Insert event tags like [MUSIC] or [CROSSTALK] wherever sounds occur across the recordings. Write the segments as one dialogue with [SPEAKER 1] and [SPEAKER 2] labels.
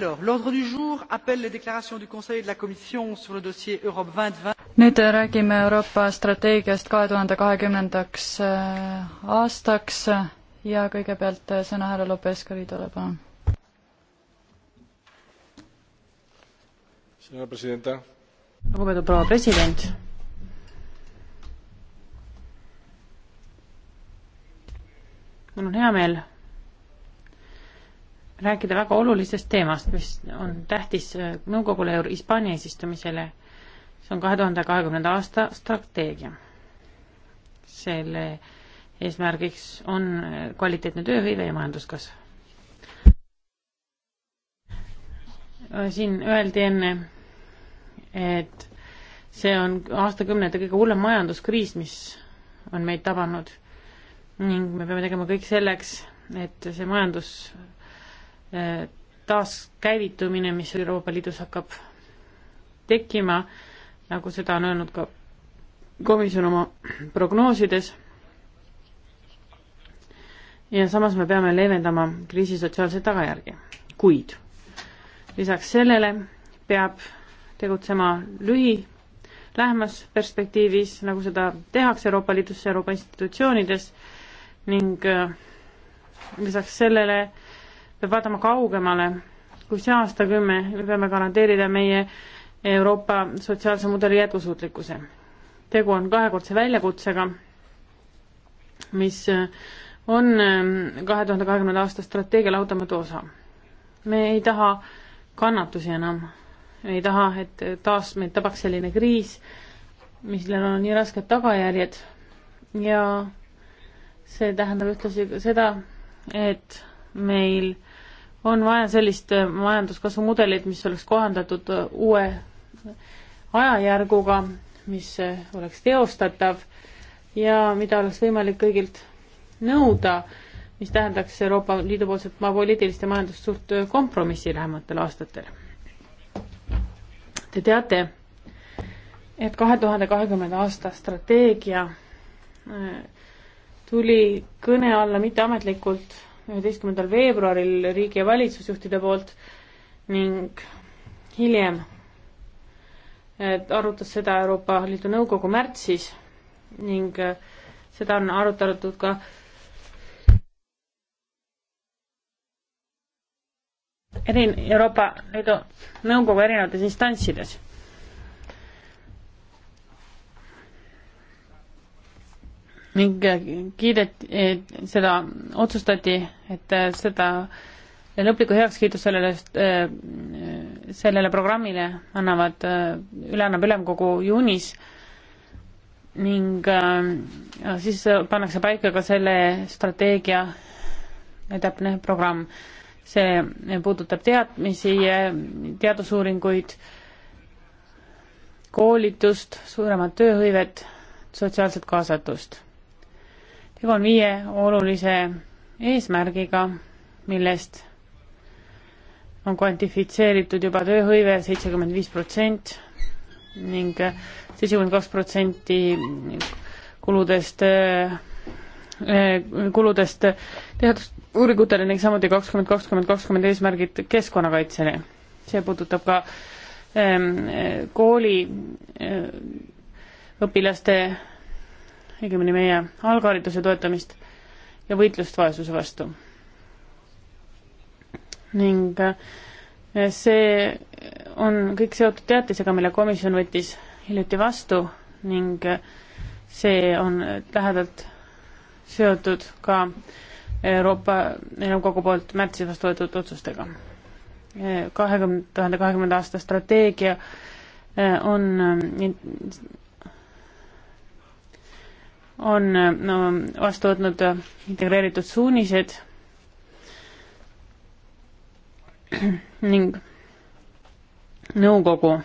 [SPEAKER 1] l'ordre du jour appelle les déclarations du conseil et de la commission sur le dossier europe. nüüd euh, räägime euroopa strateegiast kahe tuhande kahekümnendaks euh, aastaks ja kõigepealt euh, sõna härra lopez garridole palun.
[SPEAKER 2] lugupeetud proua president mul on hea meel rääkida väga olulisest teemast, mis on tähtis äh, nõukogule ja Hispaania eesistumisele. see on kahe tuhande kahekümnenda aasta strateegia. selle eesmärgiks on äh, kvaliteetne tööhõive ja majanduskasv. Äh, siin öeldi enne, et see on aastakümnete kõige hullem majanduskriis, mis on meid tabanud ning me peame tegema kõik selleks, et see majandus taaskäivitumine, mis Euroopa Liidus hakkab tekkima, nagu seda on öelnud ka komisjon oma prognoosides. ja samas me peame leevendama kriisi sotsiaalseid tagajärgi, kuid lisaks sellele peab tegutsema lühi, lähemas perspektiivis, nagu seda tehakse Euroopa Liidus ja Euroopa institutsioonides ning äh, lisaks sellele peab vaatama kaugemale kui see aastakümme, me peame garanteerida meie Euroopa sotsiaalse mudeli jätkusuutlikkuse. tegu on kahekordse väljakutsega, mis on ähm, kahe tuhande kahekümnenda aasta strateegia lahutamatu osa. me ei taha kannatusi enam, ei taha, et taas meid tabaks selline kriis, millel on nii rasked tagajärjed ja see tähendab ühtlasi ka seda, et meil äh, on vaja sellist äh, majanduskasvu mudelit, mis oleks kohandatud äh, uue ajajärguga, mis äh, oleks teostatav ja mida oleks võimalik kõigilt nõuda, mis tähendaks Euroopa Liidu poolset poliitilist ja majandust suurt kompromissi lähematel aastatel. Te teate, et kahe tuhande kahekümnenda aasta strateegia tuli kõne alla mitteametlikult üheteistkümnendal veebruaril riigi- ja valitsusjuhtide poolt ning hiljem arutas seda Euroopa Liidu Nõukogu märtsis ning äh, seda on arutatud ka eri-, Euroopa Liidu Nõukogu erinevates instantsides ning kiideti, seda otsustati, et äh, seda lõpliku heakskiidu sellele, äh, sellele programmile annavad, äh, üle annab ülemkogu juunis ning siis pannakse paika ka selle strateegia täpne programm. see puudutab teadmisi, teadusuuringuid, koolitust, suuremat tööhõivet, sotsiaalset kaasatust tegu on viie olulise eesmärgiga, millest on kvantifitseeritud juba tööhõive seitsekümmend viis protsent ning seitsekümmend kaks protsenti kuludest, äh, äh, kuludest teadusuuringutele ning samuti kakskümmend, kakskümmend, kakskümmend eesmärgid keskkonnakaitsele. see puudutab ka ähm, kooli äh, õpilaste õigemini meie alghariduse toetamist ja võitlust vaesuse vastu. ning eh, see on kõik seotud teatisega, mille komisjon võttis hiljuti vastu ning eh, see on lähedalt seotud ka Euroopa Nõukogu poolt märtsis vastu võetud otsustega. Eh, kahekümne, tuhande kahekümnenda aasta strateegia on on no, vastu võtnud äh, integreeritud suunised [CLEARS THROAT] ning nõukogu,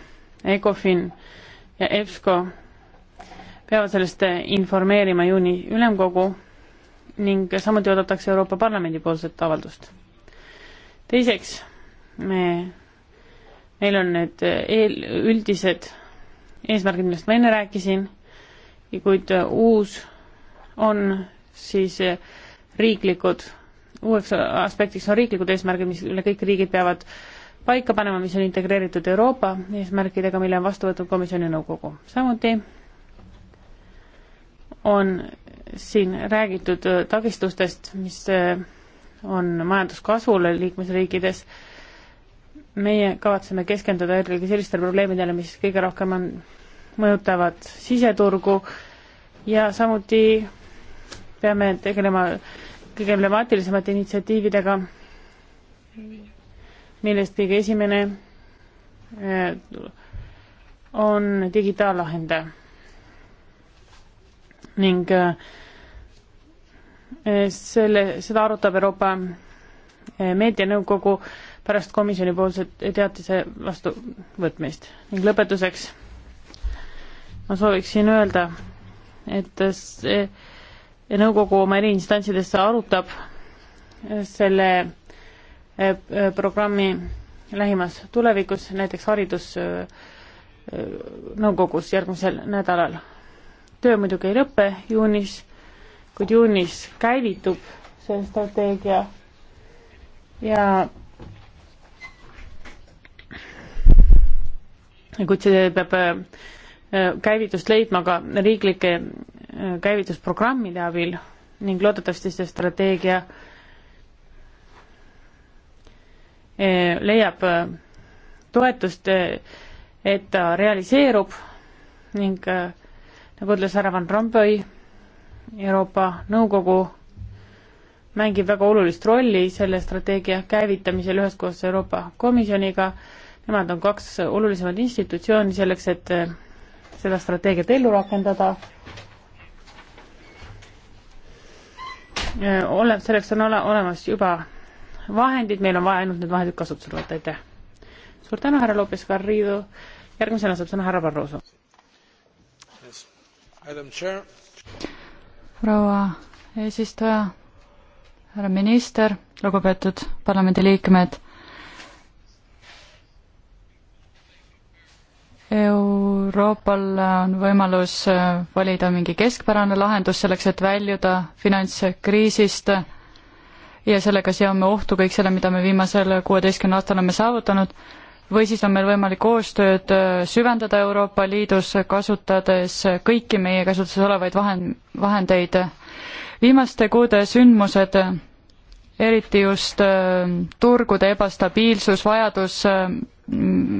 [SPEAKER 2] ECOFIN ja EBSCO peavad sellest äh, informeerima juuni ülemkogu ning samuti oodatakse Euroopa Parlamendi poolset avaldust. teiseks, me, meil on need äh, eel, üldised eesmärgid, millest ma enne rääkisin kuid äh, uus on siis äh, riiklikud, uueks aspektiks on riiklikud eesmärgid, mis üle kõik riigid peavad paika panema, mis on integreeritud Euroopa eesmärkidega, mille on vastu võtnud komisjon ja nõukogu. samuti on siin räägitud äh, takistustest, mis on majanduskasvule liikmesriikides. meie kavatseme keskenduda eelkõige sellistele probleemidele, mis kõige rohkem on mõjutavad siseturgu ja samuti peame tegelema kõige emblemaatilisemate initsiatiividega, millest kõige esimene eh, on digitaallahendaja ning eh, selle, seda arutab Euroopa eh, Meedianõukogu pärast komisjonipoolset teatise vastuvõtmist ning lõpetuseks ma sooviksin öelda, et see nõukogu oma eriinstantsides arutab äh, selle äh, äh, programmi lähimas tulevikus, näiteks haridusnõukogus järgmisel nädalal. töö muidugi ei lõpe juunis, kuid juunis käivitub see strateegia ja kuid see peab Äh, käivitust leidma ka riiklike äh, käivitusprogrammide abil ning loodetavasti see strateegia äh, leiab toetust, et ta realiseerub ning nagu ütles härra Van Rompuy, Euroopa Nõukogu mängib väga olulist rolli selle strateegia käivitamisel üheskoos Euroopa Komisjoniga. Nemad on kaks olulisemat institutsiooni selleks, et seda strateegiat ellu rakendada. Äh, ole-, selleks on ole-, olemas juba vahendid, meil on vaja ainult need vahendid kasutusele võtta, aitäh. suur tänu, härra Lopez Garrido, järgmisena saab sõna härra Barroso yes.. proua
[SPEAKER 1] eesistuja, härra minister, lugupeetud parlamendiliikmed Euroopal on võimalus äh, valida mingi keskpärane lahendus selleks, et väljuda finantskriisist ja sellega seome ohtu kõik selle, mida me viimasel kuueteistkümne aastal oleme saavutanud, või siis on meil võimalik koostööd äh, süvendada Euroopa Liidus, kasutades kõiki meie käsutuses olevaid vahend, vahendeid. viimaste kuude sündmused eriti just äh, turgude ebastabiilsus, vajadus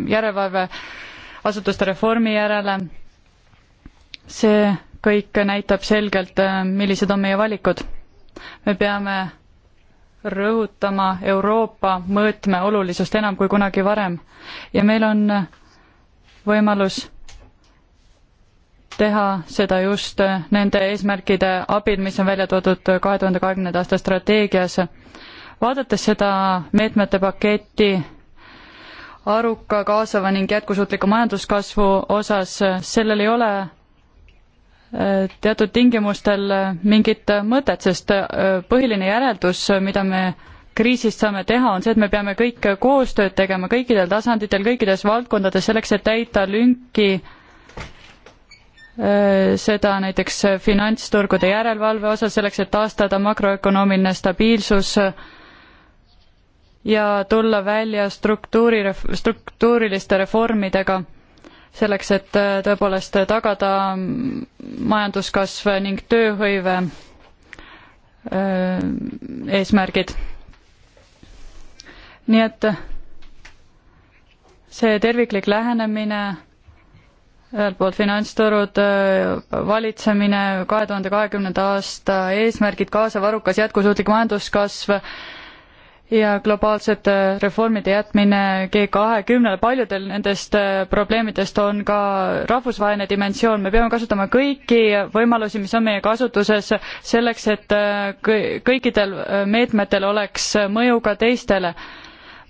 [SPEAKER 1] järelevalve asutuste reformi järele. see kõik näitab selgelt, äh, millised on meie valikud. me peame rõhutama Euroopa mõõtme olulisust enam kui kunagi varem ja meil on võimalus teha seda just nende eesmärkide abil, mis on välja toodud kahe tuhande kahekümnenda aasta strateegias. vaadates seda meetmete paketti aruka, kaasava ning jätkusuutliku majanduskasvu osas, sellel ei ole äh, teatud tingimustel mingit mõtet, sest äh, põhiline järeldus, mida me kriisist saame teha, on see, et me peame kõik koostööd tegema kõikidel tasanditel, kõikides valdkondades selleks, et täita lünki äh, seda näiteks finantsturgude järelevalve osas, selleks et taastada makroökonoomiline stabiilsus äh, ja tulla välja struktuuri, struktuuriliste reformidega, selleks et äh, tõepoolest tagada majanduskasv ning tööhõive äh, eesmärgid. nii et see terviklik lähenemine, ühelt poolt finantsturud, äh, valitsemine, kahe tuhande kahekümnenda aasta eesmärgid, kaasav arukas jätkusuutlik majanduskasv, ja globaalsete äh, reformide jätmine G kahekümnele, paljudel nendest äh, probleemidest on ka rahvusvaheline dimensioon, me peame kasutama kõiki võimalusi, mis on meie kasutuses, selleks et äh, kõikidel meetmetel oleks mõju ka teistele.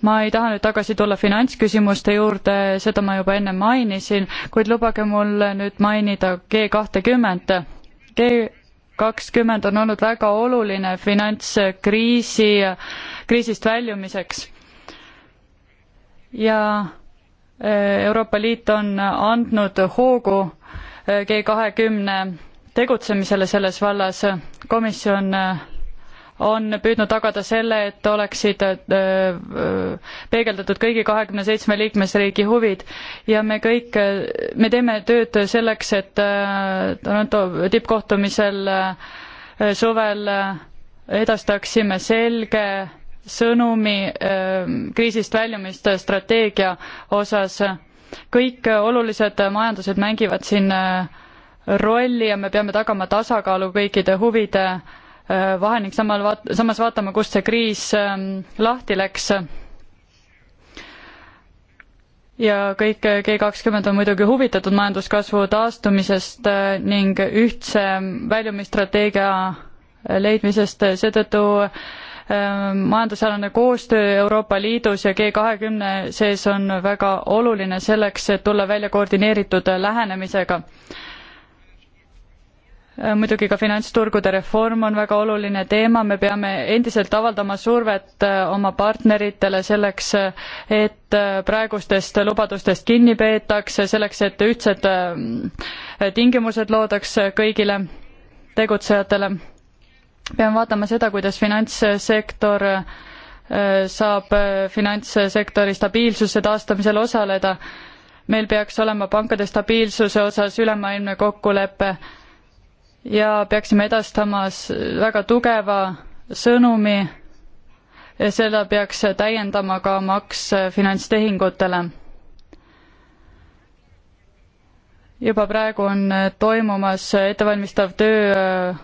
[SPEAKER 1] ma ei taha nüüd tagasi tulla finantsküsimuste juurde, seda ma juba enne mainisin, kuid lubage mul nüüd mainida G kahtekümmet. G kakskümmend on olnud väga oluline finantskriisi, kriisist väljumiseks. ja eh, Euroopa Liit on andnud hoogu eh, G kahekümne tegutsemisele selles vallas, komisjon eh, on püüdnud tagada selle, et oleksid äh, äh, peegeldatud kõigi kahekümne seitsme liikmesriigi huvid ja me kõik, äh, me teeme tööd selleks, et Toronto tippkohtumisel suvel edastaksime selge sõnumi kriisist väljumist strateegia osas. kõik olulised majandused mängivad siin rolli ja me peame tagama tasakaalu kõikide huvide vahe ning samal vaat-, samas vaatame, kust see kriis ähm, lahti läks. ja kõik G kakskümmend on muidugi huvitatud majanduskasvu taastumisest äh, ning ühtse väljumisstrateegia leidmisest, seetõttu ähm, majandusalane koostöö Euroopa Liidus ja G kahekümne sees on väga oluline selleks, et tulla välja koordineeritud lähenemisega Äh, muidugi ka finantsturgude reform on väga oluline teema, me peame endiselt avaldama survet äh, oma partneritele selleks, äh, et praegustest lubadustest kinni peetakse, selleks, et ühtsed tingimused loodaks kõigile tegutsejatele. peame vaatama seda, kuidas finantssektor saab finantssektori stabiilsuse taastamisel osaleda. meil peaks olema pankade stabiilsuse osas ülemaailmne kokkulepe ja peaksime edastama väga tugeva sõnumi ja seda peaks täiendama ka maks finantstehingutele. juba praegu on toimumas ettevalmistav töö ähm,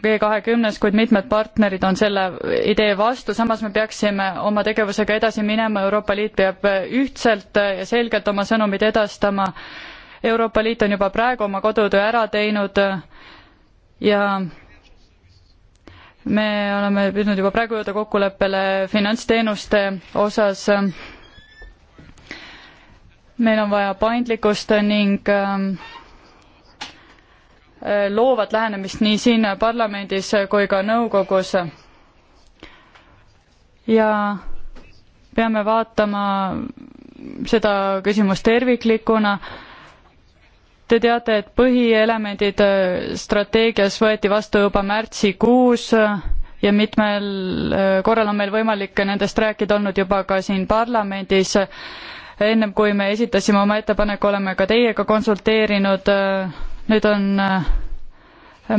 [SPEAKER 1] G kahekümnes, kuid mitmed partnerid on selle idee vastu, samas me peaksime oma tegevusega edasi minema, Euroopa Liit peab ühtselt ja selgelt oma sõnumid edastama äh, Euroopa Liit on juba praegu oma kodutöö ära teinud ja me oleme püüdnud juba praegu jõuda kokkuleppele finantsteenuste osas. meil on vaja paindlikkust ning ähm, äh, loovat lähenemist nii siin parlamendis kui ka nõukogus. ja peame vaatama seda küsimust terviklikuna Te teate, et põhielemendid äh, strateegias võeti vastu juba märtsikuus äh, ja mitmel äh, korral on meil võimalik nendest rääkida olnud juba ka siin parlamendis. ennem kui me esitasime oma ettepaneku, oleme ka teiega konsulteerinud. nüüd on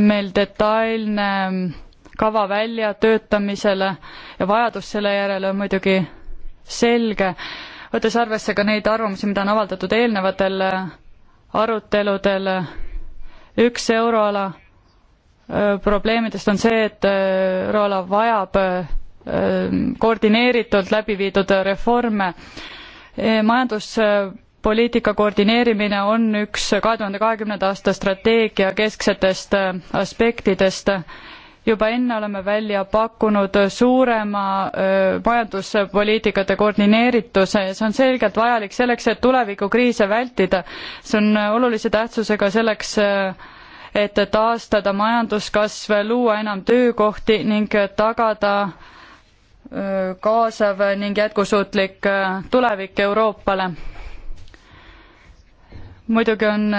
[SPEAKER 1] meil detailne mm, kava väljatöötamisele ja vajadus selle järele on muidugi selge, võttes arvesse ka neid arvamusi, mida on avaldatud eelnevatel aruteludel üks euroala äh, probleemidest on see, et äh, euroala vajab äh, koordineeritult läbi viidud reforme. majanduspoliitika koordineerimine on üks kahe tuhande kahekümnenda aasta strateegia kesksetest aspektidest juba enne oleme välja pakkunud suurema majanduspoliitikate koordineerituse ja see on selgelt vajalik selleks, et tulevikukriise vältida. see on olulise tähtsusega selleks, et taastada majanduskasv, luua enam töökohti ning tagada kaasav ning jätkusuutlik tulevik Euroopale. muidugi on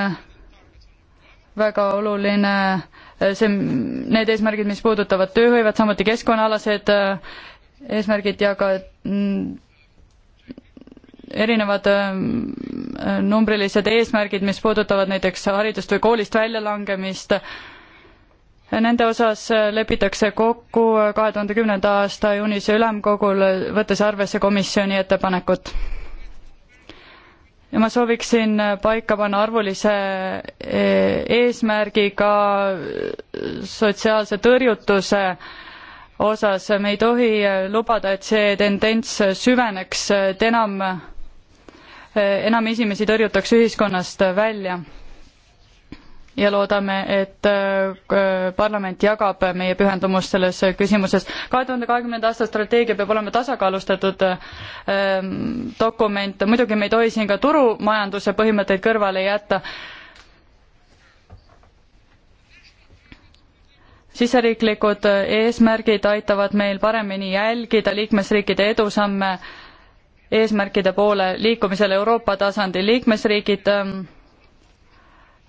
[SPEAKER 1] väga oluline Äh, see, need eesmärgid, mis puudutavad tööhõivet, samuti keskkonnaalased äh, eesmärgid ja ka mm, erinevad äh, numbrilised eesmärgid, mis puudutavad näiteks haridust või koolist väljalangemist, nende osas lepitakse kokku kahe tuhande kümnenda aasta juunis ülemkogul, võttes arvesse komisjoni ettepanekut ja ma sooviksin paika panna arvulise e, eesmärgiga sotsiaalse tõrjutuse osas, me ei tohi lubada, et see tendents süveneks, et enam, e, enam inimesi tõrjutakse ühiskonnast välja ja loodame, et äh, parlament jagab meie pühendumust selles küsimuses. kahe tuhande kahekümnenda aasta strateegia peab olema tasakaalustatud ähm, dokument, muidugi me ei tohi siin ka turumajanduse põhimõtteid kõrvale jätta siseriiklikud eesmärgid aitavad meil paremini jälgida liikmesriikide edusamme eesmärkide poole liikumisel Euroopa tasandil. liikmesriigid ähm,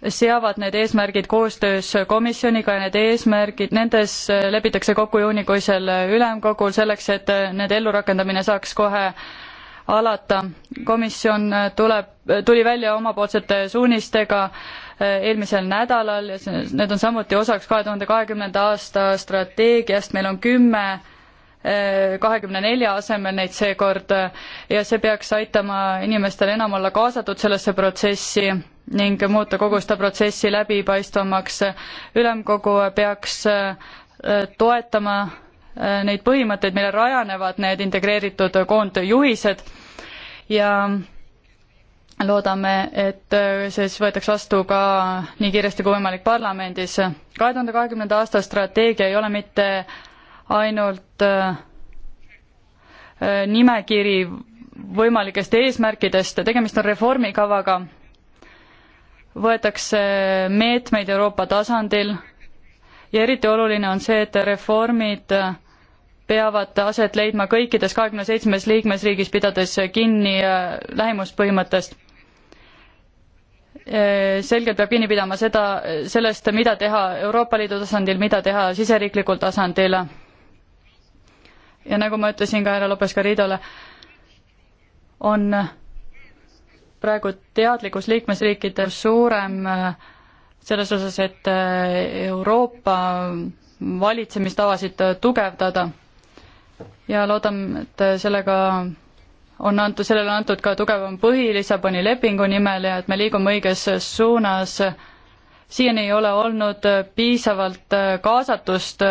[SPEAKER 1] seavad need eesmärgid koostöös komisjoniga ja need eesmärgid, nendes lepitakse kokku juunikuisel ülemkogul selleks, et nende ellurakendamine saaks kohe alata. komisjon tuleb, tuli välja omapoolsete suunistega eelmisel nädalal ja see, need on samuti osaks kahe tuhande kahekümnenda aasta strateegiast, meil on kümme eh, kahekümne nelja asemel neid seekord ja see peaks aitama inimestel enam olla kaasatud sellesse protsessi ning muuta kogu seda protsessi läbipaistvamaks. ülemkogu peaks äh, toetama äh, neid põhimõtteid, millel rajanevad need integreeritud koondjuhised ja loodame, et äh, see siis võetakse vastu ka nii kiiresti kui võimalik parlamendis. kahe tuhande kahekümnenda aasta strateegia ei ole mitte ainult nimekiri võimalikest eesmärkidest, tegemist on reformikavaga võetakse meetmeid Euroopa tasandil ja eriti oluline on see, et reformid peavad aset leidma kõikides kahekümne seitsmes liikmesriigis, pidades kinni äh, lähimuspõhimõttest. Äh, selgelt peab kinni pidama seda, sellest, mida teha Euroopa Liidu tasandil, mida teha siseriiklikul tasandil. ja nagu ma ütlesin ka härra Lopez Garridole, on praegu teadlikkus liikmesriikidel suurem äh, selles osas, et äh, Euroopa valitsemistavasid äh, tugevdada ja loodame, et sellega on antud, sellele on antud ka tugevam põhi Lissaboni lepingu nimel ja et me liigume õiges suunas. siiani ei ole olnud piisavalt kaasatust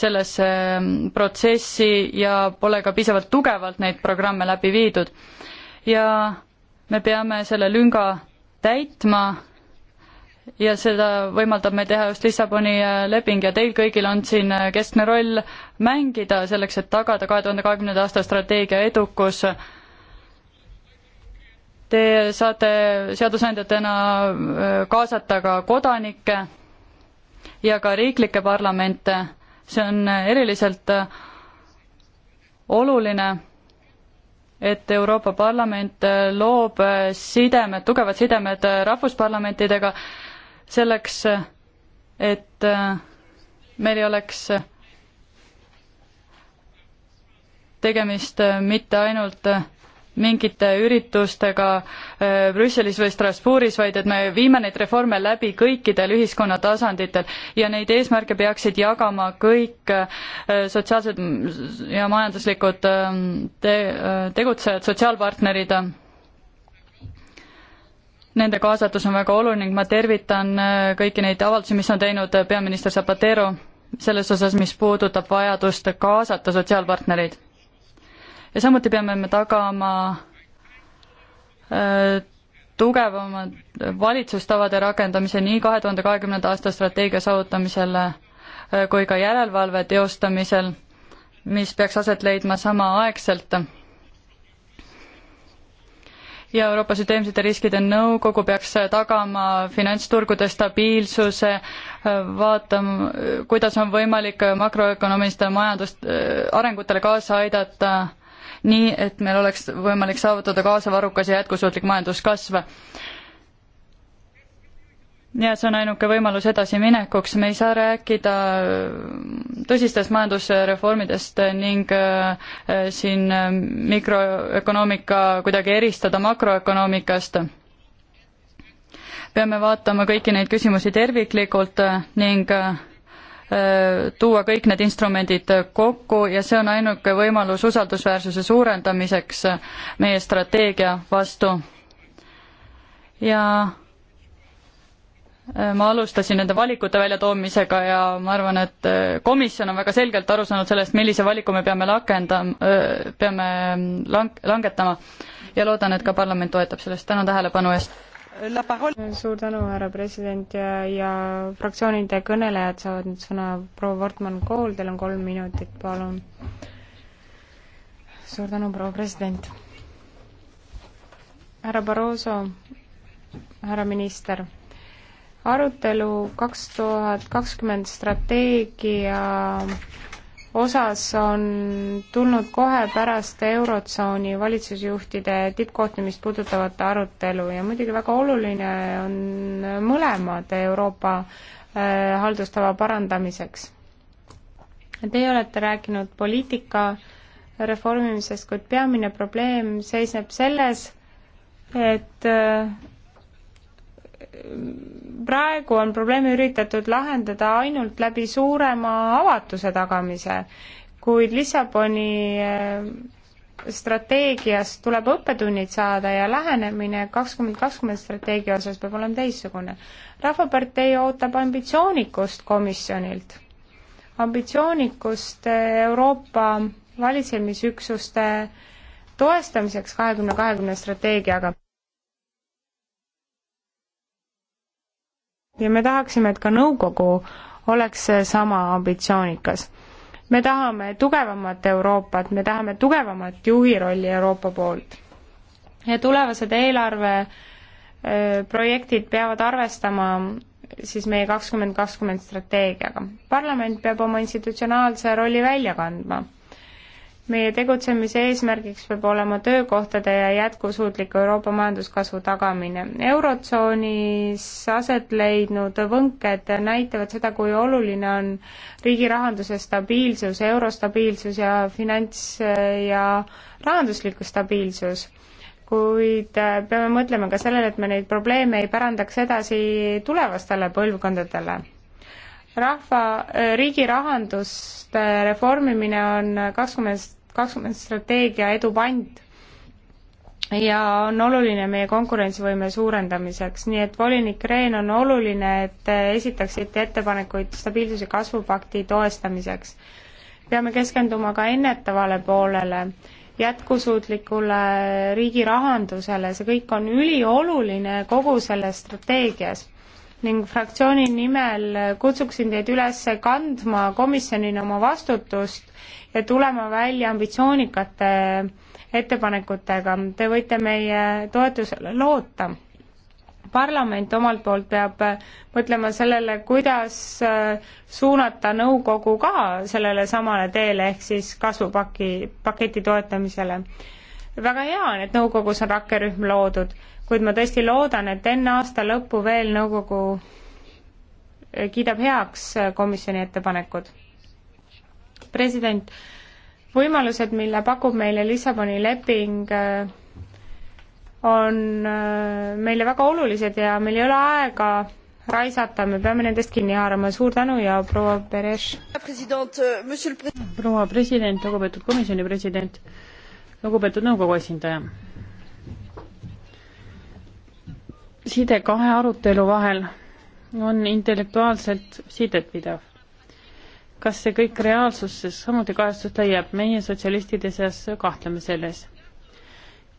[SPEAKER 1] sellesse mm, protsessi ja pole ka piisavalt tugevalt neid programme läbi viidud. ja me peame selle lünga täitma ja seda võimaldab meil teha just Lissaboni äh, leping ja teil kõigil on siin äh, keskne roll mängida selleks, et tagada kahe tuhande kahekümnenda aasta strateegia edukus. Te saate seadusandjatena äh, kaasata ka kodanikke ja ka riiklikke parlamente, see on eriliselt oluline et Euroopa Parlament äh, loob äh, sidemed, tugevad sidemed äh, rahvusparlamentidega selleks, et meil ei oleks tegemist mitte ainult mingite üritustega äh, Brüsselis või Strasbourgis, vaid et me viime neid reforme läbi kõikidel ühiskonna tasanditel ja neid eesmärke peaksid jagama kõik äh, sotsiaalsed ja majanduslikud ähm, te äh, tegutsejad, sotsiaalpartnerid. Nende kaasatus on väga oluline ning ma tervitan kõiki neid avaldusi, mis on teinud peaminister Zapatero selles osas, mis puudutab vajadust kaasata sotsiaalpartnereid ja samuti peame me tagama äh, tugevama valitsustavade rakendamise nii kahe tuhande kahekümnenda aasta strateegia saavutamisel äh, kui ka järelevalve teostamisel, mis peaks aset leidma samaaegselt. ja Euroopa Süsteemsete Riskide Nõukogu peaks äh, tagama finantsturgude stabiilsuse, vaatama, kuidas on võimalik makroökonomilistele majandust, arengutele kaasa aidata nii et meil oleks võimalik saavutada kaasav, arukas ja jätkusuutlik majanduskasv. ja see on ainuke võimalus edasiminekuks, me ei saa rääkida äh, tõsistest majandusreformidest ning äh, siin äh, mikroökonoomika kuidagi eristada makroökonoomikast peame vaatama kõiki neid küsimusi terviklikult ning Äh, tuua kõik need instrumendid kokku ja see on ainuke võimalus usaldusväärsuse suurendamiseks meie strateegia vastu. ja äh, ma alustasin nende valikute väljatoomisega ja ma arvan, et äh, komisjon on väga selgelt aru saanud sellest, millise valiku me peame lakendama, peame lang-, langetama ja loodan, et ka parlament toetab sellest, tänan tähelepanu eest
[SPEAKER 3] suur tänu, härra president ja, ja fraktsioonide kõnelejad saavad nüüd sõna. proua Wortmann-Kool, teil on kolm minutit, palun. suur tänu, proua president. härra Barroso, härra minister arutelu kaks tuhat kakskümmend strateegia osas on tulnud kohe pärast Eurotsooni valitsusjuhtide tippkohtumist puudutavat arutelu ja muidugi väga oluline on mõlemad Euroopa äh, haldustava parandamiseks. Teie olete rääkinud poliitika reformimisest, kuid peamine probleem seisneb selles, et äh, praegu on probleemi üritatud lahendada ainult läbi suurema avatuse tagamise, kuid Lissaboni eh, strateegiast tuleb õppetunnid saada ja lähenemine kakskümmend kakskümmend strateegia osas peab olema teistsugune. rahvapartei ootab ambitsioonikust komisjonilt, ambitsioonikust eh, Euroopa valitsemisüksuste toestamiseks kahekümne kahekümne strateegiaga. ja me tahaksime, et ka nõukogu oleks sama ambitsioonikas. me tahame tugevamat Euroopat, me tahame tugevamat juhi rolli Euroopa poolt. ja tulevased eelarveprojektid äh, peavad arvestama siis meie kakskümmend kakskümmend strateegiaga. parlament peab oma institutsionaalse rolli välja kandma meie tegutsemise eesmärgiks peab olema töökohtade ja jätkusuutliku Euroopa majanduskasvu tagamine. Eurotsoonis aset leidnud võnked näitavad seda, kui oluline on riigi rahanduse stabiilsus, eurostabiilsus ja finants- ja rahanduslik stabiilsus kuid peame mõtlema ka sellele, et me neid probleeme ei pärandaks edasi tulevastele põlvkondadele rahva, riigi rahandust reformimine on kakskümmend kakskümmend strateegia edu pant ja on oluline meie konkurentsivõime suurendamiseks, nii et volinik Rehn on oluline, et esitaksite ettepanekuid stabiilsuse kasvupakti toestamiseks. peame keskenduma ka ennetavale poolele, jätkusuutlikule riigi rahandusele, see kõik on ülioluline kogu selles strateegias. ning fraktsiooni nimel kutsuksin teid üles kandma komisjonina oma vastutust ja tulema välja ambitsioonikate ettepanekutega. Te võite meie toetusele loota. parlament omalt poolt peab mõtlema sellele, kuidas äh, suunata nõukogu ka sellele samale teele ehk siis kasvupaki, paketi toetamisele. väga hea on, et nõukogus on rakkerühm loodud, kuid ma tõesti loodan, et enne aasta lõppu veel nõukogu äh, kiidab heaks äh, komisjoni ettepanekud president, võimalused, mille pakub meile Lissaboni leping, äh, on äh, meile väga olulised ja meil ei ole aega raisata, me peame nendest kinni haarama, suur tänu ja proua Perez. proua president, lugupeetud komisjoni president,
[SPEAKER 2] lugupeetud nõukogu esindaja. side kahe arutelu vahel on intellektuaalselt sidet pidav kas see kõik reaalsuses samuti kajastust leiab, meie sotsialistide seas kahtleme selles.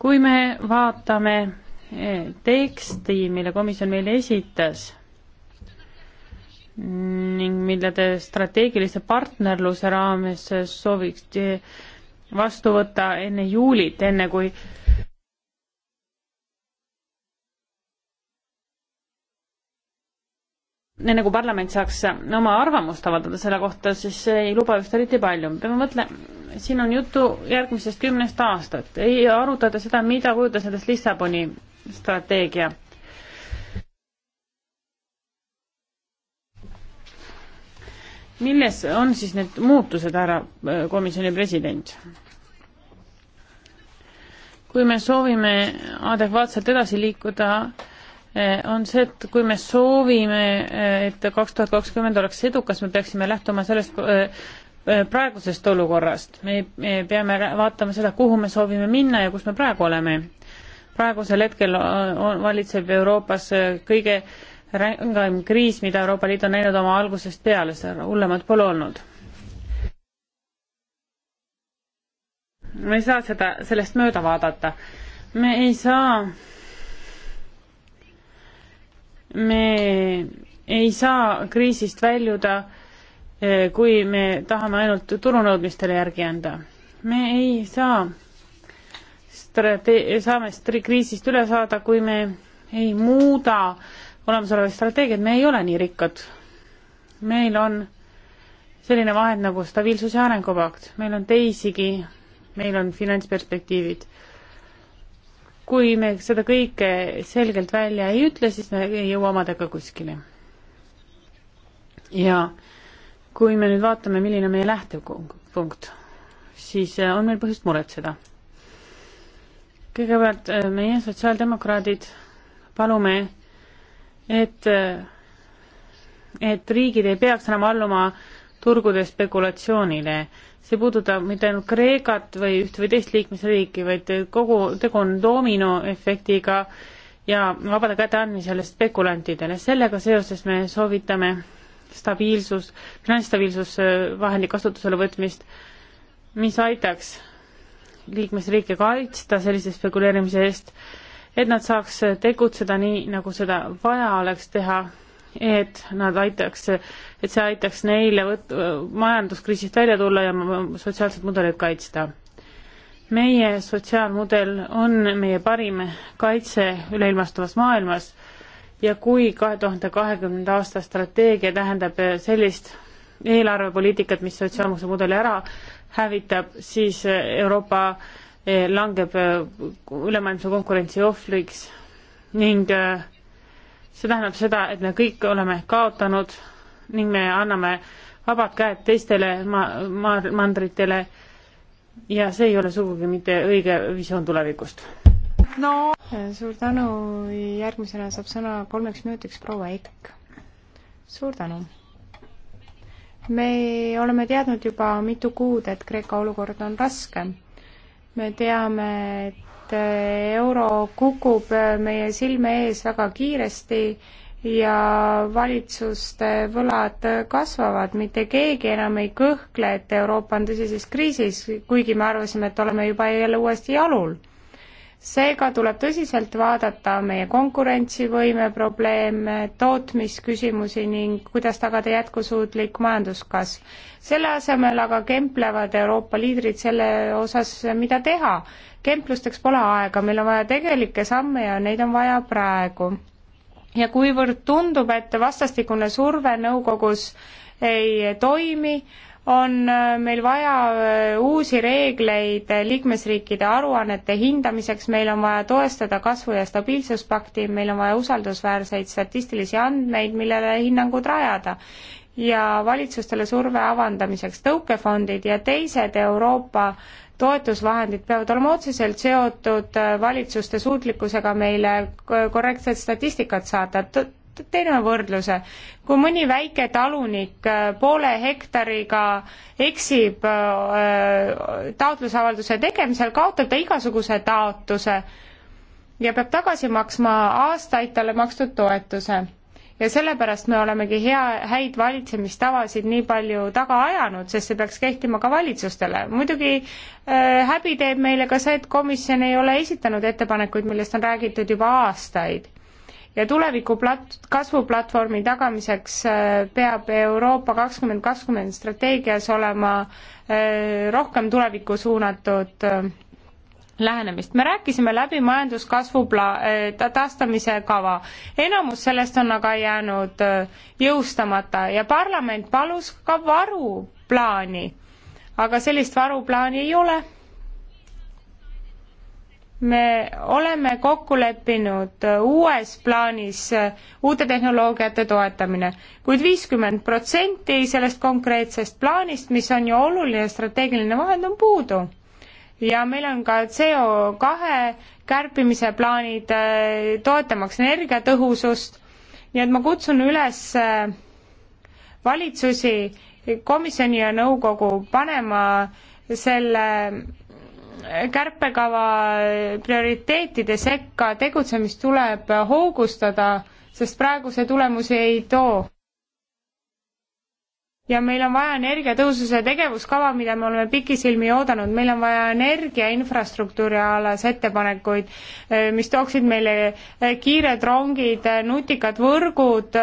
[SPEAKER 2] kui me vaatame eh, teksti, mille komisjon meile esitas ning mille te strateegilise partnerluse raames sooviks eh, vastu võtta enne juulit, enne kui enne kui parlament saaks oma arvamust avaldada selle kohta, siis see ei luba just eriti palju. peame mõtlema, siin on juttu järgmisest kümnest aastat, ei arutata seda, mida kujutas endast Lissaboni strateegia. milles on siis need muutused, härra äh, komisjoni president? kui me soovime adekvaatselt edasi liikuda, Eh, on see, et kui me soovime, eh, et kaks tuhat kakskümmend oleks edukas, me peaksime lähtuma sellest eh, praegusest olukorrast. me peame vaatama seda, kuhu me soovime minna ja kus me praegu oleme. praegusel hetkel on, valitseb Euroopas kõige rängam kriis, mida Euroopa Liit on näinud oma algusest peale, seda hullemat pole olnud. me ei saa seda, sellest mööda vaadata. me ei saa me ei saa kriisist väljuda, eh, kui me tahame ainult turunõudmistele järgi anda. me ei saa strate-, saame stri-, kriisist üle saada, kui me ei muuda olemasolevaid strateegiaid, me ei ole nii rikkad. meil on selline vahend nagu stabiilsus- ja arengupakt, meil on teisigi, meil on finantsperspektiivid kui me seda kõike selgelt välja ei ütle, siis me ei jõua omadega kuskile. ja kui me nüüd vaatame, milline meie lähtepunkt, siis äh, on meil põhjust muretseda. kõigepealt äh, meie, sotsiaaldemokraadid, palume, et, äh, et riigid ei peaks enam alluma äh, turgude spekulatsioonile. see puudutab mitte ainult Kreekat või üht või teist liikmesriiki, vaid kogu, tegu on dominoefektiga ja vabade käte andmisele spekulantidele. sellega seoses me soovitame stabiilsus, finantsstabiilsusvahendi äh, kasutusele võtmist, mis aitaks liikmesriike kaitsta sellise spekuleerimise eest, et nad saaks tegutseda nii, nagu seda vaja oleks teha et nad aitaks, et see aitaks neile võt-, majanduskriisist välja tulla ja sotsiaalset mudelit kaitsta. meie sotsiaalmudel on meie parim kaitse üleilmastuvas maailmas ja kui kahe tuhande kahekümnenda aasta strateegia tähendab sellist eelarvepoliitikat, mis sotsiaalmaksu mudeli ära hävitab, siis Euroopa eh, langeb eh, ülemaailmse konkurentsi ohvriks ning äh, see tähendab seda, et me kõik oleme kaotanud ning me anname vabad käed teistele ma-, ma-, mandritele ja see ei ole sugugi mitte õige visioon tulevikust.
[SPEAKER 3] no suur tänu, järgmisena saab sõna kolmeks minutiks proua Ekk. suur tänu. me oleme teadnud juba mitu kuud, et Kreeka olukord on raske. me teame, et et eh, euro kukub eh, meie silme ees väga kiiresti ja valitsuste võlad kasvavad, mitte keegi enam ei kõhkle, et Euroopa on tõsises kriisis, kuigi me arvasime, et oleme juba jälle uuesti jalul. seega tuleb tõsiselt vaadata meie konkurentsivõime probleeme, tootmisküsimusi ning kuidas tagada jätkusuutlik majanduskasv. selle asemel aga kemplevad Euroopa liidrid selle osas, mida teha kemplusteks pole aega, meil on vaja tegelikke samme ja neid on vaja praegu. ja kuivõrd tundub, et vastastikune surve nõukogus ei toimi, on äh, meil vaja äh, uusi reegleid äh, liikmesriikide aruannete hindamiseks, meil on vaja toestada kasvu- ja stabiilsuspakti, meil on vaja usaldusväärseid statistilisi andmeid, millele hinnangud rajada ja valitsustele surve avandamiseks tõukefondid ja teised Euroopa toetusvahendid peavad olema otseselt seotud äh, valitsuste suutlikkusega meile korrektset statistikat saata. teeme võrdluse, kui mõni väike talunik äh, poole hektariga eksib äh, taotlusavalduse tegemisel, kaotab ta igasuguse taotluse ja peab tagasi maksma aastaid talle makstud toetuse ja sellepärast me olemegi hea, häid valitsemistavasid nii palju taga ajanud, sest see peaks kehtima ka valitsustele. muidugi äh, häbi teeb meile ka see, et komisjon ei ole esitanud ettepanekuid, millest on räägitud juba aastaid. ja tuleviku plat-, kasvuplatvormi tagamiseks äh, peab Euroopa kakskümmend kakskümmend strateegias olema äh, rohkem tulevikku suunatud äh, lähenemist. me rääkisime läbi majanduskasvu pla-, eh, taastamise kava. enamus sellest on aga jäänud eh, jõustamata ja parlament palus ka varuplaani. aga sellist varuplaani ei ole. me oleme kokku leppinud eh, uues plaanis uute tehnoloogiate toetamine kuid, kuid viiskümmend protsenti sellest konkreetsest plaanist, mis on ju oluline strateegiline vahend, on puudu ja meil on ka CO kahe kärpimise plaanid äh, toetamaks energiatõhusust. nii et ma kutsun üles äh, valitsusi, komisjoni ja nõukogu panema selle äh, kärpekava prioriteetide sekka tegutsemist tuleb hoogustada, sest praegu see tulemusi ei too ja meil on vaja energiatõhususe tegevuskava, mida me oleme pikisilmi oodanud, meil on vaja energia infrastruktuuri alas ettepanekuid, e, mis tooksid meile e, kiired rongid, e, nutikad võrgud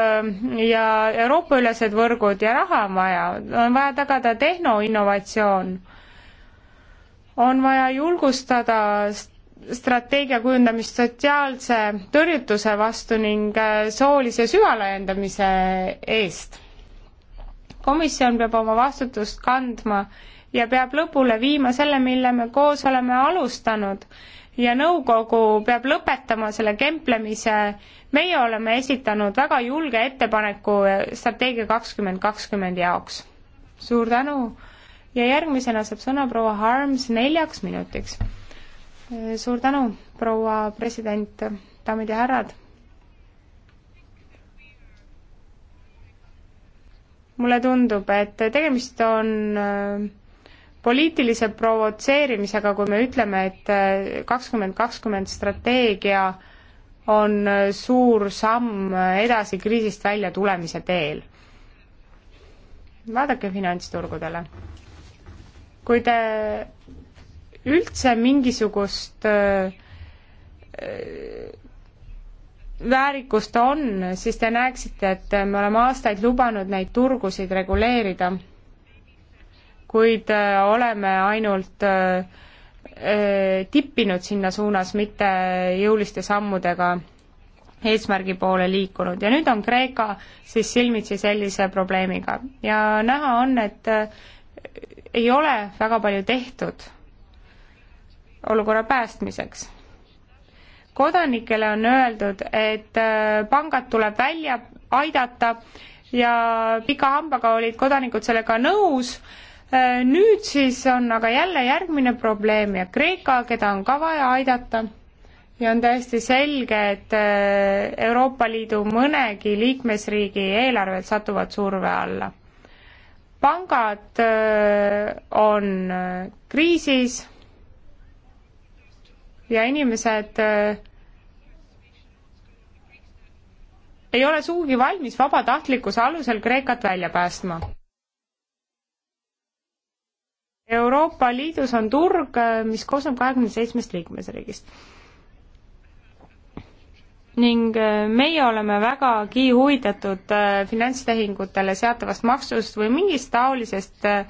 [SPEAKER 3] ja Euroopa-ülesed võrgud ja raha on vaja, on vaja tagada tehnoinnovatsioon. on vaja julgustada strateegia kujundamist sotsiaalse tõrjutuse vastu ning soolise süvalaiendamise eest komisjon peab oma vastutust kandma ja peab lõpule viima selle, mille me koos oleme alustanud. ja nõukogu peab lõpetama selle kemplemise, meie oleme esitanud väga julge ettepaneku strateegia kakskümmend kakskümmend jaoks. suur tänu ja järgmisena saab sõna proua Harms neljaks minutiks. suur tänu, proua president, daamid ja härrad mulle tundub, et tegemist on äh, poliitilise provotseerimisega, kui me ütleme, et äh, kakskümmend kakskümmend strateegia on äh, suur samm edasi kriisist välja tulemise teel. vaadake finantsturgudele. kui te üldse mingisugust väärikust on, siis te näeksite, et me oleme aastaid lubanud neid turgusid reguleerida, kuid äh, oleme ainult äh, äh, tippinud sinna suunas, mitte jõuliste sammudega eesmärgi poole liikunud ja nüüd on Kreeka siis silmitsi sellise probleemiga ja näha on, et ei ole väga palju tehtud olukorra päästmiseks kodanikele on öeldud, et äh, pangad tuleb välja aidata ja pika hambaga olid kodanikud sellega nõus, äh, nüüd siis on aga jälle järgmine probleem ja Kreeka, keda on ka vaja aidata, ja on täiesti selge, et äh, Euroopa Liidu mõnegi liikmesriigi eelarved satuvad surve alla. pangad on kriisis ja inimesed ei ole sugugi valmis vabatahtlikkuse alusel Kreekat välja päästma. Euroopa Liidus on turg, mis koosneb kahekümne seitsmest liikmesriigist. ning äh, meie oleme vägagi huvitatud äh, finantstehingutele seatavast maksust või mingist taolisest äh,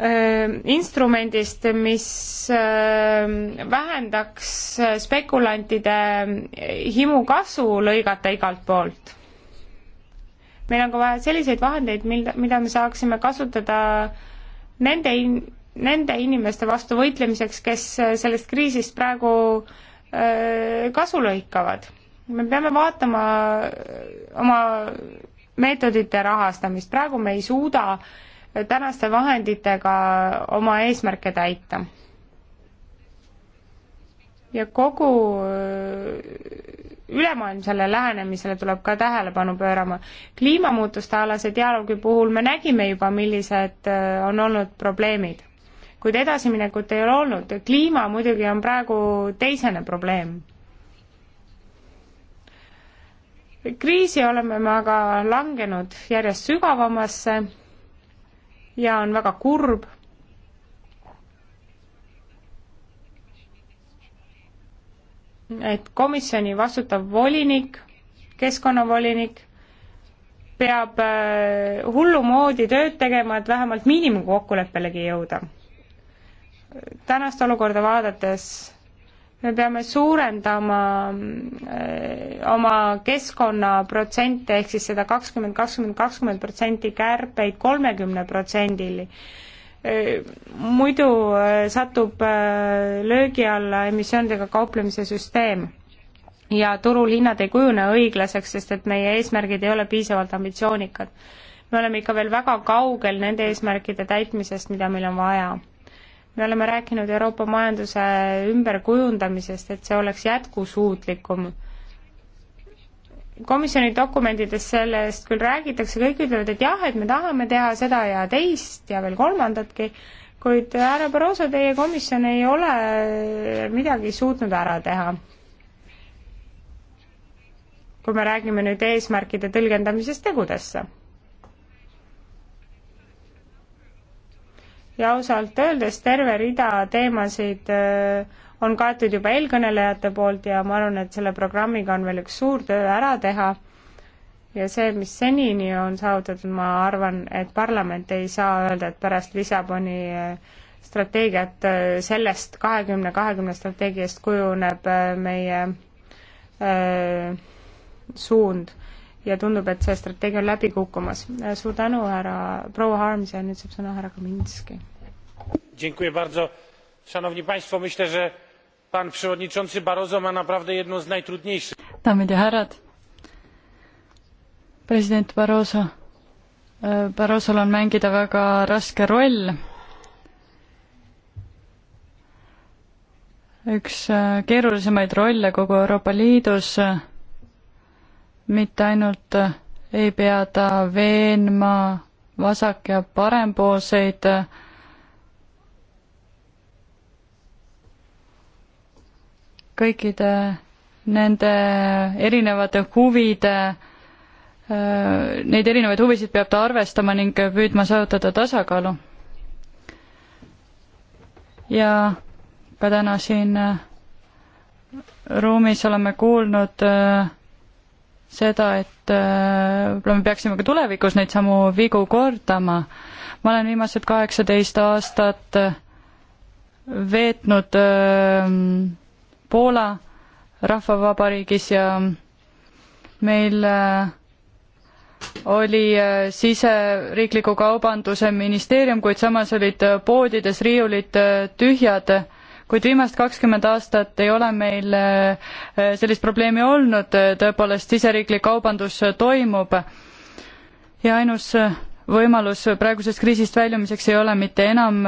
[SPEAKER 3] Äh, instrumendist, mis äh, vähendaks spekulantide himu kasu lõigata igalt poolt. meil on ka vaja selliseid vahendeid, mil, mida me saaksime kasutada nende in-, nende inimeste vastu võitlemiseks, kes sellest kriisist praegu äh, kasu lõikavad. me peame vaatama oma meetodite rahastamist, praegu me ei suuda äh, tänaste vahenditega oma eesmärke täita. ja kogu äh, ülemaailmsele lähenemisele tuleb ka tähelepanu pöörama. kliimamuutuste alase dialoogi puhul me nägime juba, millised äh, on olnud probleemid, kuid edasiminekut ei ole olnud. kliima muidugi on praegu teisene probleem. kriisi oleme me aga langenud järjest sügavamasse ja on väga kurb, et komisjoni vastutav volinik, keskkonnavolinik, peab äh, hullumoodi tööd tegema, et vähemalt miinimumkokkuleppelegi jõuda. tänast olukorda vaadates me peame suurendama äh, oma keskkonnaprotsente ehk siis seda kakskümmend, kakskümmend, kakskümmend protsenti kärpeid kolmekümne protsendini. Äh, muidu äh, satub löögi alla emissioonidega kauplemise süsteem ja turul hinnad ei kujune õiglaseks, sest et meie eesmärgid ei ole piisavalt ambitsioonikad. me oleme ikka veel väga kaugel nende eesmärkide täitmisest, mida meil on vaja me oleme rääkinud Euroopa majanduse ümberkujundamisest, et see oleks jätkusuutlikum. komisjoni dokumentides sellest küll räägitakse, kõik ütlevad, et jah, et me tahame teha seda ja teist ja veel kolmandatki, kuid härra Barroso, teie komisjon ei ole midagi suutnud ära teha. kui me räägime nüüd eesmärkide tõlgendamisest tegudesse ja ausalt öeldes terve rida teemasid äh, on kaetud juba eelkõnelejate poolt ja ma arvan, et selle programmiga on veel üks suur töö ära teha. ja see, mis senini on saavutatud, ma arvan, et parlament ei saa öelda, et pärast Lissaboni äh, strateegiat äh, sellest kahekümne, kahekümne strateegiast kujuneb meie öö, suund ja tundub, et see strateegia on läbi kukkumas. suur tänu, härra proua Harms ja nüüd saab sõna härra Kaminski. daamid ja
[SPEAKER 1] härrad, president Barroso, äh, Barrosol on mängida väga raske roll üks äh, keerulisemaid rolle kogu Euroopa Liidus äh, mitte ainult äh, ei pea ta veenma vasak- ja parempoolseid äh, kõikide nende erinevate huvide, äh, neid erinevaid huvisid peab ta arvestama ning püüdma saavutada tasakaalu. ja ka täna siin ruumis oleme kuulnud äh, seda, et võib-olla äh, me peaksime ka tulevikus neid samu vigu kordama. ma olen viimased kaheksateist aastat äh, veetnud äh, Poola Rahvavabariigis ja meil oli siseriikliku kaubanduse ministeerium, kuid samas olid poodides riiulid tühjad kuid viimased kakskümmend aastat ei ole meil eh, sellist probleemi olnud, eh, tõepoolest siseriiklik kaubandus toimub ja ainus eh, võimalus praegusest kriisist väljumiseks ei ole mitte enam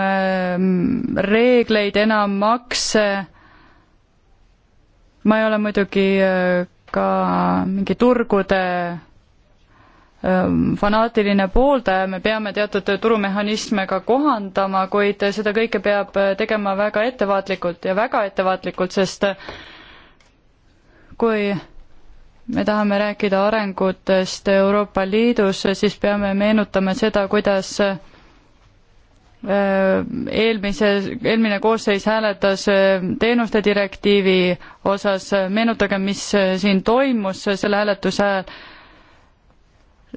[SPEAKER 1] reegleid, enam makse, ma ei ole muidugi ka mingi turgude Ehm, fanaatiline pooldaja, me peame teatud turumehhanisme ka kohandama, kuid seda kõike peab tegema väga ettevaatlikult ja väga ettevaatlikult, sest kui me tahame rääkida arengutest Euroopa Liidus, siis peame meenutama seda, kuidas ehm, eelmise, eelmine koosseis hääletas ehm, teenuste direktiivi osas, meenutagem, mis siin toimus selle hääletuse ajal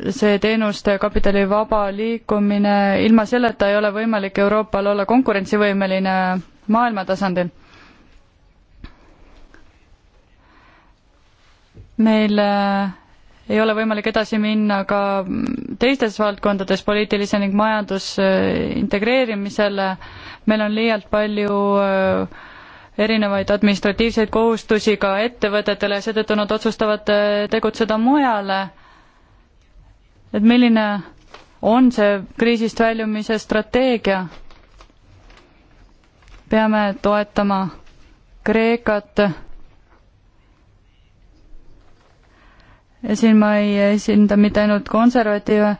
[SPEAKER 1] see teenuste ja kapitali vaba liikumine, ilma selleta ei ole võimalik Euroopal olla konkurentsivõimeline maailma tasandil. meil äh, ei ole võimalik edasi minna ka teistes valdkondades poliitilise ning majanduse äh, integreerimisele, meil on liialt palju äh, erinevaid administratiivseid kohustusi ka ettevõtetele, seetõttu nad otsustavad tegutseda mujale et milline on see kriisist väljumise strateegia. peame toetama Kreekat. ja siin ma ei esinda mitte ainult konservatiive.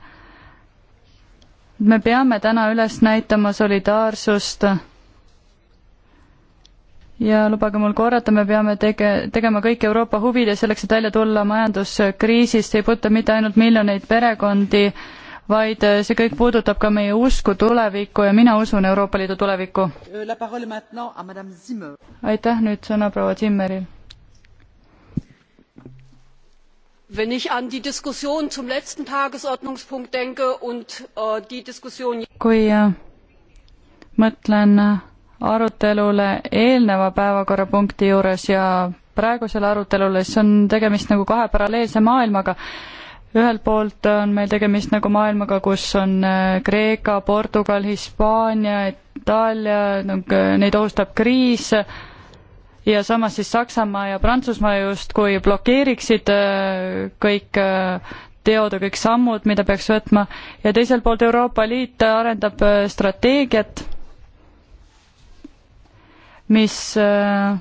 [SPEAKER 1] me peame täna üles näitama solidaarsust ja lubage mul korrata, me peame tege-, tegema kõik Euroopa huvides selleks, et välja tulla majanduskriisist, ei puuduta mitte ainult miljoneid perekondi, vaid see kõik puudutab ka meie usku tulevikku ja mina usun Euroopa Liidu tulevikku. aitäh, nüüd sõna proua Zimmeril. Wenn ich an die Diskussion zum letzten Tagesordnungspunkt denke und äh, die Diskussion kui äh, mõtlen äh, arutelule eelneva päevakorrapunkti juures ja praegusele arutelule, siis on tegemist nagu kahe paralleelse maailmaga. ühelt poolt on meil tegemist nagu maailmaga, kus on äh, Kreeka, Portugal, Hispaania, Itaalia, äh, neid ohustab kriis, ja samas siis Saksamaa ja Prantsusmaa justkui blokeeriksid äh, kõik teod ja kõik sammud, mida peaks võtma, ja teiselt poolt Euroopa Liit arendab strateegiat mis äh,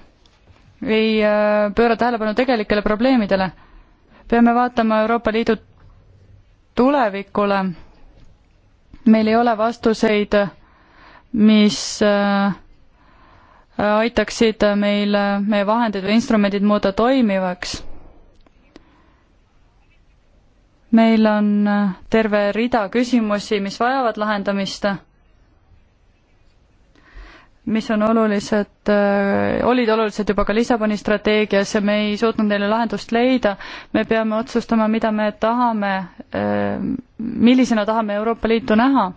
[SPEAKER 1] ei äh, pööra tähelepanu tegelikele probleemidele. peame vaatama Euroopa Liidu tulevikule. meil ei ole vastuseid, mis äh, aitaksid meil meie vahendid või instrumendid muuta toimivaks meil on terve rida küsimusi, mis vajavad lahendamist mis on olulised, äh, olid olulised juba ka Lissaboni strateegias ja me ei suutnud neile lahendust leida. me peame otsustama, mida me tahame, äh, millisena tahame Euroopa Liitu näha.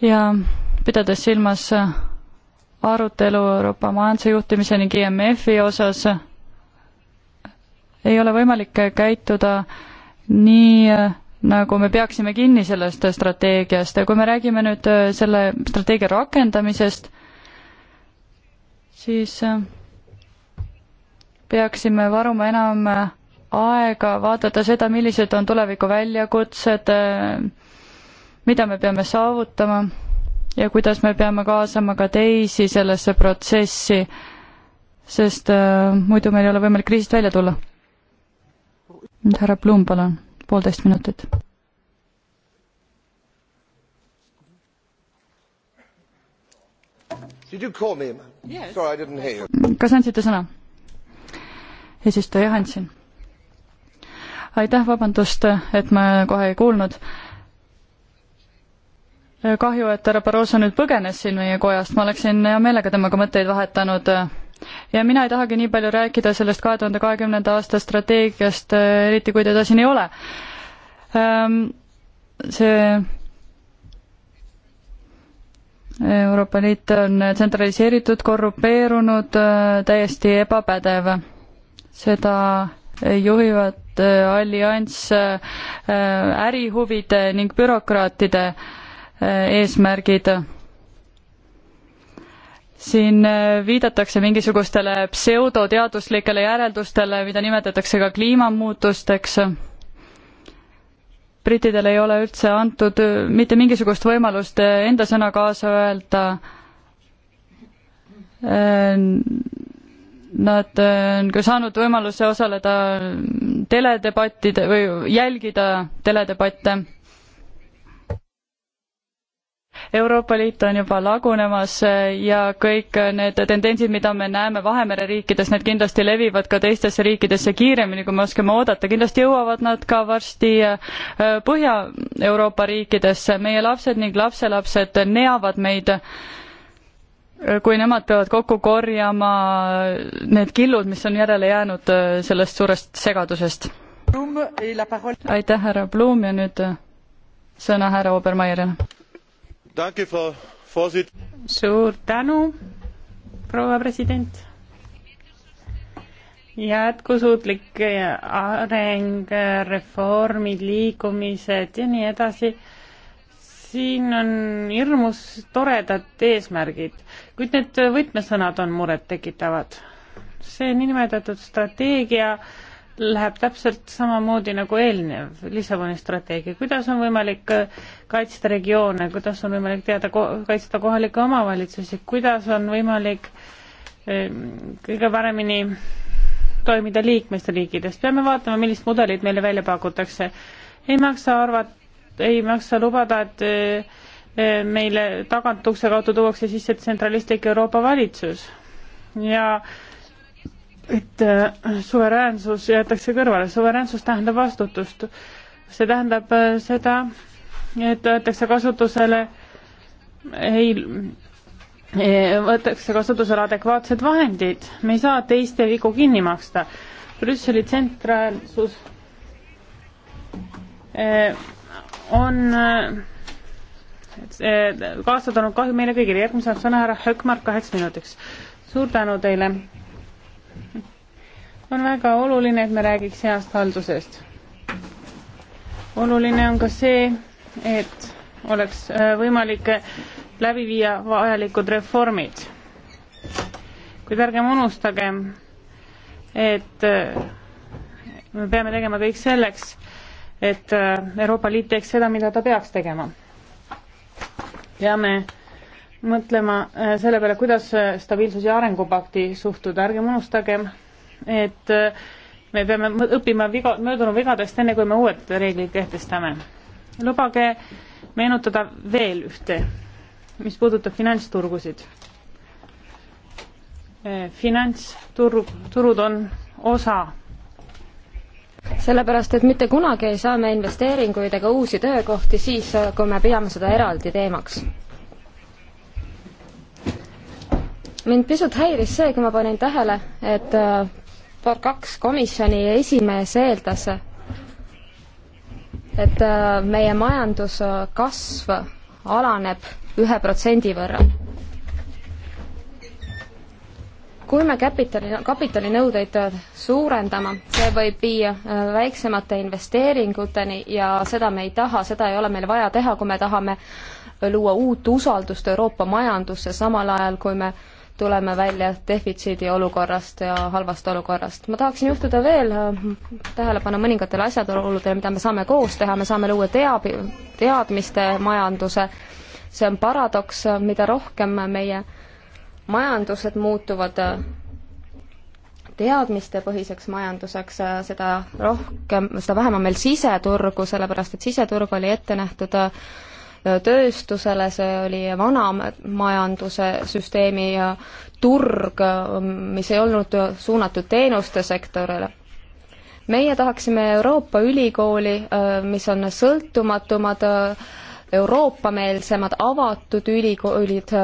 [SPEAKER 1] ja pidades silmas äh, arutelu Euroopa majanduse juhtimise ning IMF-i osas, ei ole võimalik käituda nii nagu me peaksime kinni sellest strateegiast ja kui me räägime nüüd äh, selle strateegia rakendamisest, siis äh, peaksime varuma enam äh, aega vaadata seda, millised on tuleviku väljakutsed, mida me peame saavutama ja kuidas me peame kaasama ka teisi sellesse protsessi, sest muidu meil ei ole võimalik kriisist välja tulla. härra Blum, palun poolteist minutit. kas andsite sõna? eesistuja, jah, andsin. aitäh, vabandust, et ma kohe ei kuulnud kahju, et härra Barroso nüüd põgenes siin meie kojast, ma oleksin hea meelega temaga mõtteid vahetanud ja mina ei tahagi nii palju rääkida sellest kahe tuhande kahekümnenda aasta strateegiast, äh, eriti kui teda siin ei ole. Ähm, see Euroopa Liit on tsentraliseeritud, korrupeerunud, äh, täiesti ebapädev. seda juhivad äh, allianss ärihuvide ning bürokraatide eesmärgid siin äh, viidatakse mingisugustele pseudoteaduslikele järeldustele, mida nimetatakse ka kliimamuutusteks. brittidel ei ole üldse antud äh, mitte mingisugust võimalust äh, enda sõna kaasa öelda. Nad on ka saanud võimaluse osaleda teledebattide või jälgida teledebatte Euroopa Liit on juba lagunemas eh, ja kõik eh, need tendentsid, mida me näeme Vahemere riikides, need kindlasti levivad ka teistesse riikidesse kiiremini, kui me oskame oodata, kindlasti jõuavad nad ka varsti eh, Põhja-Euroopa riikidesse, meie lapsed ning lapselapsed neavad meid kui nemad peavad kokku korjama need killud, mis on järele jäänud sellest suurest segadusest. aitäh, härra Blum ja nüüd sõna härra Obermeierile
[SPEAKER 2] suur tänu,
[SPEAKER 3] proua president.
[SPEAKER 2] jätkusuutlik areng, reformid, liikumised ja nii edasi. siin on hirmus toredad eesmärgid, kuid need võtmesõnad on murettekitavad. see niinimetatud strateegia läheb täpselt samamoodi nagu eelnev Lissaboni strateegia, kuidas on võimalik kaitsta regioone, kuidas on võimalik teada, kaitsta kohalikke omavalitsusi, kuidas on võimalik ehm, kõige paremini toimida liikmesriikides, peame vaatama, millist mudelit meile välja pakutakse. ei maksa arvata, ei maksa lubada, et e, meile tagatukse kaudu tuuakse sisse tsentralistlik Euroopa valitsus ja et e, suveräänsus jäetakse kõrvale, suveräänsus tähendab vastutust. see tähendab e, seda, et võetakse kasutusele ei e, võetakse kasutusele adekvaatsed vahendid, me ei saa teiste vigu kinni maksta. Brüsseli tsentraalsus e, on e, kaasa toonud kahju meile kõigile, järgmise sõna härra Hökmark kaheks minutiks. suur tänu teile. on väga oluline, et me räägiks heast haldusest. oluline on ka see, et oleks äh, võimalik äh, läbi viia vajalikud reformid. kuid ärgem unustagem, et äh, me peame tegema kõik selleks, et Euroopa Liit teeks seda, mida ta peaks tegema. peame mõtlema selle peale, kuidas stabiilsus- ja arengupakti suhtuda, ärgem unustagem, et me peame õppima viga, möödunud vigadest, enne kui me uued reeglid kehtestame lubage meenutada veel ühte, mis puudutab finantsturgusid. E, finantsturg, turud on osa
[SPEAKER 4] sellepärast, et mitte kunagi ei saa me investeeringuid ega uusi töökohti siis, kui me peame seda eraldi teemaks. mind pisut häiris see, kui ma panin tähele, et äh, kaks komisjoni esimees eeldas, et äh, meie majanduskasv äh, alaneb ühe protsendi võrra. kui me kapitali, kapitalinõudeid äh, suurendame, see võib viia väiksemate investeeringuteni ja seda me ei taha, seda ei ole meil vaja teha, kui me tahame luua uut usaldust Euroopa majandusse, samal ajal kui me äh, tuleme välja defitsiidi olukorrast ja halvast olukorrast. ma tahaksin juhtuda veel äh, tähelepanu mõningatele asjaoludele, mida me saame koos teha, me saame luua teab-, teadmiste majanduse, see on paradoks, mida rohkem meie majandused muutuvad äh, teadmistepõhiseks majanduseks, äh, seda rohkem, seda vähem on meil siseturgu, sellepärast et siseturg oli ette nähtud äh, Äh, tööstusele, see oli vana majanduse süsteemi äh, turg, äh, mis ei olnud suunatud teenuste sektorile meie tahaksime Euroopa ülikooli, mis on sõltumatumad, Euroopa-meelsemad, avatud ülikoolid,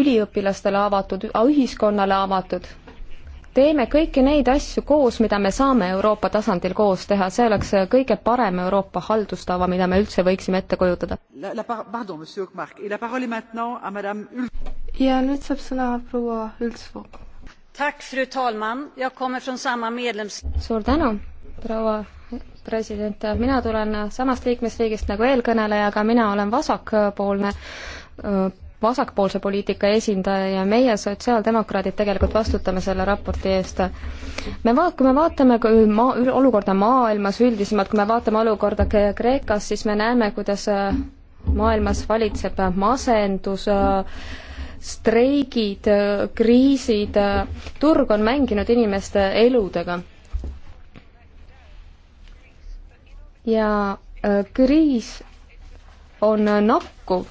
[SPEAKER 4] üliõpilastele avatud, ühiskonnale avatud teeme kõiki neid asju koos, mida me saame Euroopa tasandil koos teha, see oleks kõige parem Euroopa haldustava, mida me üldse võiksime ette kujutada.
[SPEAKER 5] ja nüüd saab sõna proua
[SPEAKER 4] Üldsvoog. suur tänu, proua president, mina tulen samast liikmesriigist nagu eelkõneleja, aga mina olen vasakpoolne vasakpoolse poliitika esindaja ja meie, sotsiaaldemokraadid, tegelikult vastutame selle raporti eest. me vaat-, kui me vaatame maa, olukorda maailmas üldisemalt, kui me vaatame olukorda Kreekas, siis me näeme, kuidas äh, maailmas valitseb masendus, äh, streigid, äh, kriisid, turg on mänginud inimeste eludega. ja kriis on nakkuv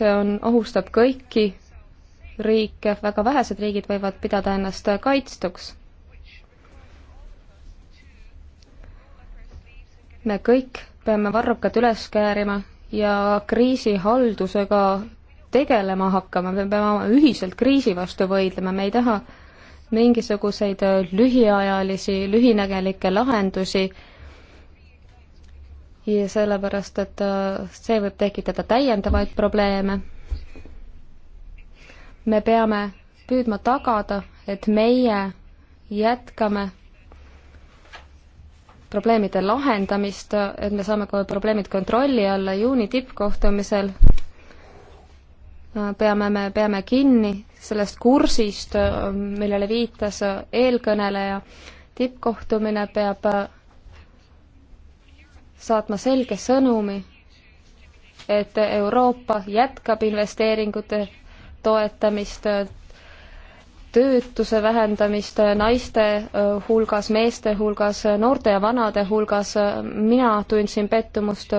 [SPEAKER 4] see on, ohustab kõiki riike, väga vähesed riigid võivad pidada ennast kaitstuks. me kõik peame varrukad üles käärima ja kriisihaldusega tegelema hakkama, me peame ühiselt kriisi vastu võidlema, me ei taha mingisuguseid lühiajalisi, lühinägelikke lahendusi ja sellepärast, et äh, see võib tekitada täiendavaid probleeme. me peame püüdma tagada, et meie jätkame probleemide lahendamist, et me saame kohe probleemid kontrolli alla juuni tippkohtumisel. Äh, peame me, peame kinni sellest kursist, äh, millele viitas eelkõneleja. tippkohtumine peab saatma selge sõnumi, et Euroopa jätkab investeeringute toetamist, töötuse vähendamist naiste hulgas, meeste hulgas, noorte ja vanade hulgas. mina tundsin pettumust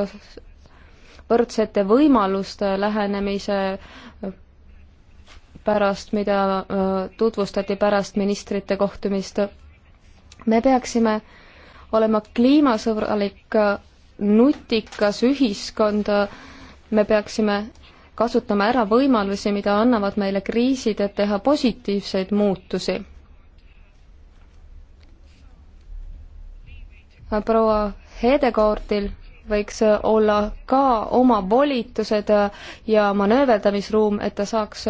[SPEAKER 4] võrdsete võimaluste lähenemise pärast, mida tutvustati pärast ministrite kohtumist. me peaksime olema kliimasõbralik nutikas ühiskond, me peaksime kasutama ära võimalusi, mida annavad meile kriisid, et teha positiivseid muutusi. proua Hedekoortil võiks olla ka oma volitused ja manööverdamisruum, et ta saaks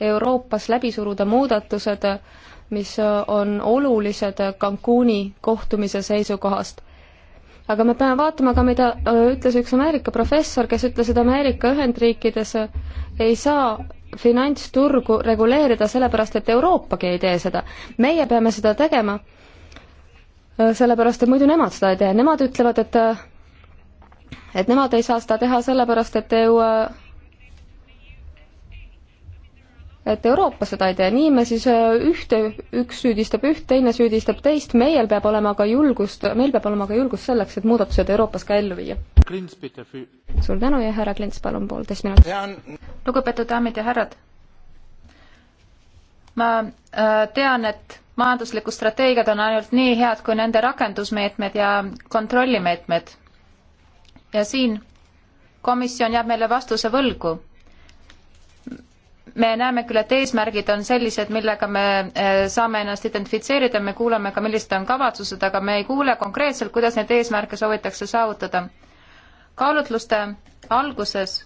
[SPEAKER 4] Euroopas läbi suruda muudatused, mis on olulised Cancuni kohtumise seisukohast aga me peame vaatama ka, mida ütles üks Ameerika professor, kes ütles, et Ameerika Ühendriikides ei saa finantsturgu reguleerida, sellepärast et Euroopagi ei tee seda. meie peame seda tegema, sellepärast et muidu nemad seda ei tee, nemad ütlevad, et et nemad ei saa seda teha sellepärast, et EU et Euroopa seda ei tee, nii me siis äh, ühte, üks süüdistab üht, teine süüdistab teist, meil peab olema ka julgust, meil peab olema ka julgust selleks, et muudatused Euroopas ka ellu viia. suur tänu ja
[SPEAKER 6] härra Klints, palun poolteist minutit. lugupeetud daamid ja härrad, ma äh, tean, et majanduslikud strateegiad on ainult nii head kui nende rakendusmeetmed ja kontrollimeetmed. ja siin komisjon jääb meile vastuse võlgu me näeme küll, et eesmärgid on sellised, millega me eh, saame ennast identifitseerida, me kuuleme ka, millised on kavatsused, aga me ei kuule konkreetselt, kuidas neid eesmärke soovitakse saavutada. kaalutluste alguses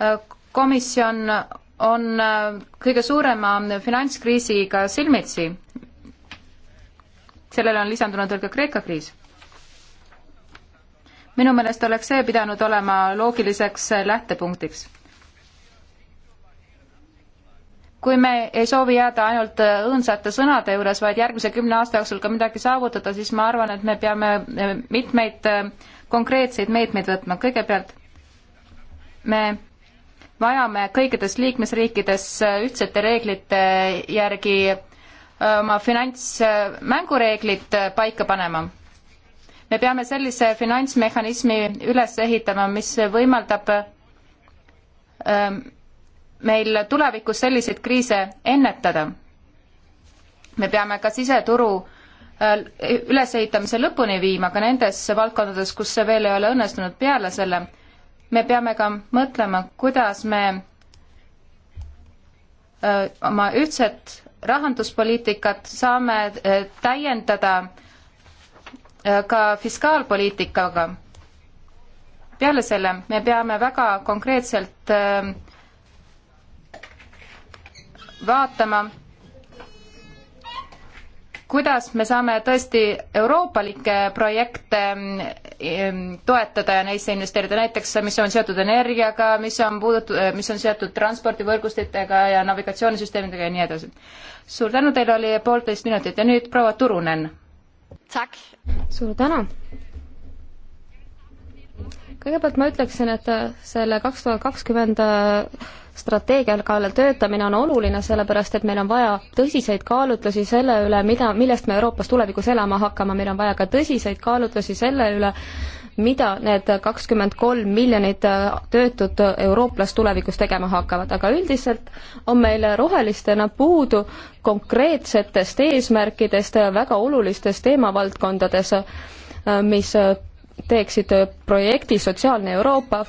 [SPEAKER 6] eh, komisjon on eh, kõige suurema finantskriisiga silmitsi. sellele on lisandunud veel ka Kreeka kriis minu meelest oleks see pidanud olema loogiliseks lähtepunktiks kui me ei soovi jääda ainult äh, õõnsate sõnade juures, vaid järgmise kümne aasta jooksul ka midagi saavutada, siis ma arvan, et me peame äh, mitmeid äh, konkreetseid meetmeid võtma. kõigepealt me vajame kõikides liikmesriikides ühtsete reeglite järgi oma finantsmängureeglid paika panema. me peame sellise finantsmehhanismi üles ehitama, mis võimaldab ähm, meil tulevikus selliseid kriise ennetada. me peame ka siseturu äh, ülesehitamise lõpuni viima ka nendes valdkondades, kus see veel ei ole õnnestunud peale selle. me peame ka mõtlema, kuidas me äh, oma ühtset rahanduspoliitikat saame äh, täiendada ka fiskaalpoliitikaga. peale selle me peame väga konkreetselt äh, vaatama, kuidas me saame tõesti euroopalikke projekte ehm, toetada ja neisse investeerida, näiteks mis on seotud energiaga, mis on puudutud, eh, mis on seotud transpordivõrgustitega ja navigatsioonisüsteemidega ja nii edasi. suur tänu, teil oli poolteist minutit ja nüüd proua Turunen. suur tänu. kõigepealt ma ütleksin, et
[SPEAKER 4] äh, selle kaks tuhat kakskümmend 2020 äh, strateegial kallal töötamine on oluline, sellepärast et meil on vaja tõsiseid kaalutlusi selle üle, mida, millest me Euroopas tulevikus elama hakkame, meil on vaja ka tõsiseid kaalutlusi selle üle, mida need kakskümmend kolm miljonit äh, töötut eurooplast tulevikus tegema hakkavad, aga üldiselt on meil rohelistena puudu konkreetsetest eesmärkidest äh, väga olulistes teemavaldkondades, äh, mis teeksid projekti Sotsiaalne Euroopa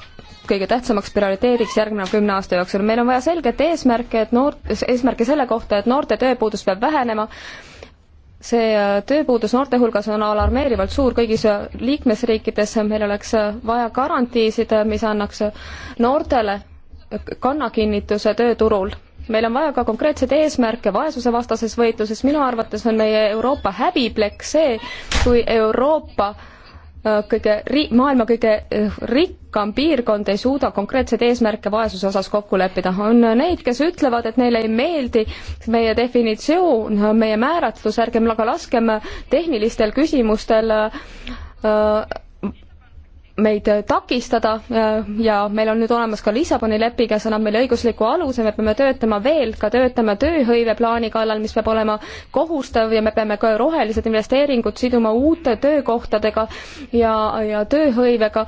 [SPEAKER 4] kõige tähtsamaks prioriteediks järgneva kümne aasta jooksul. meil on vaja selget eesmärke, et noor, eesmärke selle kohta, et noorte tööpuudus peab vähenema, see äh, tööpuudus noorte hulgas on alarmeerivalt suur kõigis äh, liikmesriikides, meil oleks äh, vaja garantiisid, mis annaks noortele kannakinnituse tööturul. meil on vaja ka konkreetseid eesmärke vaesusevastases võitluses, minu arvates on meie Euroopa häbiplekk see, kui Euroopa äh, Äh, kõige ri-, maailma kõige äh, rikkam piirkond ei suuda konkreetseid eesmärke vaesuse osas kokku leppida. on neid, kes ütlevad, et neile ei meeldi meie definitsioon, meie määratlus, ärgem aga laskem tehnilistel küsimustel äh, meid äh, takistada äh, ja meil on nüüd olemas ka Lissaboni leping, kes annab meile õigusliku aluse, me peame töötama veel, ka töötama tööhõiveplaani kallal, mis peab olema kohustav ja me peame ka rohelised investeeringud siduma uute töökohtadega ja, ja tööhõivega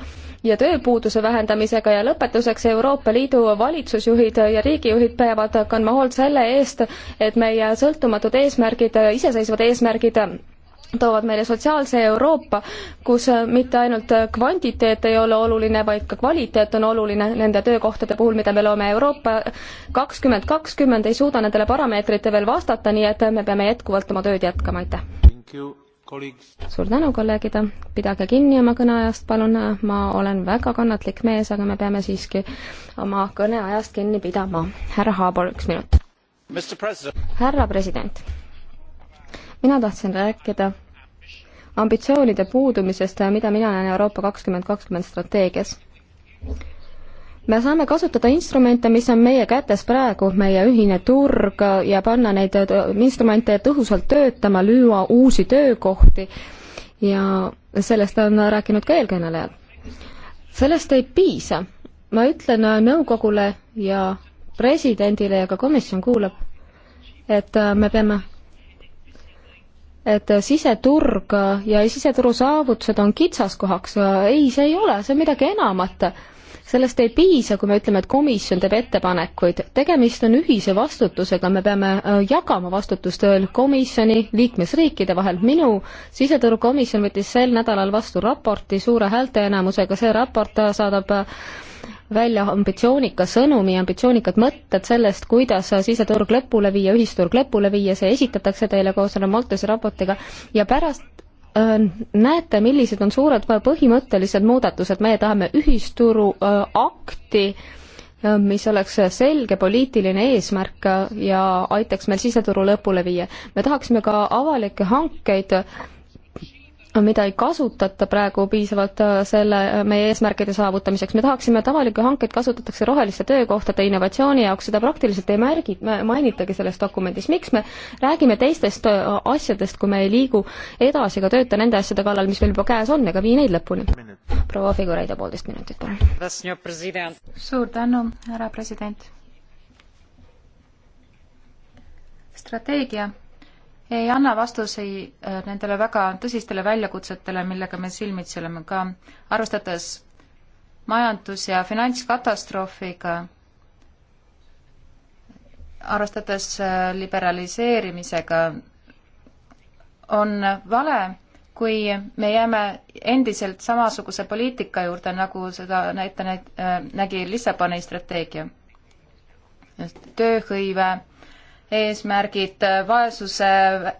[SPEAKER 4] ja tööpuuduse vähendamisega ja lõpetuseks Euroopa Liidu valitsusjuhid ja riigijuhid peavad kandma hoolt selle eest, et meie sõltumatud eesmärgid, iseseisvad eesmärgid toovad meile sotsiaalse Euroopa, kus äh, mitte ainult äh, kvantiteet ei ole oluline, vaid ka kvaliteet on oluline nende töökohtade puhul, mida me loome. Euroopa kakskümmend kakskümmend ei suuda nendele parameetrite veel vastata, nii et äh, me peame jätkuvalt oma tööd jätkama, aitäh! suur tänu, kolleegid, pidage kinni oma kõneajast, palun, ma olen väga kannatlik mees, aga me peame siiski oma kõneajast kinni pidama. härra Haabor, üks minut. härra president mina tahtsin rääkida ambitsioonide puudumisest, mida mina näen Euroopa kakskümmend kakskümmend strateegias. me saame kasutada instrumente, mis on meie kätes praegu, meie ühine turg ja panna neid instrumente tõhusalt töötama, lüüa uusi töökohti ja sellest on rääkinud ka eelkõnelejad. sellest ei piisa. ma ütlen nõukogule ja presidendile ja ka komisjon kuulab, et me peame et siseturg ja siseturu saavutused on kitsaskohaks, ei, see ei ole, see on midagi enamat. sellest ei piisa, kui me ütleme, et komisjon teeb ettepanekuid, tegemist on ühise vastutusega, me peame äh, jagama vastutust komisjoni liikmesriikide vahel. minu siseturukomisjon võttis sel nädalal vastu raporti suure häälteenamusega, see raport saadab äh, välja ambitsioonika sõnumi, ambitsioonikad mõtted sellest, kuidas siseturg lõpule viia, ühisturg lõpule viia, see esitatakse teile koos selle Maltese raportiga ja pärast äh, näete, millised on suured põhimõttelised muudatused, meie tahame ühisturu äh, akti, äh, mis oleks selge poliitiline eesmärk ja aitaks meil siseturu lõpule viia. me tahaksime ka avalikke hankeid mida ei kasutata praegu piisavalt äh, selle, äh, meie eesmärkide saavutamiseks. me tahaksime, et avalikke hankeid kasutatakse roheliste töökohtade innovatsiooni jaoks, seda praktiliselt ei märgi, mainitagi selles dokumendis. miks me räägime teistest äh, asjadest, kui me ei liigu edasi ega tööta nende asjade kallal, mis meil juba käes on, ega vii neid lõpuni? proua Figureida, poolteist minutit,
[SPEAKER 3] palun.
[SPEAKER 6] suur tänu, härra president. strateegia ei anna vastuseid äh, nendele väga tõsistele väljakutsetele, millega me silmitsi oleme ka, arvestades majandus- ja finantskatastroofiga, arvestades äh, liberaliseerimisega, on vale, kui me jääme endiselt samasuguse poliitika juurde, nagu seda näite äh, nägi Lissaboni strateegia. tööhõive eesmärgid, vaesuse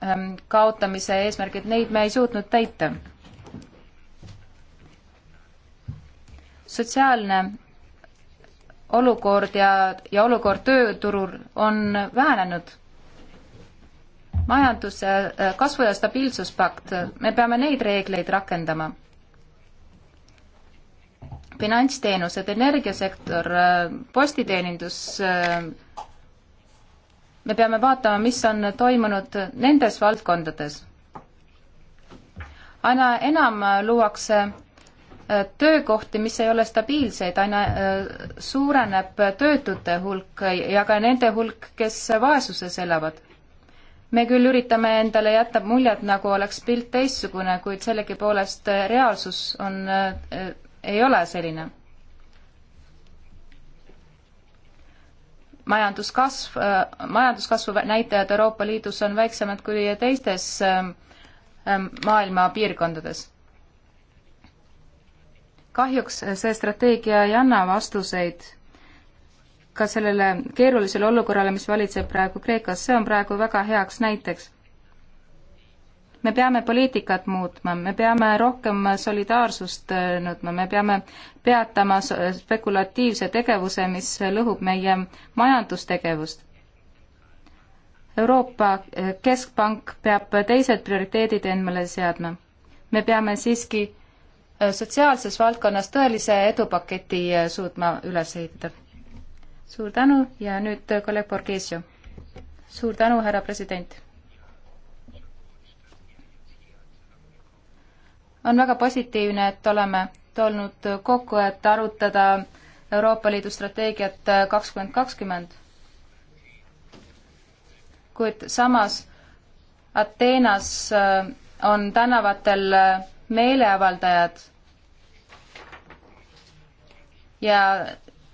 [SPEAKER 6] ähm, kaotamise eesmärgid, neid me ei suutnud täita. sotsiaalne olukord ja, ja olukord tööturul on vähenenud. majanduse äh, kasvu- ja stabiilsuspakt, me peame neid reegleid rakendama. finantsteenused, energiasektor, äh, postiteenindus, äh, me peame vaatama, mis on toimunud nendes valdkondades. aina enam luuakse äh, töökohti, mis ei ole stabiilseid, aina äh, suureneb töötute hulk ja ka nende hulk, kes vaesuses elavad. me küll üritame endale jätta muljet, nagu oleks pilt teistsugune, kuid sellegipoolest reaalsus on, äh, ei ole selline majanduskasv, äh, majanduskasvu näitajad Euroopa Liidus on väiksemad kui teistes ähm, ähm, maailma piirkondades. kahjuks see strateegia ei anna vastuseid ka sellele keerulisele olukorrale, mis valitseb praegu Kreekas, see on praegu väga heaks näiteks me peame poliitikat muutma, me peame rohkem solidaarsust äh, nõudma, me peame peatama spekulatiivse tegevuse, mis lõhub meie majandustegevust. Euroopa äh, Keskpank peab teised prioriteedid endale seadma. me peame siiski äh, sotsiaalses valdkonnas tõelise edupaketi suutma üles ehitada. suur tänu ja nüüd kolleeg Borghesio. suur tänu, härra president on väga positiivne, et oleme tulnud kokku, et arutada Euroopa Liidu strateegiat kakskümmend kakskümmend. kuid samas Ateenas äh, on tänavatel äh, meeleavaldajad ja,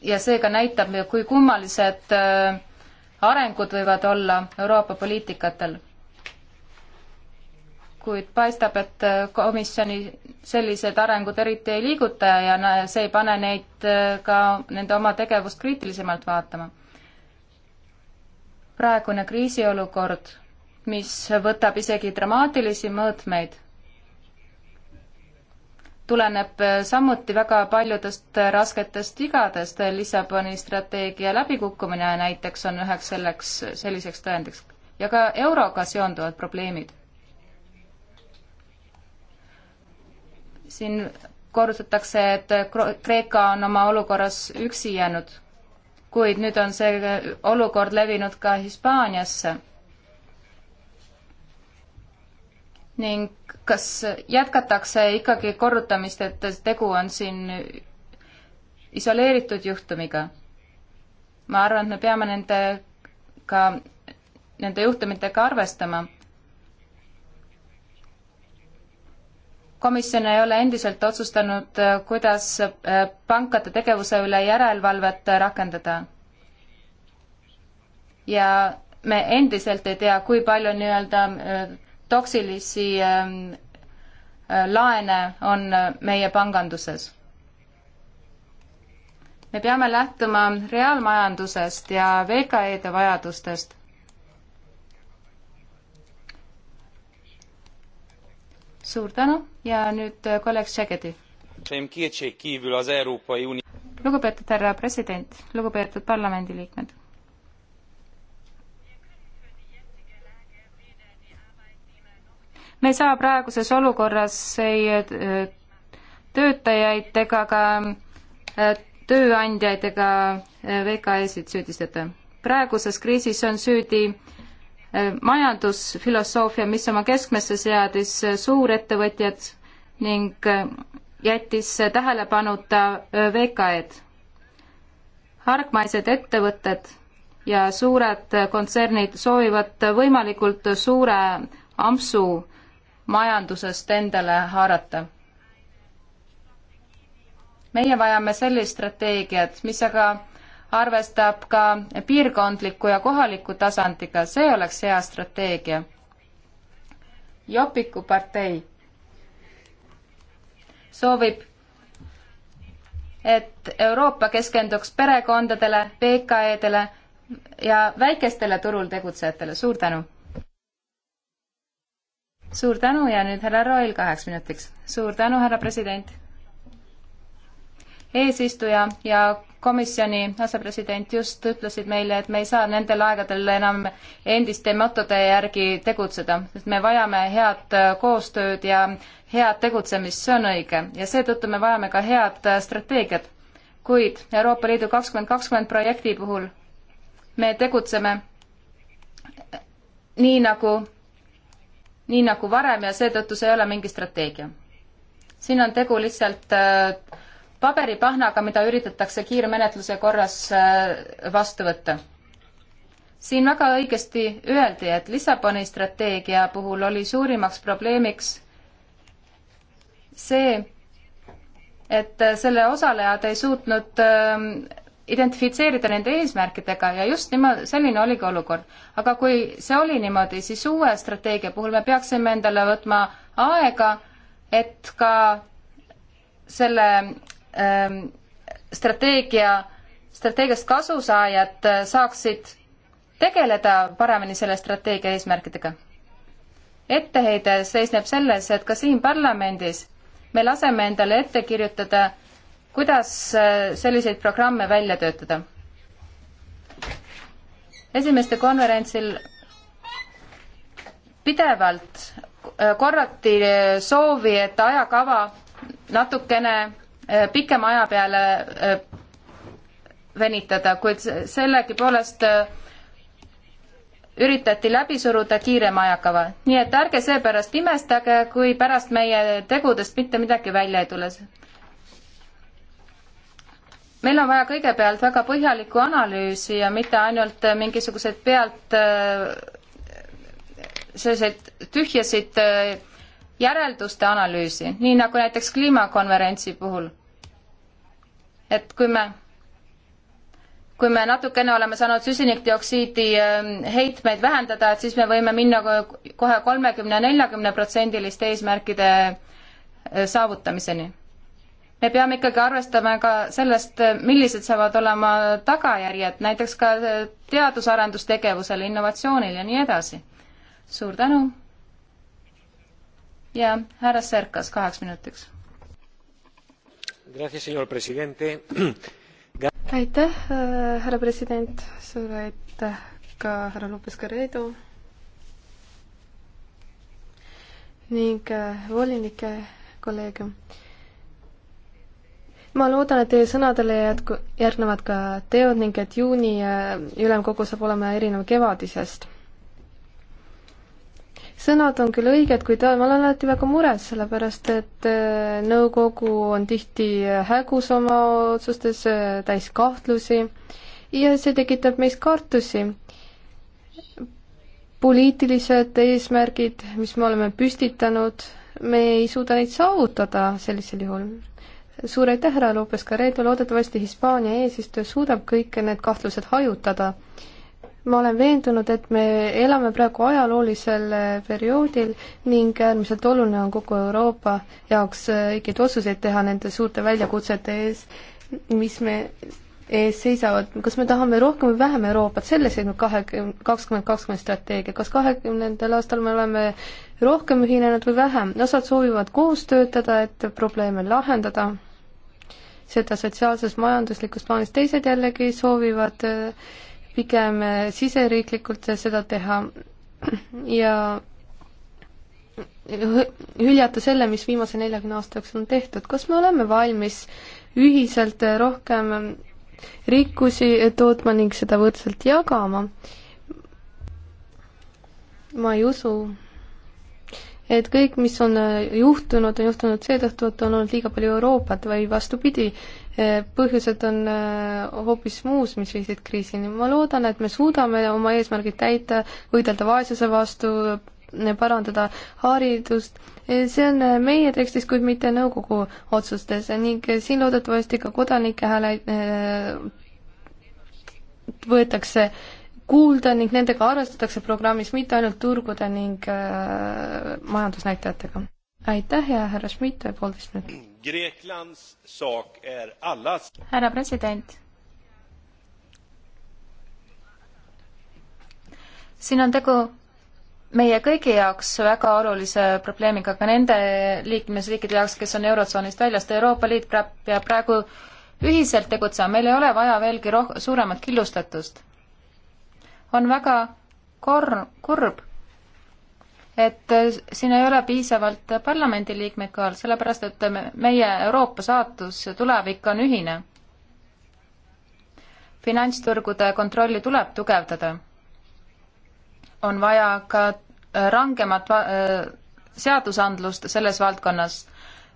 [SPEAKER 6] ja seega näitab, kui kummalised äh, arengud võivad olla Euroopa poliitikatel kuid paistab, et äh, komisjoni sellised arengud eriti ei liiguta ja see ei pane neid äh, ka nende oma tegevust kriitilisemalt vaatama. praegune kriisiolukord, mis võtab isegi dramaatilisi mõõtmeid, tuleneb äh, samuti väga paljudest rasketest vigadest, Lissaboni strateegia läbikukkumine näiteks on üheks selleks, selliseks tõendiks ja ka euroga seonduvad probleemid siin korrutatakse, et Kreeka on oma olukorras üksi jäänud, kuid nüüd on see olukord levinud ka Hispaaniasse. ning kas jätkatakse ikkagi korrutamist, et tegu on siin isoleeritud juhtumiga? ma arvan, et me peame nendega, nende juhtumitega arvestama komisjon ei ole endiselt otsustanud, äh, kuidas äh, pankade tegevuse üle järelevalvet äh, rakendada. ja me endiselt ei tea, kui palju nii-öelda toksilisi ähm, laene on meie panganduses. me peame lähtuma reaalmajandusest ja VKE-de vajadustest suur tänu ja nüüd äh, kolleeg Šegedi. lugupeetud härra president, lugupeetud parlamendiliikmed. me ei saa praeguses olukorras ei äh, töötajaid ega ka äh, tööandjaid ega VKE-sid süüdistada. praeguses kriisis on süüdi Äh, majandusfilosoofia, mis oma keskmesse seadis äh, suurettevõtjad ning äh, jättis tähelepanuta VKE-d. hargmaised ettevõtted ja suured kontsernid soovivad võimalikult suure ampsu majandusest endale haarata. meie vajame sellist strateegiat, mis aga arvestab ka piirkondliku ja kohaliku tasandiga, see oleks hea strateegia. Jopiku partei soovib, et Euroopa keskenduks perekondadele, VKE-dele ja väikestele turul tegutsejatele, suur tänu! suur tänu ja nüüd härra Roil kaheks minutiks. suur tänu, härra president! eesistuja ja komisjoni asepresident just ütlesid meile, et me ei saa nendel aegadel enam endiste metode järgi tegutseda, sest me vajame head äh, koostööd ja head tegutsemist, see on õige ja seetõttu me vajame ka head äh, strateegiat. kuid Euroopa Liidu kakskümmend kakskümmend projekti puhul me tegutseme äh, nii nagu, nii nagu varem ja seetõttu see ei ole mingi strateegia. siin on tegu lihtsalt äh, paberipahnaga, mida üritatakse kiirmenetluse korras äh, vastu võtta. siin väga õigesti öeldi, et Lissaboni strateegia puhul oli suurimaks probleemiks see, et äh, selle osalejad ei suutnud äh, identifitseerida nende eesmärkidega ja just niimoodi, selline oligi olukord. aga kui see oli niimoodi, siis uue strateegia puhul me peaksime endale võtma aega, et ka selle Ähm, strateegia, strateegiast kasusaajad äh, saaksid tegeleda paremini selle strateegia eesmärkidega. etteheide seisneb selles, et ka siin parlamendis me laseme endale ette kirjutada, kuidas äh, selliseid programme välja töötada. esimeste konverentsil pidevalt äh, korrati soovi, et ajakava natukene Äh, pikema aja peale äh, venitada, kuid sellegipoolest äh, üritati läbi suruda kiirema ajakava. nii et ärge seepärast imestage, kui pärast meie tegudest mitte midagi välja ei tule. meil on vaja kõigepealt väga põhjalikku analüüsi ja mitte ainult mingisuguseid pealt selliseid tühjasid äh, järelduste analüüsi, nii nagu näiteks kliimakonverentsi puhul. et kui me, kui me natukene oleme saanud süsinikdioksiidi ähm, heitmeid vähendada, et siis me võime minna kohe kolmekümne, neljakümne protsendiliste eesmärkide äh, saavutamiseni. me peame ikkagi arvestama ka sellest, äh, millised saavad olema tagajärjed näiteks ka äh, teadus-arendustegevusele, innovatsioonile ja nii edasi. suur tänu! ja härra Serkas kaheks minutiks.
[SPEAKER 5] aitäh, äh, härra president, suur aitäh ka härra Lopez Garrido ning äh, volinike kolleegium. ma loodan, et teie sõnadele jätku, järgnevad ka teod ning et juuni äh, ülemkogu saab olema erinev kevadisest sõnad on küll õiged, kuid ma olen alati väga mures, sellepärast et äh, nõukogu on tihti hägus oma otsustes, äh, täis kahtlusi ja see tekitab meis kartusi. poliitilised eesmärgid, mis me oleme püstitanud, me ei suuda neid saavutada sellisel juhul. suur aitäh, härra Lopez Carredo, loodetavasti Hispaania eesistuja suudab kõik need kahtlused hajutada ma olen veendunud, et me elame praegu ajaloolisel äh, perioodil ning äärmiselt oluline on kogu Euroopa jaoks äh, õigeid otsuseid teha nende suurte väljakutsete ees, mis me ees seisavad, kas me tahame rohkem või vähem Euroopat, selles seisneb kahekümne, kakskümmend kakskümmend strateegia, kas kahekümnendal aastal me oleme rohkem ühinenud või vähem, osad soovivad koos töötada, et probleeme lahendada, seda sotsiaalses, majanduslikus plaanis, teised jällegi soovivad äh, pigem eh, siseriiklikult seda teha ja hüljata selle, mis viimase neljakümne aasta jooksul on tehtud. kas me oleme valmis ühiselt eh, rohkem rikkusi tootma ning seda võrdselt jagama? ma ei usu, et kõik, mis on äh, juhtunud, on juhtunud seetõttu, et on olnud liiga palju Euroopat või vastupidi, äh, põhjused on äh, hoopis muus, mis viisid kriisini. ma loodan, et me suudame oma eesmärgid täita, võidelda vaesuse vastu, parandada haridust, see on meie tekstis, kuid mitte nõukogu otsustes ning siin loodetavasti ka kodanike hääle võetakse äh, kuulda ning nendega arvestatakse programmis mitte ainult turgude ning äh, majandusnäitajatega. aitäh ja härra
[SPEAKER 6] Schmidt, poolteist minutit. härra president. siin on tegu meie kõigi jaoks väga olulise probleemiga, ka nende liikmesriikide jaoks, kes on Eurotsoonist väljast, Euroopa Liit peab praegu ühiselt tegutsema, meil ei ole vaja veelgi roh-, suuremat killustatust on väga kor-, kurb, et siin ei ole piisavalt parlamendiliikmeid kohal, sellepärast et meie Euroopa saatus ja tulevik on ühine. finantsturgude kontrolli tuleb tugevdada. on vaja ka äh, rangemat äh, seadusandlust selles valdkonnas.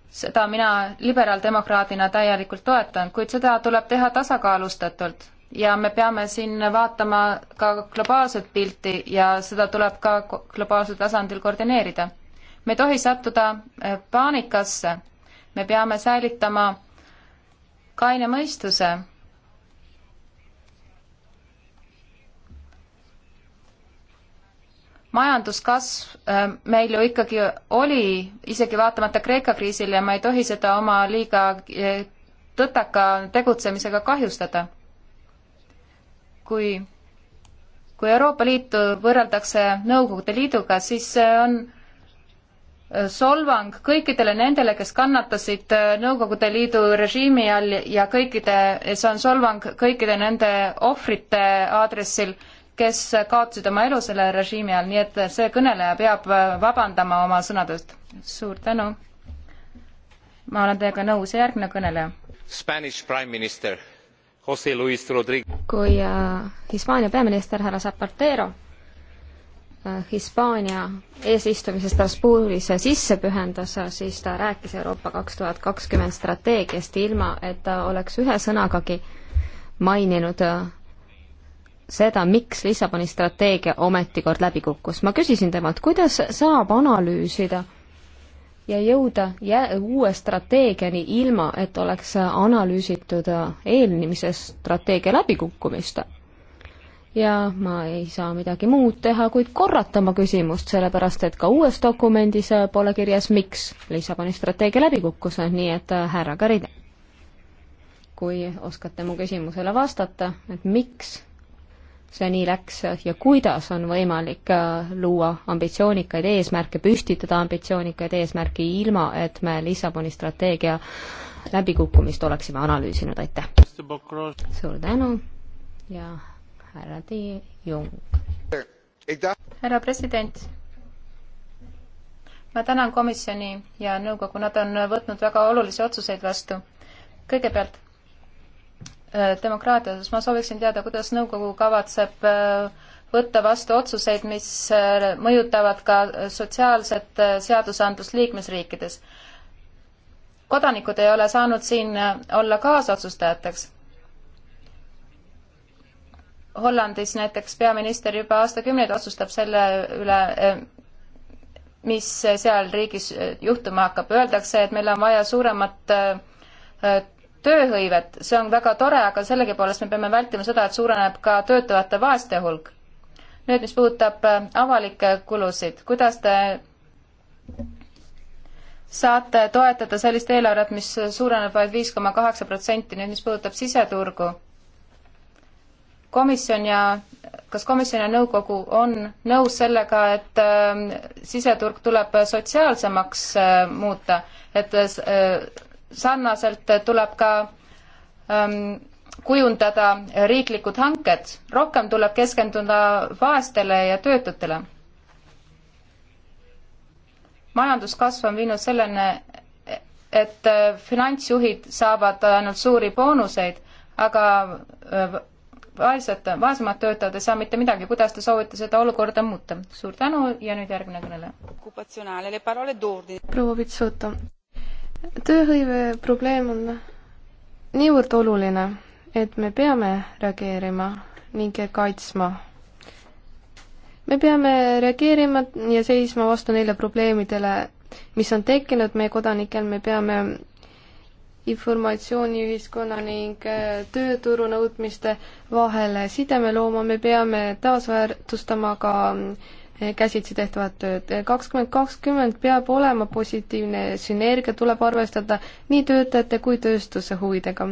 [SPEAKER 6] seda mina liberaaldemokraadina täielikult toetan, kuid seda tuleb teha tasakaalustatult ja me peame siin vaatama ka globaalset pilti ja seda tuleb ka globaalsel tasandil koordineerida. me ei tohi sattuda eh, paanikasse, me peame säilitama kaine mõistuse. majanduskasv eh, meil ju ikkagi oli, isegi vaatamata Kreeka kriisile, ma ei tohi seda oma liiga eh, tõtaka tegutsemisega kahjustada kui, kui Euroopa Liitu võrreldakse Nõukogude Liiduga, siis see on äh, solvang kõikidele nendele, kes kannatasid äh, Nõukogude Liidu režiimi all ja kõikide, see on solvang kõikide nende ohvrite aadressil, kes kaotasid oma elu selle režiimi all, nii et see kõneleja peab äh, vabandama oma sõnadest. suur tänu. ma olen teiega nõus ja järgmine kõneleja.
[SPEAKER 2] Spanish prime minister
[SPEAKER 4] kui äh, Hispaania peaminister härra Zapatero äh, Hispaania eesistumise Strasbourgis sisse pühendas, äh, siis ta rääkis Euroopa kaks tuhat kakskümmend strateegiast, ilma et ta oleks ühe sõnagagi maininud seda, miks Lissaboni strateegia ometi kord läbi kukkus. ma küsisin temalt, kuidas saab analüüsida ja jõuda uue strateegiani, ilma et oleks analüüsitud eelmise strateegia läbikukkumist. ja ma ei saa midagi muud teha, kuid korrata oma küsimust, sellepärast et ka uues dokumendis pole kirjas, miks Lissaboni strateegia läbi kukkus, nii et härra Karide, kui oskate mu küsimusele vastata, et miks see nii läks ja kuidas on võimalik äh, luua ambitsioonikaid eesmärke, püstitada ambitsioonikaid eesmärke, ilma et me Lissaboni strateegia läbikukkumist oleksime analüüsinud, aitäh! suur tänu ja härra De Jong.
[SPEAKER 6] härra president, ma tänan komisjoni ja nõukogu, nad on võtnud väga olulisi otsuseid vastu. kõigepealt Äh, demokraatia osas, ma sooviksin teada, kuidas nõukogu kavatseb äh, võtta vastu otsuseid, mis äh, mõjutavad ka sotsiaalset seadusandlust liikmesriikides. kodanikud ei ole saanud siin olla kaasotsustajateks. Hollandis näiteks peaminister juba aastakümneid otsustab selle üle, mis seal riigis juhtuma hakkab. Öeldakse, et meil on vaja suuremat tööhõivet, see on väga tore, aga sellegipoolest me peame vältima seda, et suureneb ka töötavate vaeste hulk. nüüd, mis puudutab äh, avalikke kulusid, kuidas te saate toetada sellist eelarvet, mis suureneb vaid viis koma kaheksa protsenti, nüüd mis puudutab siseturgu, komisjon ja, kas komisjon ja nõukogu on nõus sellega, et äh, siseturg tuleb sotsiaalsemaks äh, muuta, et äh, sarnaselt tuleb ka ähm, kujundada riiklikud hanked, rohkem tuleb keskenduda vaestele ja töötutele. majanduskasv on viinud selleni, et äh, finantsjuhid saavad ainult suuri boonuseid, aga äh, vaesed, vaesemad töötajad ei saa mitte midagi. kuidas te soovite seda olukorda muuta? suur tänu ja nüüd järgmine kõneleja.
[SPEAKER 5] proua Pitsuto tööhõive probleem on niivõrd oluline, et me peame reageerima ning kaitsma. me peame reageerima ja seisma vastu neile probleemidele, mis on tekkinud meie kodanikel, me peame informatsiooniühiskonna ning äh, tööturu nõudmiste vahele sideme looma, me peame taasväärtustama ka äh, käsitsi tehtavat tööd. kakskümmend kakskümmend peab olema positiivne sünergia, tuleb arvestada nii töötajate kui tööstuse huvidega.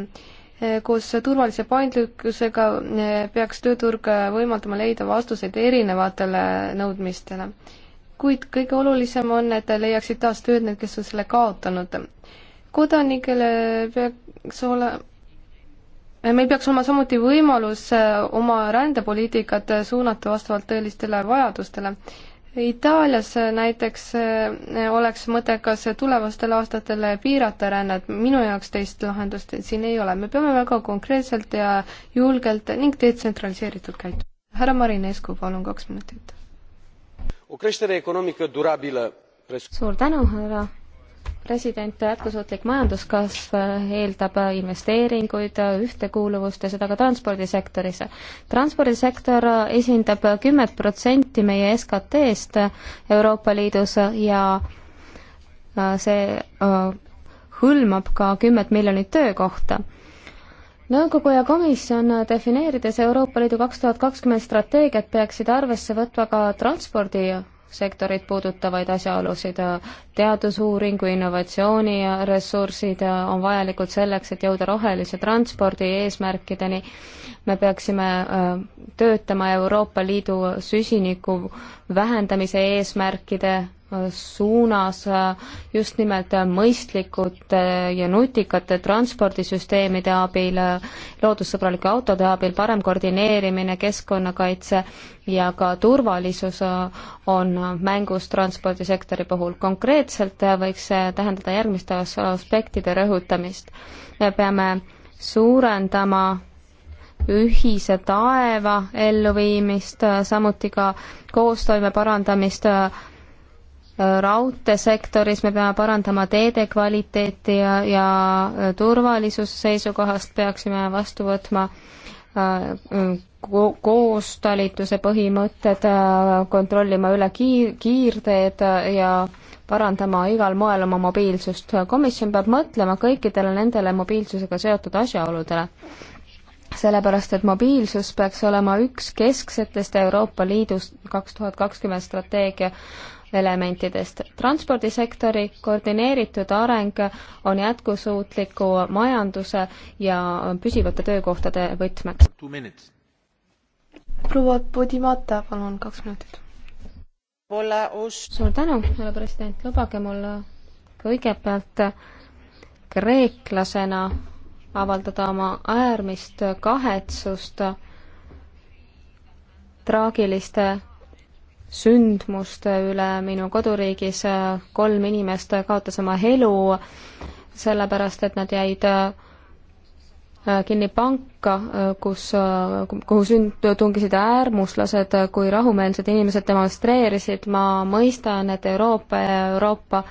[SPEAKER 5] koos turvalise paindlikkusega eh, peaks tööturg eh, võimaldama leida vastuseid erinevatele nõudmistele. kuid kõige olulisem on, et leiaksid taas tööd need, kes on selle kaotanud. kodanikele peaks olema meil peaks olema samuti võimalus eh, oma rändepoliitikat eh, suunata vastavalt tõelistele vajadustele. Itaalias eh, näiteks oleks mõttekas tulevastel aastatel piirata rännet, minu jaoks teist lahendust siin ei ole, me peame väga konkreetselt ja julgelt ning detsentraliseeritult käituma. härra Marinescu, palun kaks minutit.
[SPEAKER 4] suur tänu, härra president, jätkusuutlik majanduskasv eeldab investeeringuid, ühtekuuluvust ja seda ka transpordisektoris. transpordisektor esindab kümmet protsenti meie SKT-st Euroopa Liidus ja äh, see äh, hõlmab ka kümmet miljonit töökohta nõukogu ja komisjon, defineerides Euroopa Liidu kaks tuhat kakskümmend strateegiat, peaksid arvesse võtma ka transpordi sektorit puudutavaid asjaolusid. teadusuuringu, innovatsiooni ja ressursid on vajalikud selleks, et jõuda rohelise transpordi eesmärkideni. me peaksime äh, töötama Euroopa Liidu süsiniku vähendamise eesmärkide suunas just nimelt mõistlikute ja nutikate transpordisüsteemide abil, loodussõbralike autode abil, parem koordineerimine, keskkonnakaitse ja ka turvalisus on mängus transpordisektori puhul. konkreetselt võiks see tähendada järgmiste aspektide rõhutamist. me peame suurendama ühise taeva elluviimist, samuti ka koostoime parandamist raudteesektoris me peame parandama teede kvaliteeti ja, ja turvalisuse seisukohast peaksime vastu võtma äh, ko koostalituse põhimõtted, äh, kontrollima üle kiir, kiirteed äh, ja parandama igal moel oma mobiilsust. komisjon peab mõtlema kõikidele nendele mobiilsusega seotud asjaoludele sellepärast, et mobiilsus peaks olema üks kesksetest Euroopa Liidus kaks tuhat kakskümmend strateegia elementidest. transpordisektori koordineeritud areng on jätkusuutliku majanduse ja püsivate töökohtade võtmeks. proua Podimata, palun kaks minutit. suur tänu, härra president, lubage mul kõigepealt kreeklasena avaldada oma äärmist kahetsust traagiliste sündmuste üle minu koduriigis, kolm inimest kaotas oma elu sellepärast, et nad jäid äh, kinni panka, äh, kus, äh, kuhu sünd-, tungisid äärmuslased, kui rahumeelsed inimesed demonstreerisid, ma mõistan, et Euroopa ja Euroopa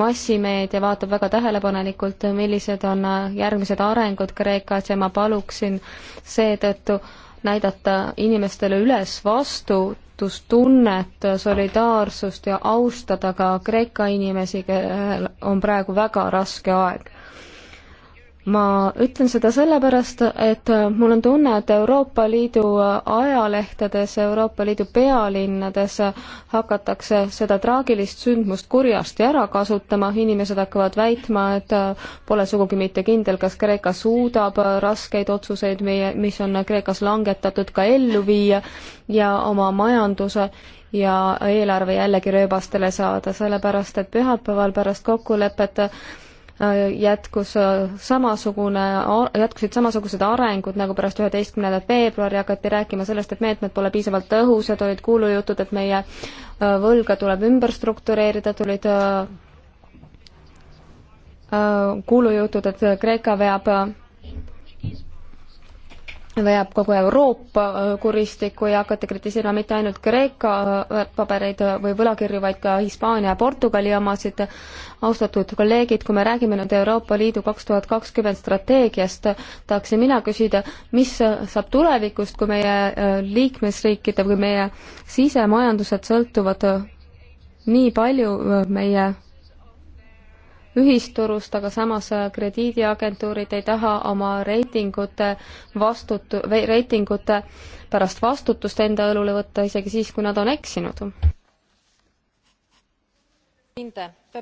[SPEAKER 4] massimeedia vaatab väga tähelepanelikult, millised on järgmised arengud Kreekas ja ma paluksin seetõttu näidata inimestele üles vastu vastutustunnet, solidaarsust ja austada ka Kreeka inimesi, kellel on praegu väga raske aeg ma ütlen seda sellepärast, et mul on tunne, et Euroopa Liidu ajalehtedes, Euroopa Liidu pealinnades hakatakse seda traagilist sündmust kurjasti ära kasutama, inimesed hakkavad väitma, et pole sugugi mitte kindel, kas Kreeka suudab raskeid otsuseid, meie, mis on Kreekas langetatud, ka ellu viia ja oma majanduse ja eelarve jällegi rööbastele saada, sellepärast et pühapäeval pärast kokkulepet Äh, jätkus äh, samasugune, jätkusid samasugused arengud nagu pärast üheteistkümnendat veebruari, hakati rääkima sellest, et meetmed pole piisavalt tõhusad, olid kuulujutud, et meie äh, võlga tuleb ümber struktureerida, tulid kuulujutud, et Kreeka veab veab kogu Euroopa äh, kuristikku ja hakati kritiseerima mitte ainult Kreeka väärtpabereid äh, äh, või võlakirju, vaid ka Hispaania ja Portugali omasid. austatud kolleegid, kui me räägime nüüd Euroopa Liidu kaks tuhat kakskümmend strateegiast, tahaksin mina küsida, mis saab tulevikust, kui meie liikmesriikide või meie sisemajandused sõltuvad nii palju meie ühisturust, aga samas äh, krediidiagentuurid ei taha oma reitingute vastutu-, reitingute pärast vastutust enda õlule võtta, isegi siis, kui nad on eksinud.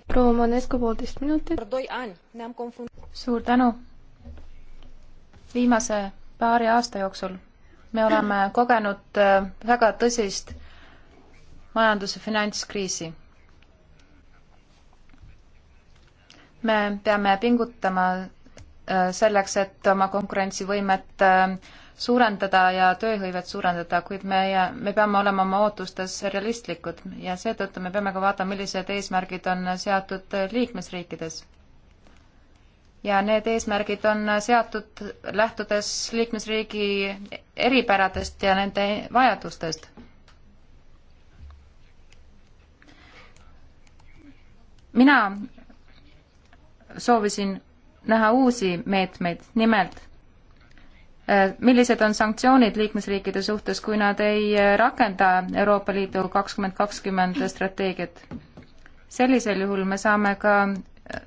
[SPEAKER 6] proua Manescu poolteist minutit. suur tänu. viimase paari aasta jooksul me oleme kogenud äh, väga tõsist majanduse finantskriisi me peame pingutama äh, selleks, et oma konkurentsivõimet äh, suurendada ja tööhõivet suurendada, kuid me, me peame olema oma ootustes realistlikud ja seetõttu me peame ka vaatama, millised eesmärgid on seatud äh, liikmesriikides. ja need eesmärgid on seatud lähtudes liikmesriigi eripäradest ja nende vajadustest mina soovisin näha uusi meetmeid, nimelt äh, millised on sanktsioonid liikmesriikide suhtes, kui nad ei äh, rakenda Euroopa Liidu kakskümmend kakskümmend strateegiat? sellisel juhul me saame ka äh,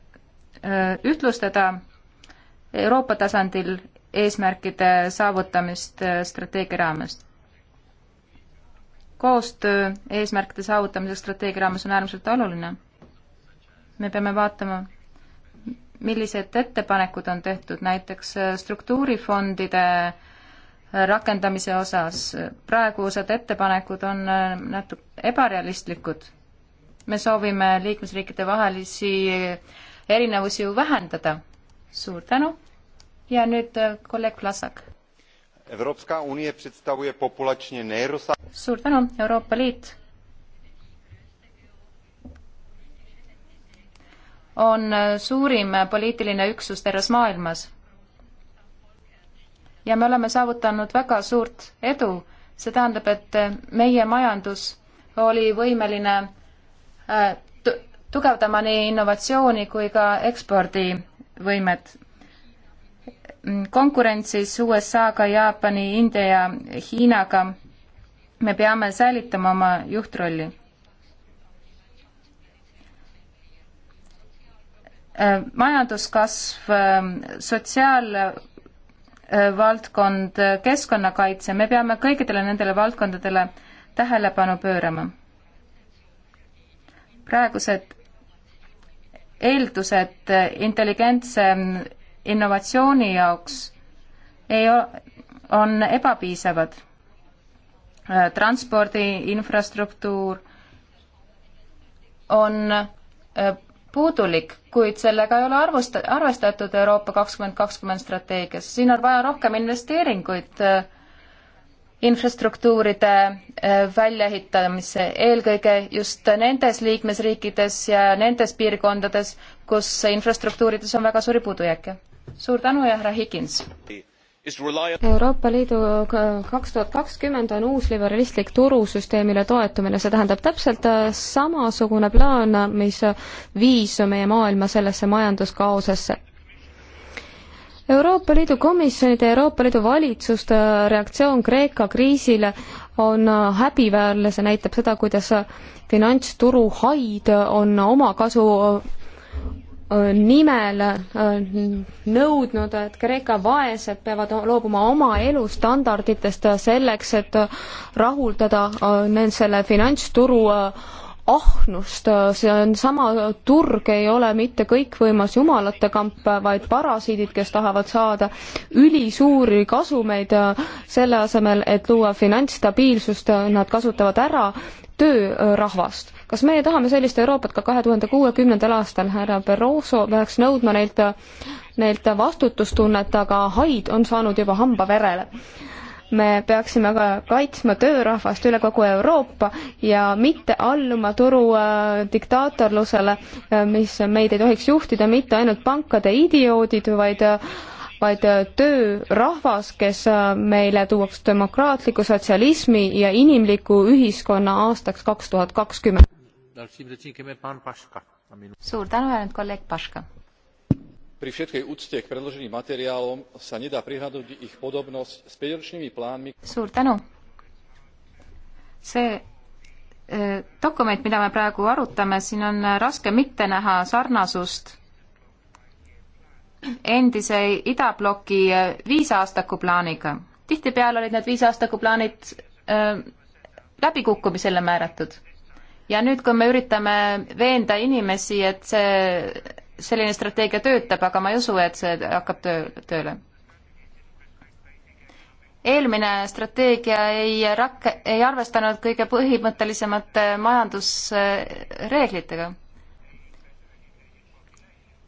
[SPEAKER 6] ühtlustada Euroopa tasandil eesmärkide saavutamist strateegia raames. koostöö eesmärkide saavutamiseks strateegia raames on äärmiselt oluline. me peame vaatama millised ettepanekud on tehtud näiteks äh, struktuurifondide äh, rakendamise osas. praegused ettepanekud on äh, natuke ebarealistlikud. me soovime liikmesriikide vahelisi erinevusi ju vähendada. suur tänu ja nüüd kolleeg Vlasak. Euroopa Liit on suurim poliitiline üksus terves maailmas. ja me oleme saavutanud väga suurt edu, see tähendab, et meie majandus oli võimeline äh, tugevdama nii innovatsiooni kui ka ekspordivõimet. konkurentsis USA-ga, Jaapani, India ja Hiinaga me peame säilitama oma juhtrolli Äh, majanduskasv, ähm, sotsiaalvaldkond, äh, äh, keskkonnakaitse, me peame kõikidele nendele valdkondadele tähelepanu pöörama. praegused eeldused intelligentse mm, innovatsiooni jaoks ei, on ebapiisavad. transpordi infrastruktuur on puudulik, kuid sellega ei ole arvusta-, arvestatud Euroopa kakskümmend kakskümmend strateegias, siin on vaja rohkem investeeringuid äh, infrastruktuuride äh, väljaehitamisse, eelkõige just nendes liikmesriikides ja nendes piirkondades, kus infrastruktuurides on väga suuri puudujääke. suur tänu ja härra Higins!
[SPEAKER 4] Euroopa Liidu kaks tuhat kakskümmend on uus liberalistlik turusüsteemile toetumine, see tähendab täpselt äh, samasugune plaan, äh, mis viis meie maailma sellesse majanduskaosesse. Euroopa Liidu komisjonide ja Euroopa Liidu valitsuste äh, reaktsioon Kreeka kriisile on häbiväärne, see näitab seda, kuidas finantsturu haid on omakasu nimel nõudnud, et Kreeka vaesed peavad loobuma oma elustandarditest äh, selleks, et äh, rahuldada äh, selle finantsturu ahnust, see on sama turg, ei ole mitte kõikvõimas jumalate kamp, vaid parasiidid, kes tahavad saada ülisuuri kasumeid selle asemel, et luua finantsstabiilsust, nad kasutavad ära töörahvast kas meie tahame sellist Euroopat ka kahe tuhande kuuekümnendal aastal, härra Barroso peaks nõudma neilt, neilt vastutustunnet, aga haid on saanud juba hamba verele. me peaksime ka kaitsma töörahvast üle kogu Euroopa ja mitte alluma turu äh, diktaatorlusele, äh, mis meid ei tohiks juhtida mitte ainult pankade idioodid, vaid äh, vaid töörahvas, kes äh, meile tuuakse demokraatliku sotsialismi ja inimliku ühiskonna aastaks kaks tuhat
[SPEAKER 6] kakskümmend suur tänu ja nüüd kolleeg Paška.
[SPEAKER 4] pri všetkej úcte k predloženým materiálom sa nedá prehliadnuť ich podobnosť s päťročnými plánmi.
[SPEAKER 6] suur tänu. see eh, dokument, mida me praegu arutame, siin on raske mitte näha sarnasust endise idabloki e, viisaastaku plaaniga. tihtipeale olid need viisaastaku plaanid äh, läbikukkumisele määratud ja nüüd, kui me üritame veenda inimesi, et see, selline strateegia töötab, aga ma ei usu, et see hakkab töö, tööle. eelmine strateegia ei rak-, ei arvestanud kõige põhimõttelisemate majandusreeglitega.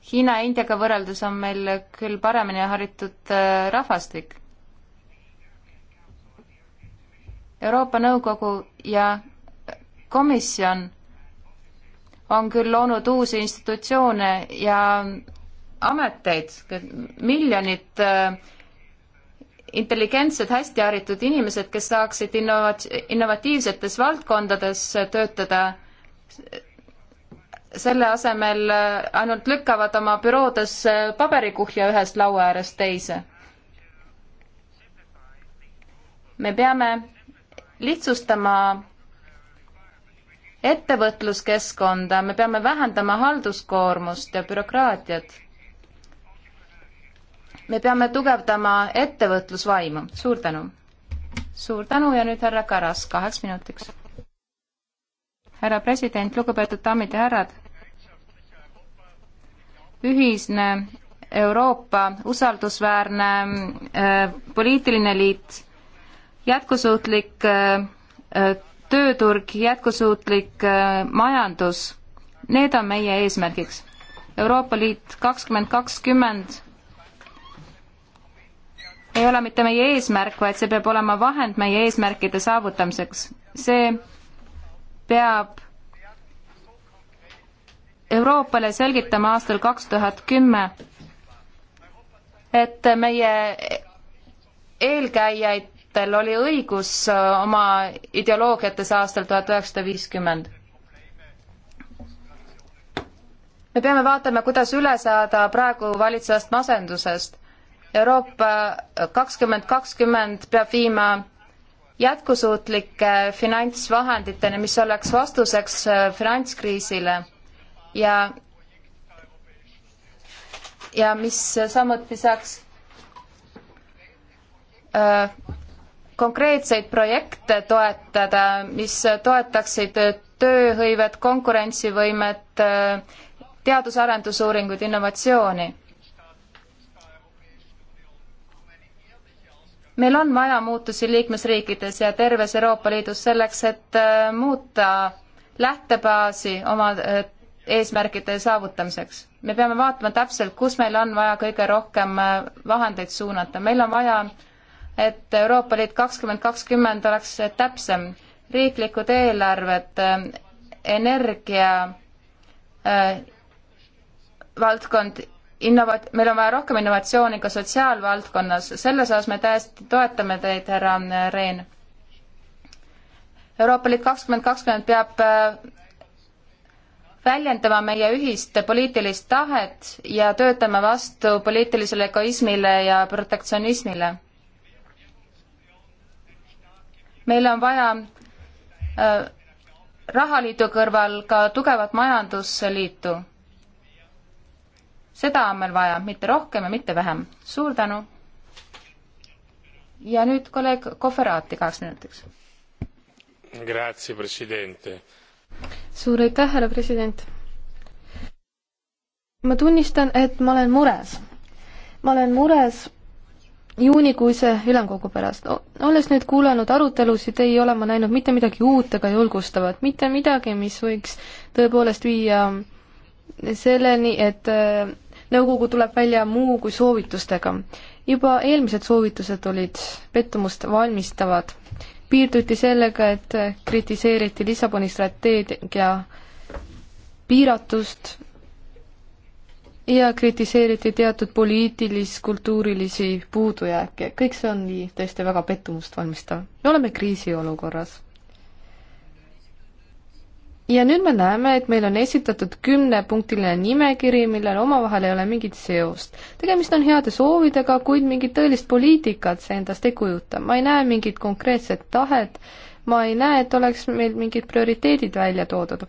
[SPEAKER 6] Hiina ja Indiaga võrreldes on meil küll paremini haritud äh, rahvastik Euroopa Nõukogu ja komisjon on küll loonud uusi institutsioone ja ameteid, miljonid äh, intelligentsed, hästi haritud inimesed, kes saaksid innovat-, innovatiivsetes valdkondades töötada, selle asemel äh, ainult lükkavad oma büroodes äh, paberikuhja ühest laua äärest teise. me peame lihtsustama ettevõtluskeskkonda, me peame vähendama halduskoormust ja bürokraatiat. me peame tugevdama ettevõtlusvaimu, suur tänu. suur tänu ja nüüd härra Karas kaheks minutiks. härra president, lugupeetud daamid ja härrad, ühisne Euroopa usaldusväärne äh, poliitiline liit, jätkusuutlik äh, äh tööturg, jätkusuutlik äh, majandus, need on meie eesmärgiks. Euroopa Liit kakskümmend kakskümmend ei ole mitte meie eesmärk, vaid see peab olema vahend meie eesmärkide saavutamiseks. see peab Euroopale selgitama aastal kaks tuhat kümme, et meie eelkäijaid liikujatel oli õigus äh, oma ideoloogiates aastal tuhat üheksasada viiskümmend. me peame vaatama, kuidas üle saada praegu valitsevast masendusest. Euroopa kakskümmend kakskümmend peab viima jätkusuutlike finantsvahenditeni, mis oleks vastuseks äh, finantskriisile ja ja mis samuti saaks äh, konkreetseid projekte toetada, mis toetaksid tööhõivet, konkurentsivõimet, teadus-arendusuuringuid, innovatsiooni. meil on vaja muutusi liikmesriikides ja terves Euroopa Liidus selleks, et äh, muuta lähtebaasi oma äh, eesmärkide saavutamiseks. me peame vaatama täpselt, kus meil on vaja kõige rohkem äh, vahendeid suunata, meil on vaja et Euroopa Liit kakskümmend kakskümmend oleks täpsem. riiklikud eelarved, äh, energia äh,, valdkond, innovat-, meil on vaja rohkem innovatsiooni ka sotsiaalvaldkonnas, selles osas me täiesti toetame teid, härra äh, Rein. Euroopa Liit kakskümmend kakskümmend peab äh, väljendama meie ühist poliitilist tahet ja töötama vastu poliitilisele egoismile ja protektsionismile meil on vaja äh, rahaliidu kõrval ka tugevat majandusliitu. seda on meil vaja, mitte rohkem ja mitte vähem. suur tänu! ja nüüd kolleeg Koferaati kaheks minutiks. suur aitäh, härra president! ma tunnistan, et
[SPEAKER 5] ma olen mures. ma olen mures juunikuise ülemkogu pärast. olles nüüd kuulanud arutelusid, ei ole ma näinud mitte midagi uut ega julgustavat, mitte midagi, mis võiks tõepoolest viia selleni, et äh, nõukogu tuleb välja muu kui soovitustega. juba eelmised soovitused olid pettumust valmistavad. piirduti sellega, et kritiseeriti Lissaboni strateegia piiratust ja kritiseeriti teatud poliitilis-kultuurilisi puudujääke. kõik see on nii tõesti väga pettumust valmistav. me oleme kriisiolukorras. ja nüüd me näeme, et meil on esitatud kümnepunktiline nimekiri, millel omavahel ei ole mingit seost. tegemist on heade soovidega, kuid mingit tõelist poliitikat see endast ei kujuta. ma ei näe mingit konkreetset tahet äh, ma ei näe, et oleks meil mingid prioriteedid välja toodud.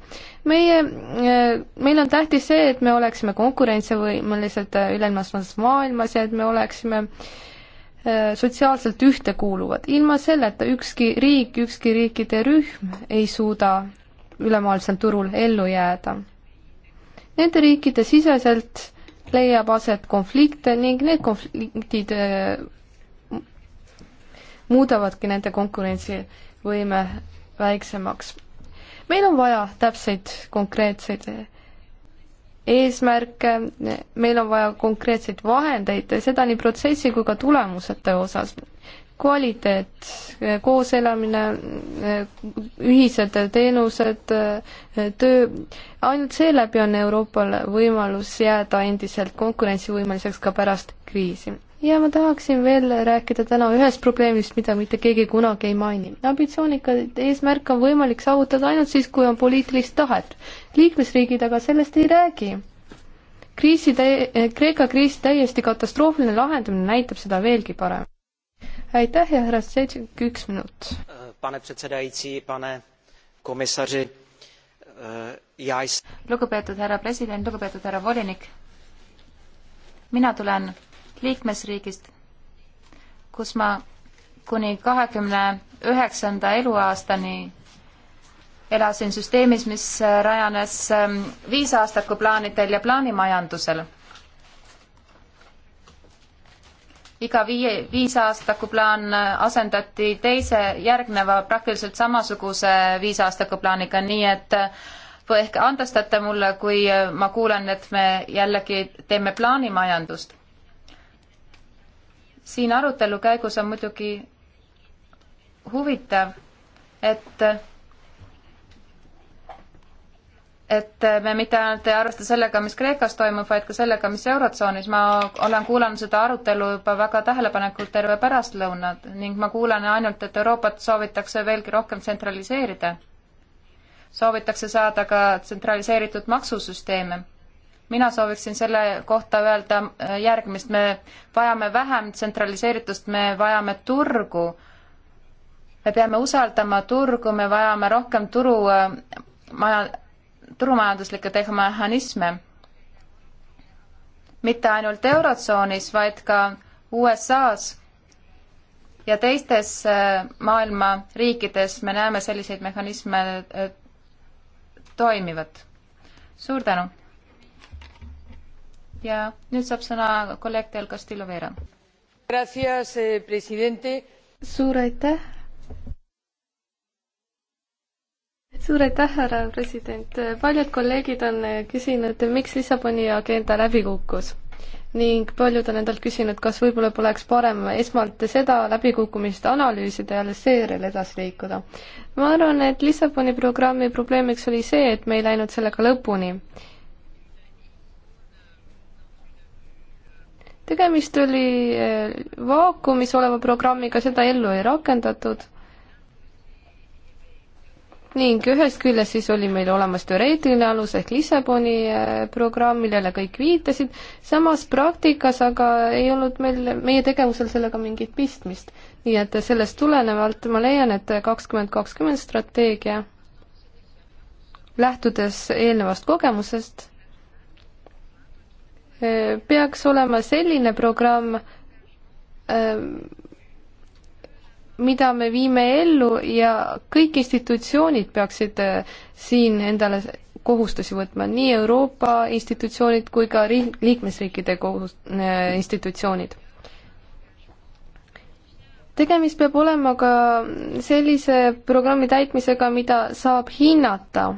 [SPEAKER 5] meie, äh, meil on tähtis see, et me oleksime konkurentsivõimelised äh, ülemaailmses maailmas ja et me oleksime äh, sotsiaalselt ühtekuuluvad. ilma selleta ükski riik, ükski riikide rühm ei suuda ülemaailmsel turul ellu jääda. Nende riikide siseselt leiab aset konflikte ning need konfliktid muudavadki nende konkurentsi võime väiksemaks. meil on vaja täpseid konkreetseid eesmärke, meil on vaja konkreetseid vahendeid, seda nii protsessi kui ka tulemusete osas. kvaliteet, kooselamine, ühised teenused, töö, ainult seeläbi on Euroopal võimalus jääda endiselt konkurentsivõimeliseks ka pärast kriisi ja ma tahaksin veel rääkida täna ühest probleemist, mida mitte keegi kunagi ei maini. ambitsioonikaid eesmärke on võimalik saavutada ainult siis, kui on poliitilist tahet. liikmesriigid aga sellest ei räägi. kriisi täi-, Kreeka kriis täiesti katastroofiline lahendamine näitab seda veelgi parem. aitäh ja
[SPEAKER 6] härra Stsetšik, üks minut.
[SPEAKER 3] pane pretsedaitsi, pane komissari eh, ja
[SPEAKER 6] lugupeetud härra president, lugupeetud härra volinik, mina tulen liikmesriigist, kus ma kuni kahekümne üheksanda eluaastani elasin süsteemis, mis äh, rajanes ähm, viisaastakuplaanidel ja plaanimajandusel. iga viie, viisaaastakuplaan äh, asendati teise järgneva praktiliselt samasuguse viisaaastikuplaaniga, nii et äh, ehk andestate mulle, kui ma kuulen, et me jällegi teeme plaanimajandust siin arutelu käigus on muidugi huvitav, et et me mitte ainult ei arvesta sellega, mis Kreekas toimub, vaid ka sellega, mis Eurotsoonis. ma olen kuulanud seda arutelu juba väga tähelepanelikult terve pärastlõunad ning ma kuulen ainult, et Euroopat soovitakse veelgi rohkem tsentraliseerida. soovitakse saada ka tsentraliseeritud maksusüsteeme mina sooviksin selle kohta öelda äh, järgmist, me vajame vähem tsentraliseeritust, me vajame turgu, me peame usaldama turgu, me vajame rohkem turu äh, maja, turumajanduslikke tehnomehhanisme. mitte ainult Eurotsoonis, vaid ka USA-s ja teistes äh, maailma riikides me näeme selliseid mehhanisme toimivat. suur tänu! ja nüüd saab sõna kolleeg Del Castillo Vera.
[SPEAKER 5] suur aitäh.
[SPEAKER 6] suur aitäh, härra
[SPEAKER 5] president. paljud kolleegid on eh, küsinud, miks Lissaboni agenda läbi kukkus ning paljud on endalt küsinud, kas võib-olla poleks parem esmalt seda läbikukkumist analüüsida ja alles seejärel edasi liikuda. ma arvan, et Lissaboni programmi probleemiks oli see, et me ei läinud sellega lõpuni tegemist oli äh, vaakumis oleva programmiga, seda ellu ei rakendatud. ning ühest küljest siis oli meil olemas teoreetiline alus ehk Lissaboni äh, programm, millele kõik viitasid, samas praktikas aga ei olnud meil, meie tegevusel sellega mingit pistmist. nii et sellest tulenevalt ma leian, et kakskümmend kakskümmend strateegia, lähtudes eelnevast kogemusest peaks olema selline programm, ähm, mida me viime ellu ja kõik institutsioonid peaksid äh, siin endale kohustusi võtma, nii Euroopa institutsioonid kui ka riik, liikmesriikide kohus-, äh, institutsioonid. tegemist peab olema ka sellise programmi täitmisega, mida saab hinnata.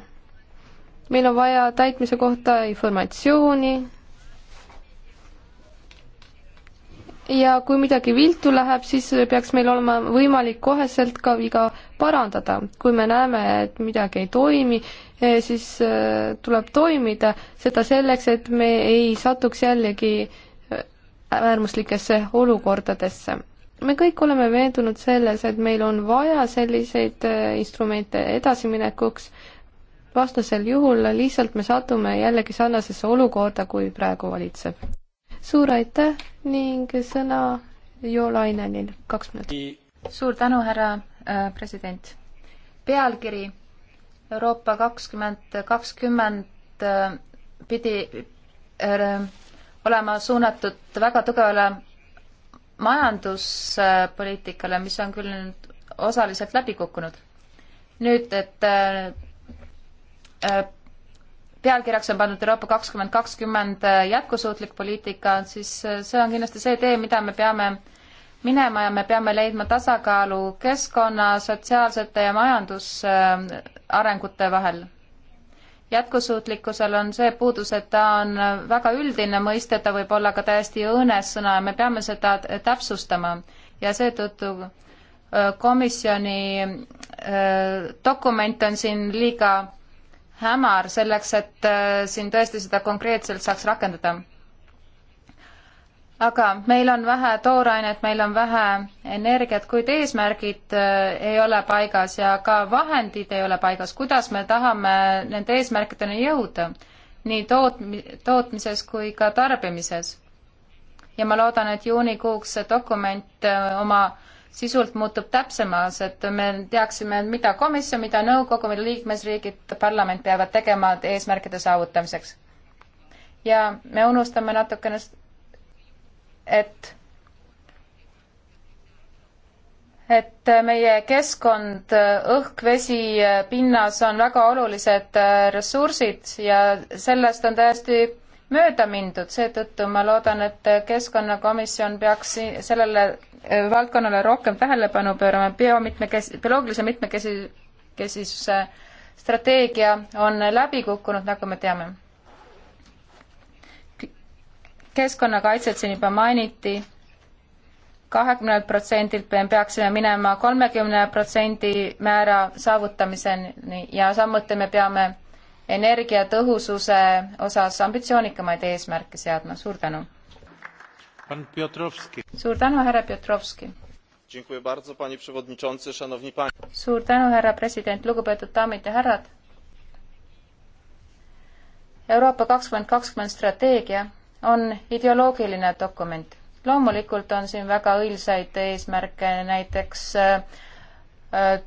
[SPEAKER 5] meil on vaja täitmise kohta informatsiooni, ja kui midagi viltu läheb, siis peaks meil olema võimalik koheselt ka viga parandada. kui me näeme, et midagi ei toimi, eh, siis eh, tuleb toimida, seda selleks, et me ei satuks jällegi eh, äärmuslikesse olukordadesse. me kõik oleme veendunud selles, et meil on vaja selliseid instrumente edasiminekuks, vastasel juhul lihtsalt me satume jällegi sarnasesse olukorda, kui praegu valitseb suur aitäh ning sõna Jo Lainenil, kaks minutit.
[SPEAKER 6] suur tänu, härra äh, president. pealkiri Euroopa kakskümmend kakskümmend äh, pidi äh, olema suunatud väga tugevale majanduspoliitikale, mis on küll nüüd osaliselt läbi kukkunud. nüüd, et äh, äh pealkirjaks on pandud Euroopa kakskümmend kakskümmend äh, jätkusuutlik poliitika, siis äh, see on kindlasti see tee, mida me peame minema ja me peame leidma tasakaalu keskkonna, sotsiaalsete ja majandusarengute vahel. jätkusuutlikkusel on see puudus, et ta on äh, väga üldine mõiste, ta võib olla ka täiesti õõnes sõna ja me peame seda täpsustama ja seetõttu komisjoni dokument on siin liiga hämar selleks, et äh, siin tõesti seda konkreetselt saaks rakendada. aga meil on vähe toorainet, meil on vähe energiat, kuid eesmärgid äh, ei ole paigas ja ka vahendid ei ole paigas, kuidas me tahame nende eesmärkideni jõuda nii toot-, tootmises kui ka tarbimises. ja ma loodan, et juunikuuks see dokument äh, oma äh, sisult muutub täpsemas, et me teaksime, mida komisjon, mida nõukogu, mida liikmesriigid, parlament peavad tegema eesmärkide saavutamiseks. ja me unustame natukene, et et meie keskkond, õhk, vesi, pinnas on väga olulised ressursid ja sellest on täiesti mööda mindud, seetõttu ma loodan, et Keskkonnakomisjon peaks sellele valdkonnale rohkem tähelepanu pöörama, biomitmekes-, bioloogilise mitmekesisuse strateegia on läbi kukkunud, nagu me teame. keskkonnakaitset siin juba mainiti, kahekümnelt protsendilt me peaksime minema kolmekümne protsendi määra saavutamiseni ja samuti me peame energiatõhususe osas ambitsioonikamaid eesmärke seadma, suur tänu! suur tänu, härra Pjotrovski! suur tänu, härra president, lugupeetud daamid ja härrad! Euroopa kakskümmend kakskümmend strateegia on ideoloogiline dokument. loomulikult on siin väga õilsaid eesmärke, näiteks äh, äh,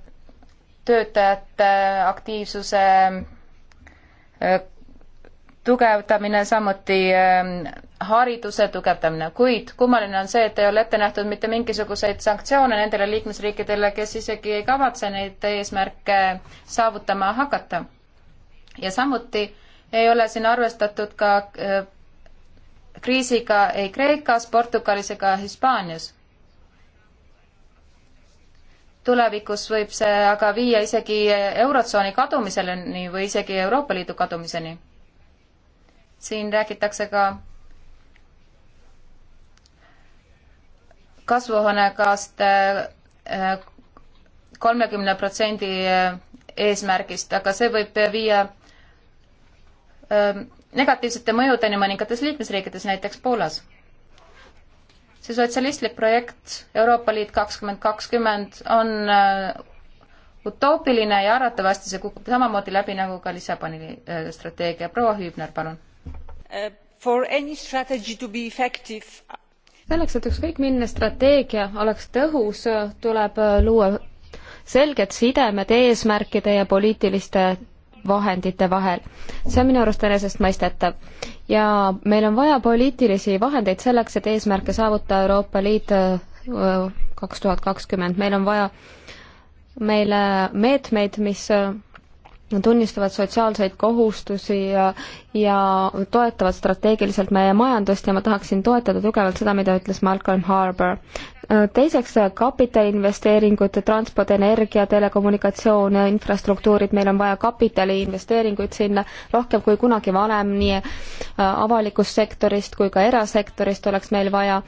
[SPEAKER 6] töötajate aktiivsuse äh, tugevdamine, samuti ähm, hariduse tugevdamine, kuid kummaline on see, et ei ole ette nähtud mitte mingisuguseid sanktsioone nendele liikmesriikidele, kes isegi ei kavatse neid eesmärke saavutama hakata. ja samuti ei ole siin arvestatud ka äh, kriisiga ei Kreekas, Portugalis ega Hispaanias. tulevikus võib see aga viia isegi Eurotsooni kadumiseni või isegi Euroopa Liidu kadumiseni siin räägitakse ka kasvuhoonegaaste äh, kolmekümne protsendi äh, eesmärgist, aga see võib viia äh, negatiivsete mõjudeni mõningates liikmesriikides, näiteks Poolas. see sotsialistlik projekt Euroopa Liit kakskümmend kakskümmend on utoopiline ja arvatavasti see kukub samamoodi läbi nagu ka Lissaboni strateegia. proua Hüübner, palun Uh, for any strategy to be effective selleks, et ükskõik milline strateegia oleks tõhus, tuleb
[SPEAKER 4] uh, luua selged sidemed eesmärkide ja poliitiliste vahendite vahel. see on minu arust enesestmõistetav. ja meil on vaja poliitilisi vahendeid selleks, et eesmärke saavutada Euroopa Liit uh, kaks tuhat kakskümmend, meil on vaja meile meetmeid, mis tunnistavad sotsiaalseid kohustusi ja, ja toetavad strateegiliselt meie majandust ja ma tahaksin toetada tugevalt seda, mida ütles Malcolm Harbour. Äh, teiseks äh, kapitaliinvesteeringud, transport, energia, telekommunikatsioon, infrastruktuurid, meil on vaja kapitaliinvesteeringuid sinna rohkem kui kunagi varem, nii äh, avalikust sektorist kui ka erasektorist oleks meil vaja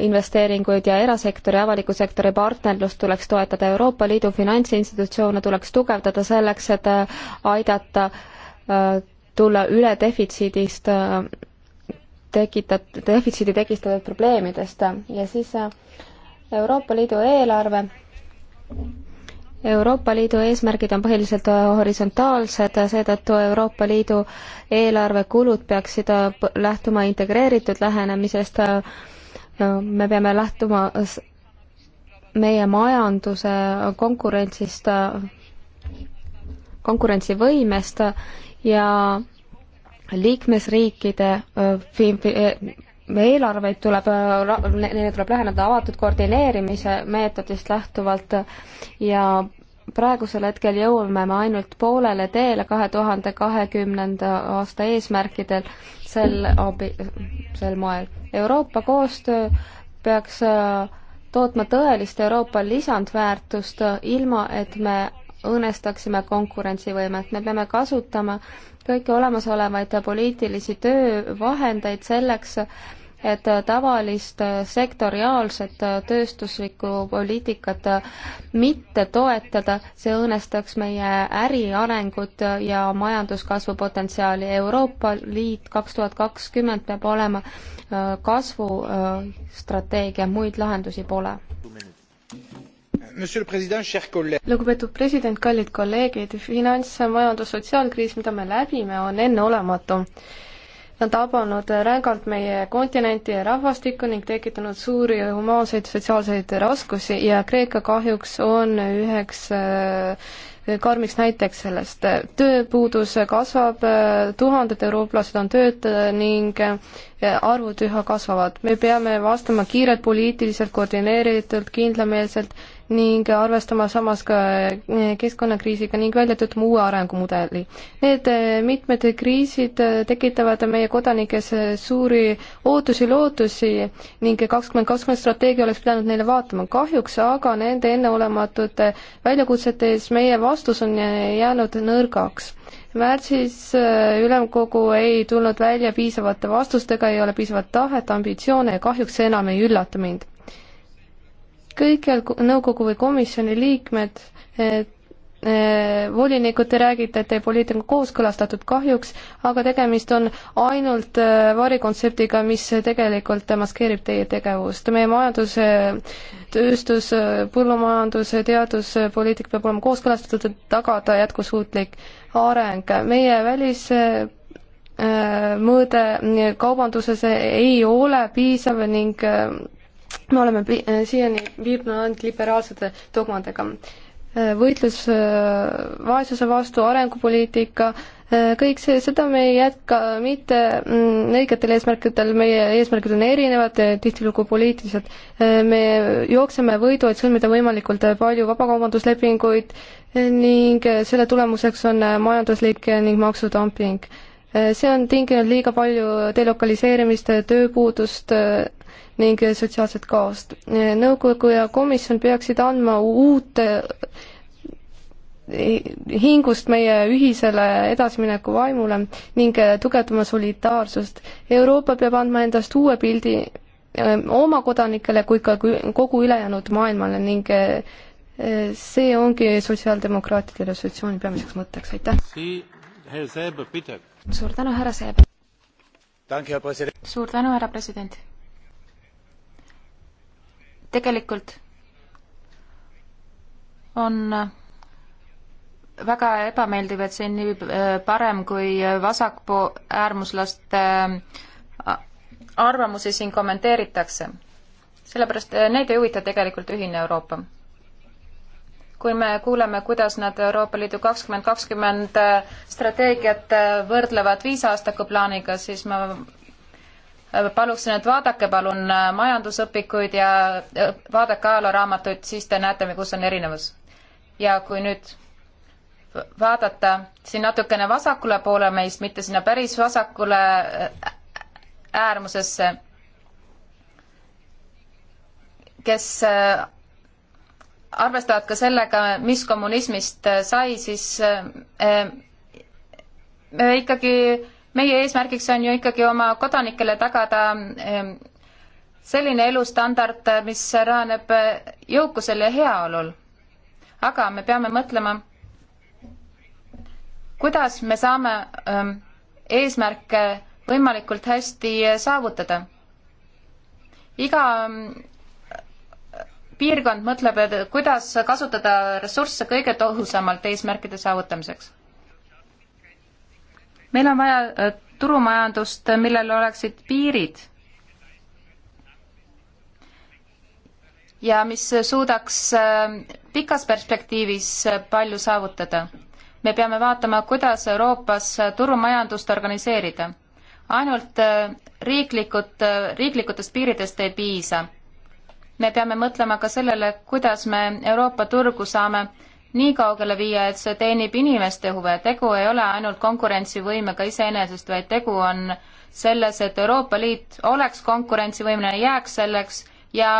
[SPEAKER 4] investeeringuid ja erasektori ja avaliku sektori partnerlust tuleks toetada, Euroopa Liidu finantsinstitutsioone tuleks tugevdada selleks, et aidata tulla üle defitsiidist tekitat-, defitsiidi tekitatud probleemidest ja siis äh, Euroopa Liidu eelarve Euroopa Liidu eesmärgid on põhiliselt äh, horisontaalsed, seetõttu Euroopa Liidu eelarvekulud peaksid äh, lähtuma integreeritud lähenemisest. me peame lähtuma meie majanduse konkurentsist, konkurentsivõimest ja liikmesriikide eelarveid tuleb, neile tuleb läheneda avatud koordineerimise meetodist lähtuvalt ja praegusel hetkel jõuame me ainult poolele teele kahe tuhande kahekümnenda aasta eesmärkidel sel abi, sel moel. Euroopa koostöö peaks tootma tõelist Euroopa lisandväärtust, ilma et me õõnestaksime konkurentsivõimet, me peame kasutama kõiki olemasolevaid poliitilisi töövahendeid selleks, et tavalist sektoriaalset tööstuslikku poliitikat mitte toetada, see õõnestaks meie äriarengut ja majanduskasvu potentsiaali. Euroopa Liit kaks tuhat kakskümmend peab olema äh, kasvustrateegia, muid lahendusi pole
[SPEAKER 5] lugupeetud president, kallid kolleegid, finants, majandus, sotsiaalkriis, mida me läbime, on enneolematu. ta on tabanud rängalt meie kontinenti ja rahvastikku ning tekitanud suuri humaanseid sotsiaalseid raskusi ja Kreeka kahjuks on üheks äh, karmiks näiteks sellest. tööpuudus kasvab, tuhanded eurooplased on tööta ning äh, arvud üha kasvavad. me peame vastama kiirelt, poliitiliselt, koordineeritult, kindlameelselt ning arvestama samas ka eh, keskkonnakriisiga ning välja töötama uue arengumudeli. Need eh, mitmed kriisid eh, tekitavad meie kodanikes suuri ootusi-lootusi ning kakskümmend kakskümmend strateegia oleks pidanud neile vaatama. kahjuks aga nende enneolematute väljakutsete ees meie vastus on jäänud nõrgaks märtsis ülemkogu ei tulnud välja piisavate vastustega, ei ole piisavat tahet, ambitsioone ja kahjuks see enam ei üllata mind kõikjal nõukogu või komisjoni liikmed eh, volinikud, te räägite, et teie poliitika on kooskõlastatud kahjuks, aga tegemist on ainult eh, varikontseptiga, mis tegelikult maskeerib teie tegevust. meie majanduse, tööstus, põllumajanduse, teaduspoliitika peab olema kooskõlastatud, et tagada jätkusuutlik areng. meie välis eh, mõõde kaubanduses ei ole piisav ning me oleme pi-, äh, siiani piirdunud ainult liberaalsete dogmadega. Äh, võitlus äh, vaesuse vastu, arengupoliitika, kõik see, seda me ei jätka mitte mm, õigetel eesmärkidel, meie eesmärgid on erinevad, tihtilugu poliitilised. me jookseme võidu, et sõlmida võimalikult palju vabakaubanduslepinguid ning selle tulemuseks on majanduslik ning maksudumping. see on tinginud liiga palju delokaliseerimist, tööpuudust, ning sotsiaalset kaost. nõukogu ja komisjon peaksid andma uut hingust meie ühisele edasimineku vaimule ning tugevdama solidaarsust. Euroopa peab andma endast uue pildi eh, oma kodanikele kui ka kogu ülejäänud maailmale ning eh, see ongi sotsiaaldemokraatide resolutsiooni peamiseks mõtteks, aitäh!
[SPEAKER 6] suur tänu, härra Seeb! suur tänu, härra president! tegelikult on väga ebameeldiv, et see on nii äh, parem kui vasakpoo-, äärmuslaste äh, arvamusi siin kommenteeritakse. sellepärast äh, neid ei huvita tegelikult ühine Euroopa. kui me kuuleme, kuidas nad Euroopa Liidu kakskümmend kakskümmend strateegiat võrdlevad viisaastaku plaaniga, siis ma Äh, paluksin, et vaadake palun äh, majandusõpikuid ja äh, vaadake ajalooraamatuid, siis te näete, kus on erinevus. ja kui nüüd vaadata siin natukene vasakule poole meist, mitte sinna päris vasakule äärmusesse, kes arvestavad ka sellega, mis kommunismist sai, siis me ikkagi meie eesmärgiks on ju ikkagi oma kodanikele tagada ehm, selline elustandard, mis rajaneb jõukusel ja heaolul. aga me peame mõtlema, kuidas me saame ehm, eesmärke võimalikult hästi saavutada. iga ehm, piirkond mõtleb, et kuidas kasutada ressursse kõige tõhusamalt eesmärkide saavutamiseks meil on vaja äh, turumajandust, äh, millel oleksid piirid ja mis äh, suudaks pikas perspektiivis palju saavutada. me peame vaatama, kuidas Euroopas turumajandust organiseerida. ainult riiklikud, riiklikutest piiridest ei piisa. me peame mõtlema ka sellele, kuidas me Euroopa turgu saame äh, nii kaugele viia, et see teenib inimeste huve. tegu ei ole ainult konkurentsivõimega iseenesest, vaid tegu on selles, et Euroopa Liit oleks konkurentsivõimeline, jääks selleks ja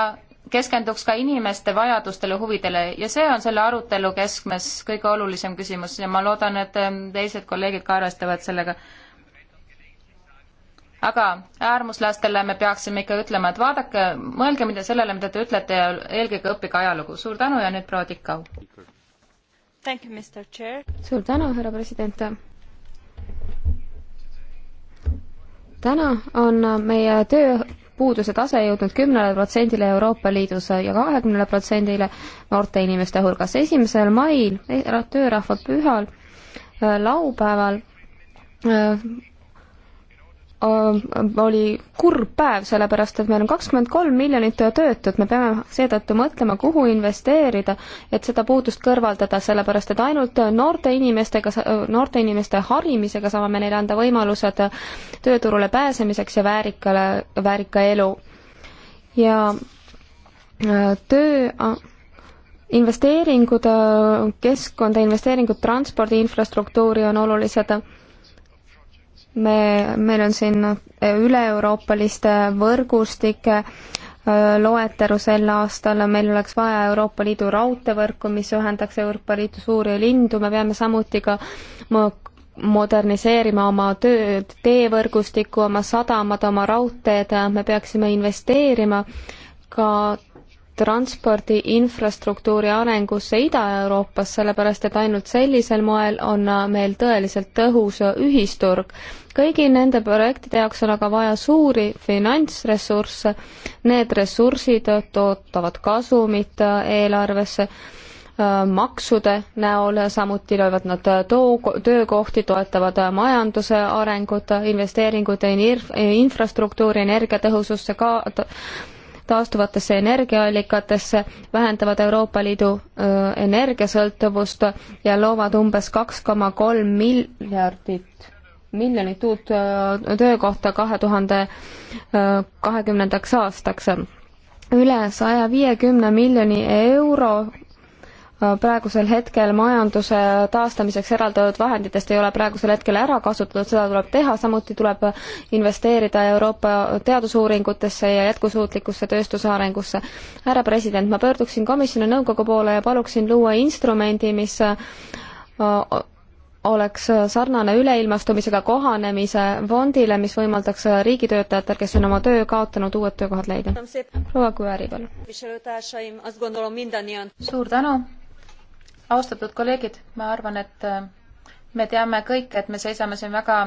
[SPEAKER 6] keskenduks ka inimeste vajadustele, huvidele ja see on selle arutelu keskmes kõige olulisem küsimus ja ma loodan, et ähm, teised kolleegid ka arvestavad sellega aga äärmuslastele me peaksime ikka ütlema, et vaadake, mõelge mida sellele, mida te ütlete ja eelkõige õppige ajalugu. suur tänu ja nüüd proua Tikau suur tänu, härra president.
[SPEAKER 4] täna on meie tööpuuduse tase jõudnud kümnele protsendile Euroopa Liidus ja kahekümnele protsendile noorte inimeste hulgas. esimesel mail, eh, töörahva pühal, eh, laupäeval eh, Äh, oli kurb päev, sellepärast et meil on kakskümmend kolm miljonit töötut, me peame seetõttu mõtlema, kuhu investeerida, et seda puudust kõrvaldada, sellepärast et ainult noorte inimestega, noorte inimeste harimisega saame me neile anda võimalused tööturule pääsemiseks ja väärikale, väärika elu. ja äh, töö investeeringud äh, keskkonda, investeeringud transpordi infrastruktuuri on olulised me, meil on siin üle-euroopaliste võrgustike äh, loetelu sel aastal, meil oleks vaja Euroopa Liidu raudteevõrku, mis ühendaks Euroopa Liidu suuri lindu, me peame samuti ka moderniseerima oma tööd, teevõrgustikku, oma sadamad, oma raudteed, me peaksime investeerima ka transpordi infrastruktuuri arengusse Ida-Euroopas, sellepärast et ainult sellisel moel on äh, meil tõeliselt tõhus äh, ühisturg. kõigi nende projektide jaoks on aga vaja suuri finantsressursse, need ressursid äh, tootavad kasumit eelarvesse, maksude näol, samuti löövad nad too-, töökohti, toetavad majanduse arengut, investeeringuid infrastruktuuri, energiatõhususse ka taastuvatesse energiaallikatesse, vähendavad Euroopa Liidu energiasõltuvust ja loovad umbes kaks koma kolm miljardit, miljonit uut töökohta kahe tuhande kahekümnendaks aastaks üle saja viiekümne miljoni euro praegusel hetkel majanduse taastamiseks eraldatud vahenditest ei ole praegusel hetkel ära kasutatud, seda tuleb teha, samuti tuleb investeerida Euroopa teadusuuringutesse ja jätkusuutlikkusse tööstuse arengusse. härra president, ma pöörduksin komisjoni nõukogu poole ja paluksin luua instrumendi, mis äh, oleks sarnane üleilmastumisega kohanemise fondile, mis võimaldaks riigitöötajatel, kes on oma töö kaotanud,
[SPEAKER 6] uued töökohad leida. proua Kueri, palun. suur tänu austatud kolleegid, ma arvan, et äh, me teame kõik, et me seisame siin väga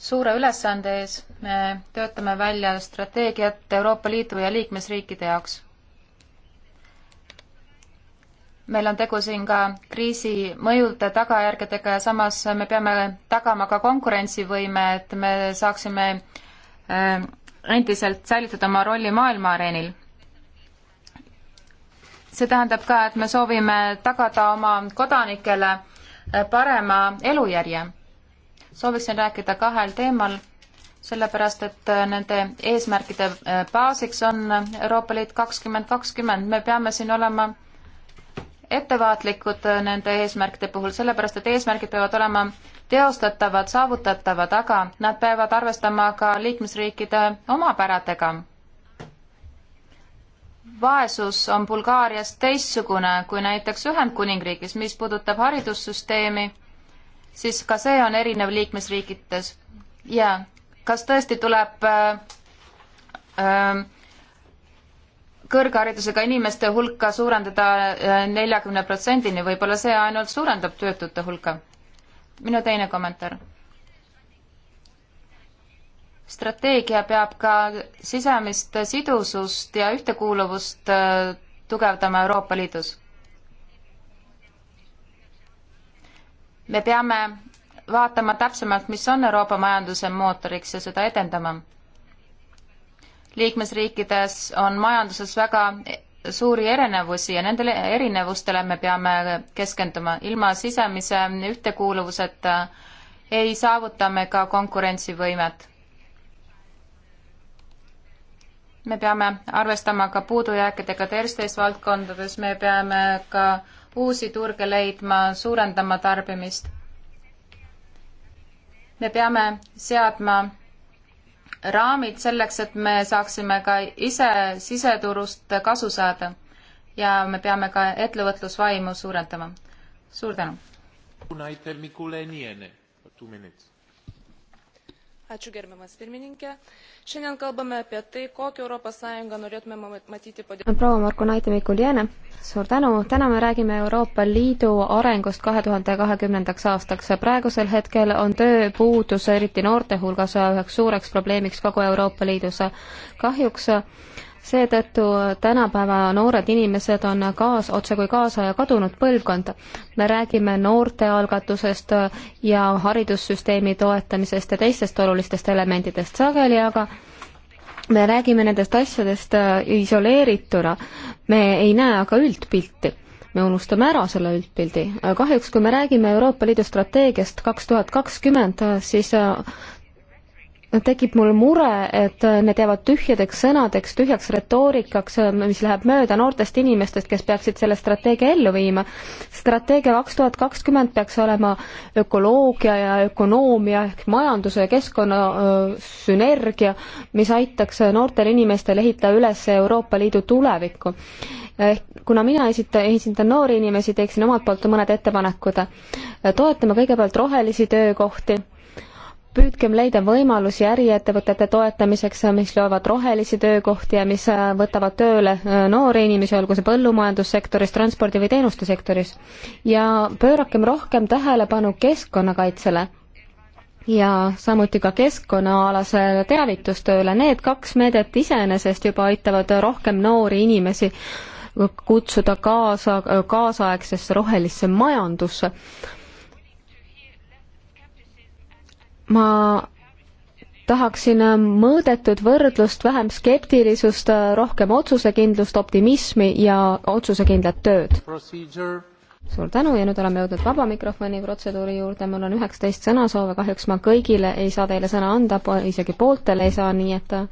[SPEAKER 6] suure ülesande ees, me töötame välja strateegiat Euroopa Liidu ja liikmesriikide jaoks. meil on tegu siin ka kriisi mõjude tagajärgedega ja samas me peame tagama ka konkurentsivõime, et me saaksime äh, endiselt säilitada oma rolli maailma areenil see tähendab ka, et me soovime tagada oma kodanikele äh, parema elujärje. sooviksin rääkida kahel teemal, sellepärast et äh, nende eesmärkide äh, baasiks on Euroopa Liit kakskümmend kakskümmend, me peame siin olema ettevaatlikud nende eesmärkide puhul, sellepärast et eesmärgid peavad olema teostatavad, saavutatavad, aga nad peavad arvestama ka liikmesriikide omapäradega vaesus on Bulgaarias teistsugune kui näiteks Ühendkuningriigis, mis puudutab haridussüsteemi, siis ka see on erinev liikmesriikides. ja kas tõesti tuleb äh, äh, kõrgharidusega inimeste hulka suurendada äh, neljakümne protsendini, võib-olla see ainult suurendab töötute hulka. minu teine kommentaar strateegia peab ka sisemist sidusust ja ühtekuuluvust äh, tugevdama Euroopa Liidus. me peame vaatama täpsemalt, mis on Euroopa majanduse mootoriks ja seda edendama. liikmesriikides on majanduses väga suuri erinevusi ja nendele erinevustele me peame keskenduma. ilma sisemise ühtekuuluvuseta ei saavuta me ka konkurentsivõimet me peame arvestama ka puudujääkidega teistes valdkondades, me peame ka uusi turge leidma, suurendama tarbimist. me peame seadma raamid selleks, et me saaksime ka ise siseturust kasu saada ja me peame ka ettevõtlusvaimu suurendama. suur tänu!
[SPEAKER 5] Ačiū gerbiamas pirmininkė. Šiandien kalbame apie tai, kokią
[SPEAKER 4] ES norėtume matyti po... proua Marko Naitemi-Kuljene, suur tänu. täna me räägime Euroopa Liidu arengust kahe tuhande kahekümnendaks aastaks. praegusel hetkel on tööpuudus, eriti noorte hulgas, üheks suureks probleemiks kogu Euroopa Liidus. kahjuks seetõttu tänapäeva noored inimesed on kaas, otsekui kaasaja kadunud põlvkond. me räägime noortealgatusest ja haridussüsteemi toetamisest ja teistest olulistest elementidest sageli, aga me räägime nendest asjadest äh, isoleerituna, me ei näe aga üldpilti me unustame ära selle üldpildi. kahjuks, kui me räägime Euroopa Liidu strateegiast kaks tuhat kakskümmend, äh, siis äh, tekib mul mure, et need jäävad tühjadeks sõnadeks, tühjaks retoorikaks, mis läheb mööda noortest inimestest, kes peaksid selle strateegia ellu viima. strateegia kaks tuhat kakskümmend peaks olema ökoloogia ja ökonoomia ehk majanduse ja keskkonna öö, sünergia, mis aitaks noortel inimestel ehitada üles Euroopa Liidu tulevikku. ehk kuna mina esita-, esindan noori inimesi, teeksin omalt poolt mõned ettepanekud. toetame kõigepealt rohelisi töökohti püüdkem leida võimalusi äriettevõtete toetamiseks, mis loovad rohelisi töökohti ja mis äh, võtavad tööle äh, noori inimesi, olgu see põllumajandussektoris, transpordi või teenustesektoris. ja pöörakem rohkem tähelepanu keskkonnakaitsele ja samuti ka keskkonnaalasele teavitustööle, need kaks meedet iseenesest juba aitavad rohkem noori inimesi kutsuda kaasa, kaasaegsesse rohelisse majandusse ma tahaksin äh, mõõdetud võrdlust, vähem skeptilisust, äh, rohkem otsusekindlust, optimismi ja otsusekindlat tööd. suur tänu ja nüüd oleme jõudnud vaba mikrofoni protseduuri juurde, mul on üheksateist sõnasoove, kahjuks ma kõigile ei saa teile sõna anda, isegi pooltele ei saa, nii et äh,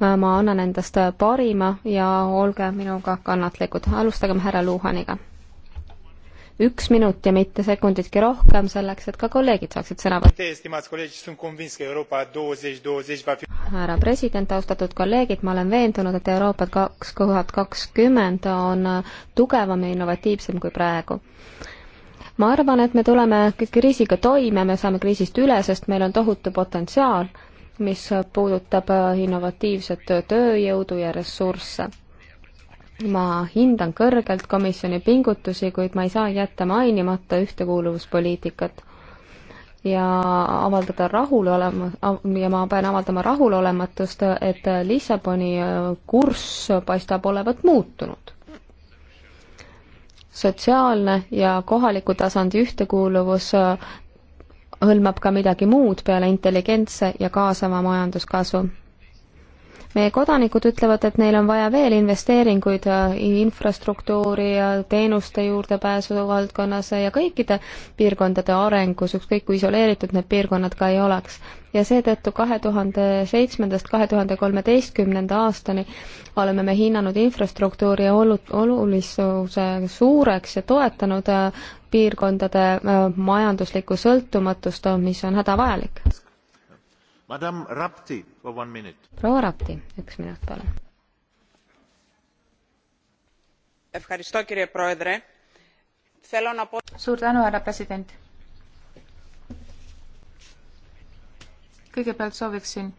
[SPEAKER 4] ma annan endast parima ja olge minuga kannatlikud. alustagem härra Luhaniga üks minut ja mitte sekunditki rohkem, selleks et ka kolleegid saaksid sõna võtta. härra president, austatud kolleegid, ma olen veendunud, et Euroopa kaks tuhat kakskümmend on tugevam ja innovatiivsem kui praegu ma arvan, et me tuleme kriisiga toime, me saame kriisist üle, sest meil on tohutu potentsiaal, mis puudutab innovatiivset tööjõudu ja ressursse ma hindan kõrgelt komisjoni pingutusi, kuid ma ei saa jätta mainimata ühtekuuluvuspoliitikat ja avaldada rahulolema- ja ma pean avaldama rahulolematust, et Lissaboni äh, kurss paistab olevat muutunud. sotsiaalne ja kohaliku tasandi ühtekuuluvus äh, hõlmab ka midagi muud peale intelligentse ja kaasava majanduskasvu meie kodanikud ütlevad, et neil on vaja veel investeeringuid äh, infrastruktuuri ja teenuste juurdepääsu valdkonnas ja kõikide piirkondade arengus, ükskõik kui isoleeritud need piirkonnad ka ei oleks. ja seetõttu kahe tuhande seitsmendast kahe tuhande kolmeteistkümnenda aastani oleme me hinnanud infrastruktuuri olu-, olulisuse suureks ja toetanud äh, piirkondade äh, majanduslikku sõltumatust, mis on hädavajalik
[SPEAKER 5] proua
[SPEAKER 4] Rapti, üks minut,
[SPEAKER 3] palun.
[SPEAKER 6] suur tänu, härra president. kõigepealt sooviksin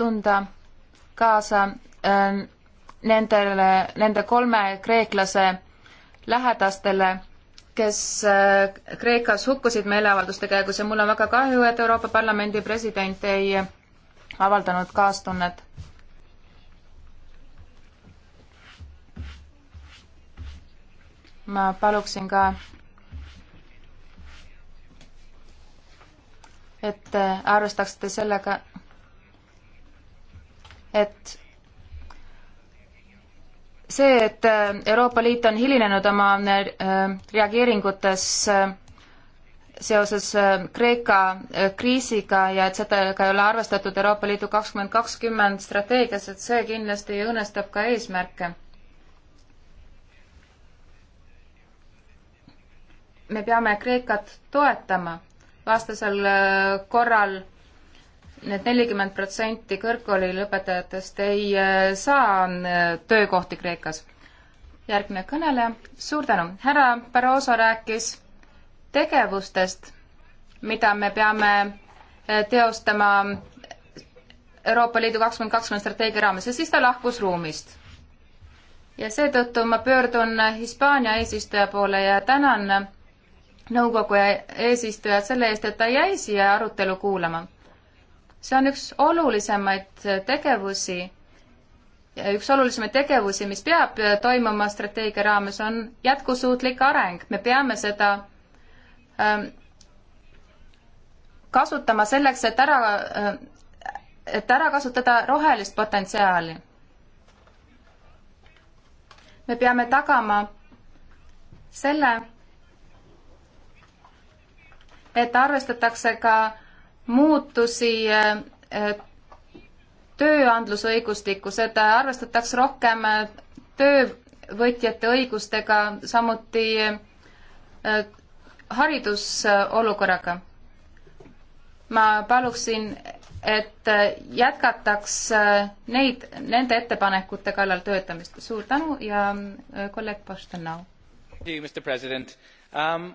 [SPEAKER 6] tunda kaasa äh, nendele, nende kolme kreeklase lähedastele kes äh, Kreekas hukkusid meeleavalduste käigus ja mul on väga kahju, et Euroopa Parlamendi president ei avaldanud kaastunnet. ma paluksin ka, et arvestaksite sellega, et see, et äh, Euroopa Liit on hilinenud oma äh, reageeringutes äh, seoses Kreeka kriisiga ja et sellega ei ole arvestatud Euroopa Liidu kakskümmend kakskümmend strateegias, et see kindlasti õõnestab ka eesmärke. me peame Kreekat toetama, vastasel korral need nelikümmend protsenti kõrgkooli lõpetajatest ei äh, saa äh, töökohti Kreekas. järgmine kõneleja, suur tänu. härra Barroso rääkis tegevustest, mida me peame äh, teostama Euroopa Liidu kakskümmend kakskümmend strateegia raames ja siis ta lahkus ruumist. ja seetõttu ma pöördun Hispaania eesistuja poole ja tänan nõukogu eesistujad selle eest, et ta jäi siia arutelu kuulama see on üks olulisemaid tegevusi, üks olulisemaid tegevusi, mis peab toimuma strateegia raames, on jätkusuutlik areng. me peame seda ähm, kasutama selleks, et ära äh,, et ära kasutada rohelist potentsiaali. me peame tagama selle, et arvestatakse ka muutusi äh, tööandlusõigustikku, seda arvestatakse rohkem töövõtjate õigustega, samuti äh, haridusolukorraga. ma paluksin, et jätkataks äh, neid, nende ettepanekute kallal töötamist. suur tänu ja kolleeg Postel now.
[SPEAKER 4] Um,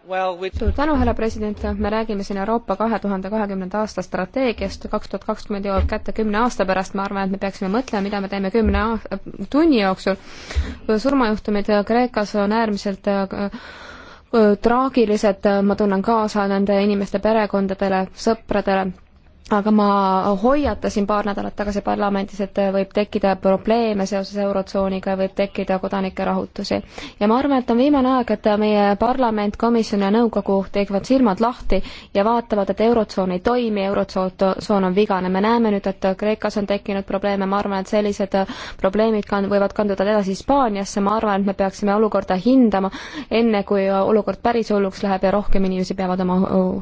[SPEAKER 4] suur
[SPEAKER 6] tänu, härra president, me
[SPEAKER 4] räägime siin Euroopa kahe tuhande kahekümnenda aasta strateegiast, kaks tuhat kakskümmend jõuab kätte kümne aasta pärast, ma arvan, et me peaksime mõtlema, mida me teeme kümne äh, tunni jooksul. surmajuhtumid Kreekas on äärmiselt äh, äh, traagilised, ma tunnen kaasa nende inimeste perekondadele, sõpradele aga ma hoiatasin paar nädalat tagasi parlamendis, et võib tekkida probleeme seoses Eurotsooniga ja võib tekkida kodanike rahutusi. ja ma arvan, et on viimane aeg, et meie parlament, komisjon ja nõukogu teevad silmad lahti ja vaatavad, et Eurotsoon ei toimi, Eurotsoon on vigane. me näeme nüüd, et Kreekas on tekkinud probleeme, ma arvan, et sellised probleemid kan-, võivad kanduda edasi Hispaaniasse, ma arvan, et me peaksime olukorda hindama, enne kui olukord päris hulluks läheb ja rohkem inimesi peavad oma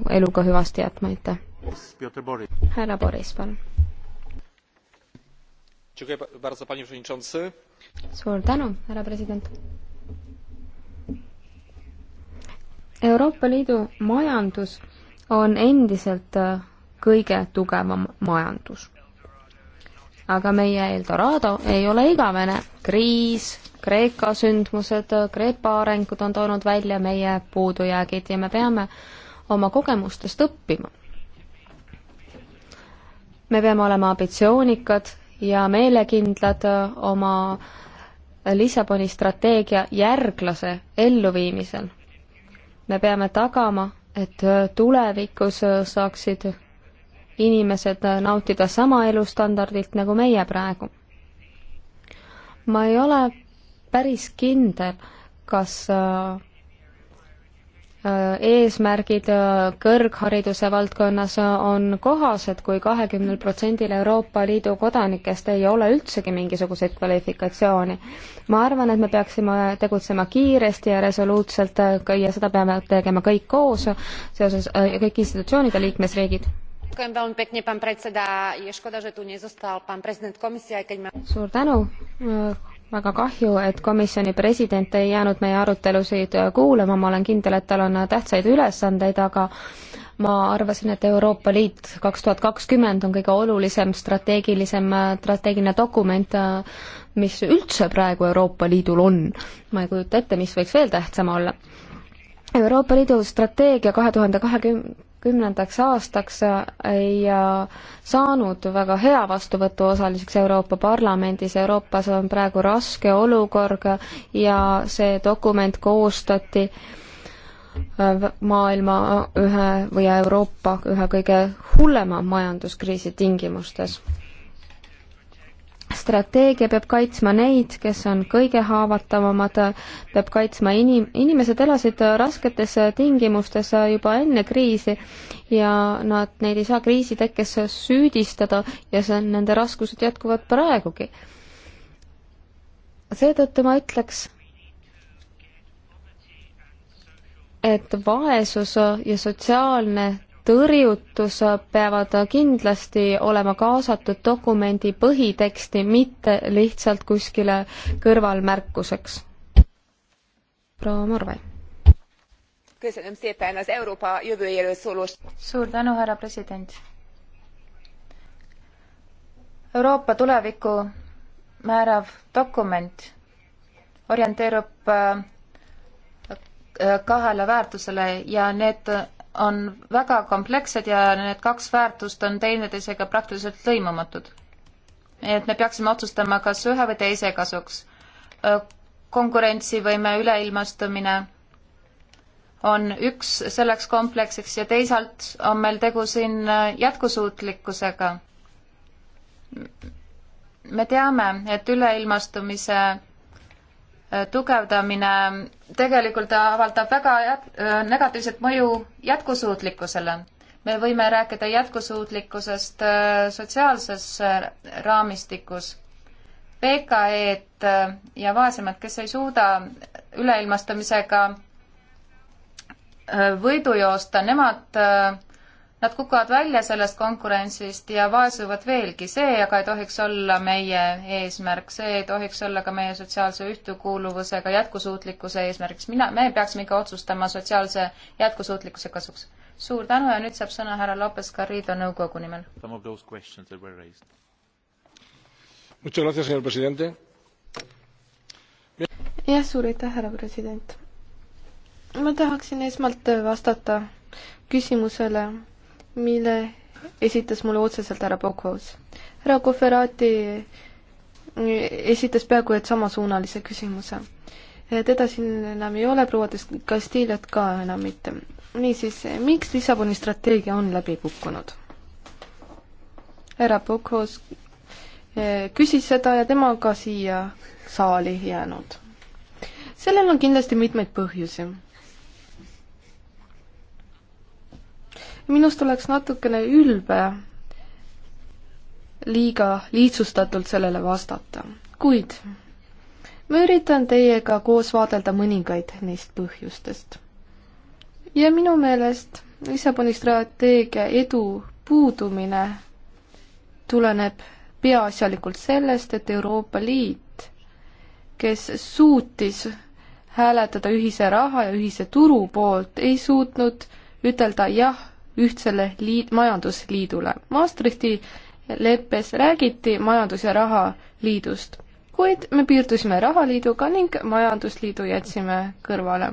[SPEAKER 4] eluga hüvasti jätma, aitäh härra Boris, palun. suur tänu, härra president. Euroopa Liidu majandus on endiselt äh, kõige tugevam majandus. aga meie Eldorado ei ole igavene. kriis, Kreeka sündmused, äh, Kreeka arengud on toonud välja meie puudujäägid ja me peame oma kogemustest õppima me peame olema ambitsioonikad ja meelekindlad äh, oma Lissaboni strateegia järglase elluviimisel. me peame tagama, et äh, tulevikus äh, saaksid inimesed nautida sama elustandardilt nagu meie praegu. ma ei ole päris kindel, kas äh, Äh, eesmärgid äh, kõrghariduse valdkonnas äh, on kohased kui, kui kahekümnel protsendil Euroopa Liidu kodanikest ei ole üldsegi mingisuguseid kvalifikatsiooni. ma arvan, et me peaksime tegutsema kiiresti ja resoluutselt ja seda peame tegema kõik koos, seoses kõik institutsioonid ja liikmesriigid. suur tänu, väga kahju, et komisjoni president ei jäänud meie arutelusid kuulama, ma olen kindel, et tal on tähtsaid ülesandeid, aga ma arvasin, et Euroopa Liit kaks tuhat kakskümmend on kõige olulisem strateegilisem, strateegiline dokument, mis üldse praegu Euroopa Liidul on. ma ei kujuta ette, mis võiks veel tähtsam olla Euroopa Liidu strateegia kahe tuhande kahekümnendaks aastaks ei äh, saanud väga hea vastuvõtu osaliseks Euroopa Parlamendis. Euroopas on praegu raske olukord ja see dokument koostati äh, maailma ühe või Euroopa ühe kõige hullema majanduskriisi tingimustes strateegia peab kaitsma neid, kes on kõige haavatavamad, peab kaitsma inim-, inimesed elasid rasketes tingimustes juba enne kriisi ja nad, neid ei saa kriisi tekkes süüdistada ja see on, nende raskused jätkuvad praegugi. seetõttu ma ütleks, et vaesus ja sotsiaalne tõrjutus peavad kindlasti olema kaasatud dokumendi põhiteksti, mitte lihtsalt kuskile kõrvalmärkuseks. proua Morve.
[SPEAKER 6] suur tänu, härra president. Euroopa tulevikku määrav dokument orienteerub äh, kahele väärtusele ja need on väga komplekssed ja need kaks väärtust on teineteisega praktiliselt lõimumatud. et me peaksime otsustama, kas ühe või teise kasuks. konkurentsivõime üleilmastumine on üks selleks kompleksiks ja teisalt on meil tegu siin jätkusuutlikkusega. me teame, et üleilmastumise Äh, tugevdamine tegelikult avaldab väga jät-, äh, negatiivset mõju jätkusuutlikkusele. me võime rääkida jätkusuutlikkusest äh, sotsiaalses raamistikus. PKE-d ja vaesemad, kes ei suuda üleilmastamisega võidu joosta, nemad Nad kukuvad välja sellest konkurentsist ja vaesuvad veelgi, see aga ei tohiks olla meie eesmärk, see ei tohiks olla ka meie sotsiaalse ühtekuuluvusega jätkusuutlikkuse eesmärgiks. mina, me peaksime ikka otsustama sotsiaalse jätkusuutlikkuse kasuks. suur tänu ja nüüd saab sõna härra Lopez Garrido nõukogu nimel.
[SPEAKER 5] jah, suur aitäh, härra president. ma tahaksin esmalt vastata küsimusele, mille esitas mulle otseselt härra Pokos. härra Koferaati mm, esitas peaaegu et samasuunalise küsimuse. teda siin enam ei ole, proua Castillo't ka enam mitte. niisiis, miks Lissaboni strateegia on läbi kukkunud? härra Pokos eh, küsis seda ja tema on ka siia saali jäänud. sellel on kindlasti mitmeid põhjusi minust oleks natukene ülbe liiga lihtsustatult sellele vastata, kuid ma üritan teiega koos vaadelda mõningaid neist põhjustest. ja minu meelest Lissaboni strateegia edu puudumine tuleneb peaasjalikult sellest, et Euroopa Liit, kes suutis hääletada ühise raha ja ühise turu poolt, ei suutnud ütelda jah ühtsele liit, majandusliidule. Maastrichti leppes räägiti majandus- ja rahaliidust, kuid me piirdusime rahaliiduga ning majandusliidu jätsime kõrvale.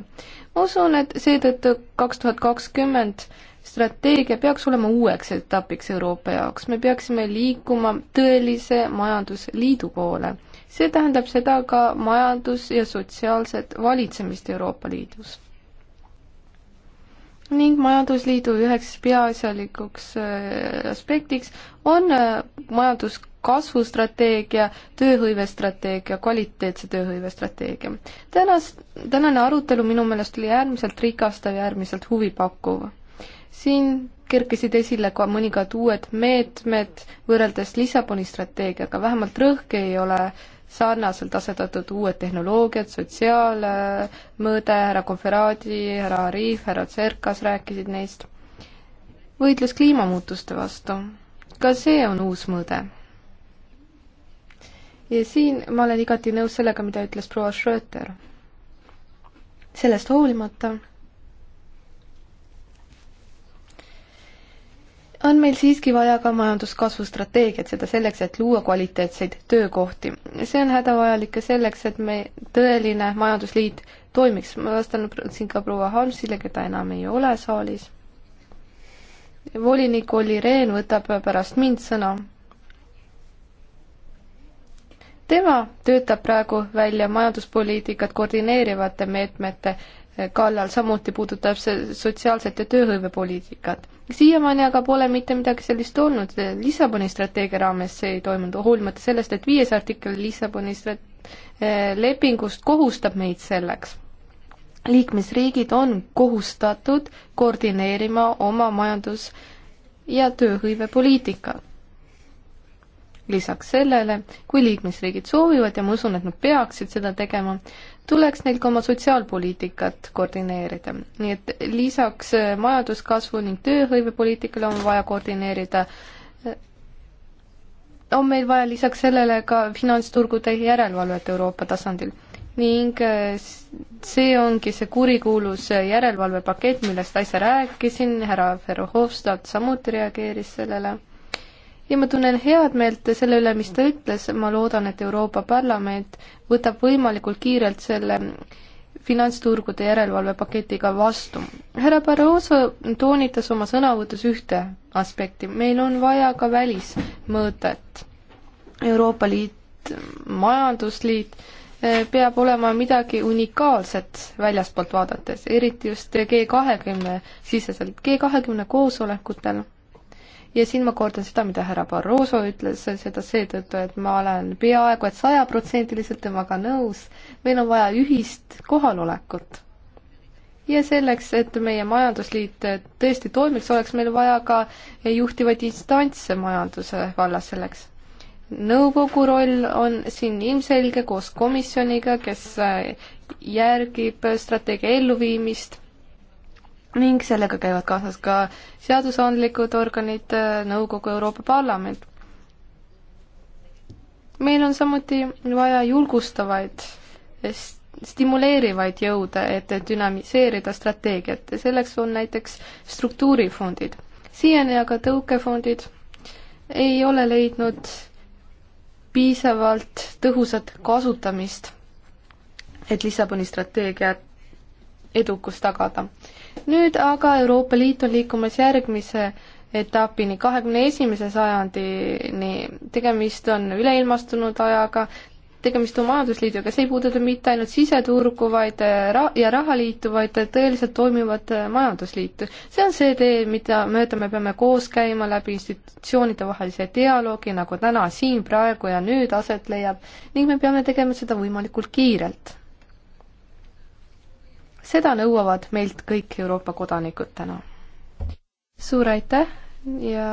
[SPEAKER 5] ma usun, et seetõttu kaks tuhat kakskümmend strateegia peaks olema uueks etapiks Euroopa jaoks, me peaksime liikuma tõelise majandusliidu poole. see tähendab seda ka majandus- ja sotsiaalset valitsemist Euroopa Liidus ning Majandusliidu üheks peaasjalikuks äh, aspektiks on äh, majanduskasvu strateegia, tööhõivestrateegia, kvaliteetse tööhõivestrateegia. tänas, tänane arutelu minu meelest oli äärmiselt rikastav ja äärmiselt huvipakkuv. siin kerkisid esile ka mõningad uued meetmed võrreldes Lissaboni strateegiaga, vähemalt rõhk ei ole äh, sarnaselt asetatud uued tehnoloogiad, sotsiaalmõõde, härra Konferaadi, härra Arif, härra Tserkas rääkisid neist. võitlus kliimamuutuste vastu, ka see on uus mõõde. ja siin ma olen igati nõus sellega, mida ütles proua Schröter. sellest hoolimata on meil siiski vaja ka majanduskasvu strateegiat, seda selleks, et luua kvaliteetseid töökohti. see on hädavajalik ka selleks, et me tõeline majandusliit toimiks. ma vastan siin ka proua Harmsile, keda enam ei ole saalis. volinik Olli Rehn võtab pärast mind sõna. tema töötab praegu välja majanduspoliitikat koordineerivate meetmete kallal, samuti puudutab see sotsiaalset ja tööhõivepoliitikat. siiamaani aga pole mitte midagi sellist olnud, Lissaboni strateegia raames see ei toimunud, hoolimata sellest, et viies artikkel Lissaboni strat-, eh, lepingust kohustab meid selleks. liikmesriigid on kohustatud koordineerima oma majandus- ja tööhõivepoliitika. lisaks sellele, kui liikmesriigid soovivad ja ma usun, et nad peaksid seda tegema, tuleks neil ka oma sotsiaalpoliitikat koordineerida. nii et lisaks äh, majanduskasvu ning tööhõivepoliitikale on vaja koordineerida, äh, on meil vaja lisaks sellele ka finantsturgude järelevalvet Euroopa tasandil. ning äh, see ongi see kurikuulus järelevalvepakett, millest äsja rääkisin, härra Verhofstadt samuti reageeris sellele ja ma tunnen head meelt selle üle, mis ta ütles, ma loodan, et Euroopa Parlament võtab võimalikult kiirelt selle finantsturgude järelevalvepaketiga vastu. härra Barroso toonitas oma sõnavõtus ühte aspekti, meil on vaja ka välismõõdet. Euroopa Liit, majandusliit eh, peab olema midagi unikaalset väljaspoolt vaadates, eriti just G kahekümne siseselt, G kahekümne koosolekutel ja siin ma kordan seda, mida härra Barroso ütles, seda seetõttu, et ma olen peaaegu et sajaprotsendiliselt temaga nõus, meil on vaja ühist kohalolekut. ja selleks, et meie majandusliit tõesti toimiks, oleks meil vaja ka juhtivaid instantse majanduse vallas selleks. nõukogu roll on siin ilmselge koos komisjoniga, kes järgib strateegia elluviimist ning sellega käivad kaasas ka seadusandlikud organid, äh, nõukogu, Euroopa Parlament. meil on samuti vaja julgustavaid, äh, stimuleerivaid jõude, et dünamiseerida strateegiat ja selleks on näiteks struktuurifondid. siiani aga tõukefondid ei ole leidnud piisavalt tõhusat kasutamist, et Lissaboni strateegia edukust tagada nüüd aga Euroopa Liit on liikumas järgmise etapini, kahekümne esimese sajandini, tegemist on üleilmastunud ajaga, tegemist on majandusliiduga, see ei puuduta mitte ainult siseturgu, vaid äh, ra- ja rahaliitu, vaid tõeliselt toimivat äh, majandusliitu. see on see tee, mida mööda me peame koos käima läbi institutsioonide vahelise dialoogi, nagu täna siin, praegu ja nüüd aset leiab ning me peame tegema seda võimalikult kiirelt seda nõuavad meilt kõik Euroopa kodanikud täna. suur aitäh ja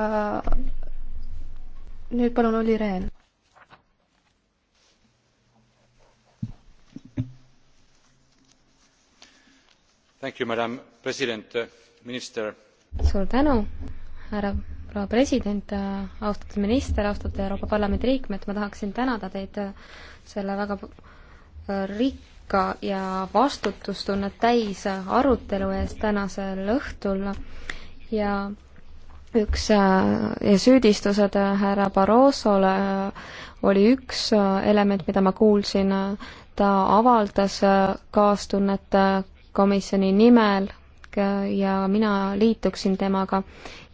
[SPEAKER 5] nüüd palun Olli Rehn.
[SPEAKER 6] Uh,
[SPEAKER 4] suur tänu, härra proua president, uh, austatud minister, austatud Euroopa Parlamendi liikmed, ma tahaksin tänada teid uh, selle väga rik-, sisuka ja vastutustunnet täis arutelu eest tänasel õhtul ja üks äh, ja süüdistused äh, härra Barrosole äh, oli üks element, mida ma kuulsin, ta avaldas kaastunnet komisjoni nimel ja mina liituksin temaga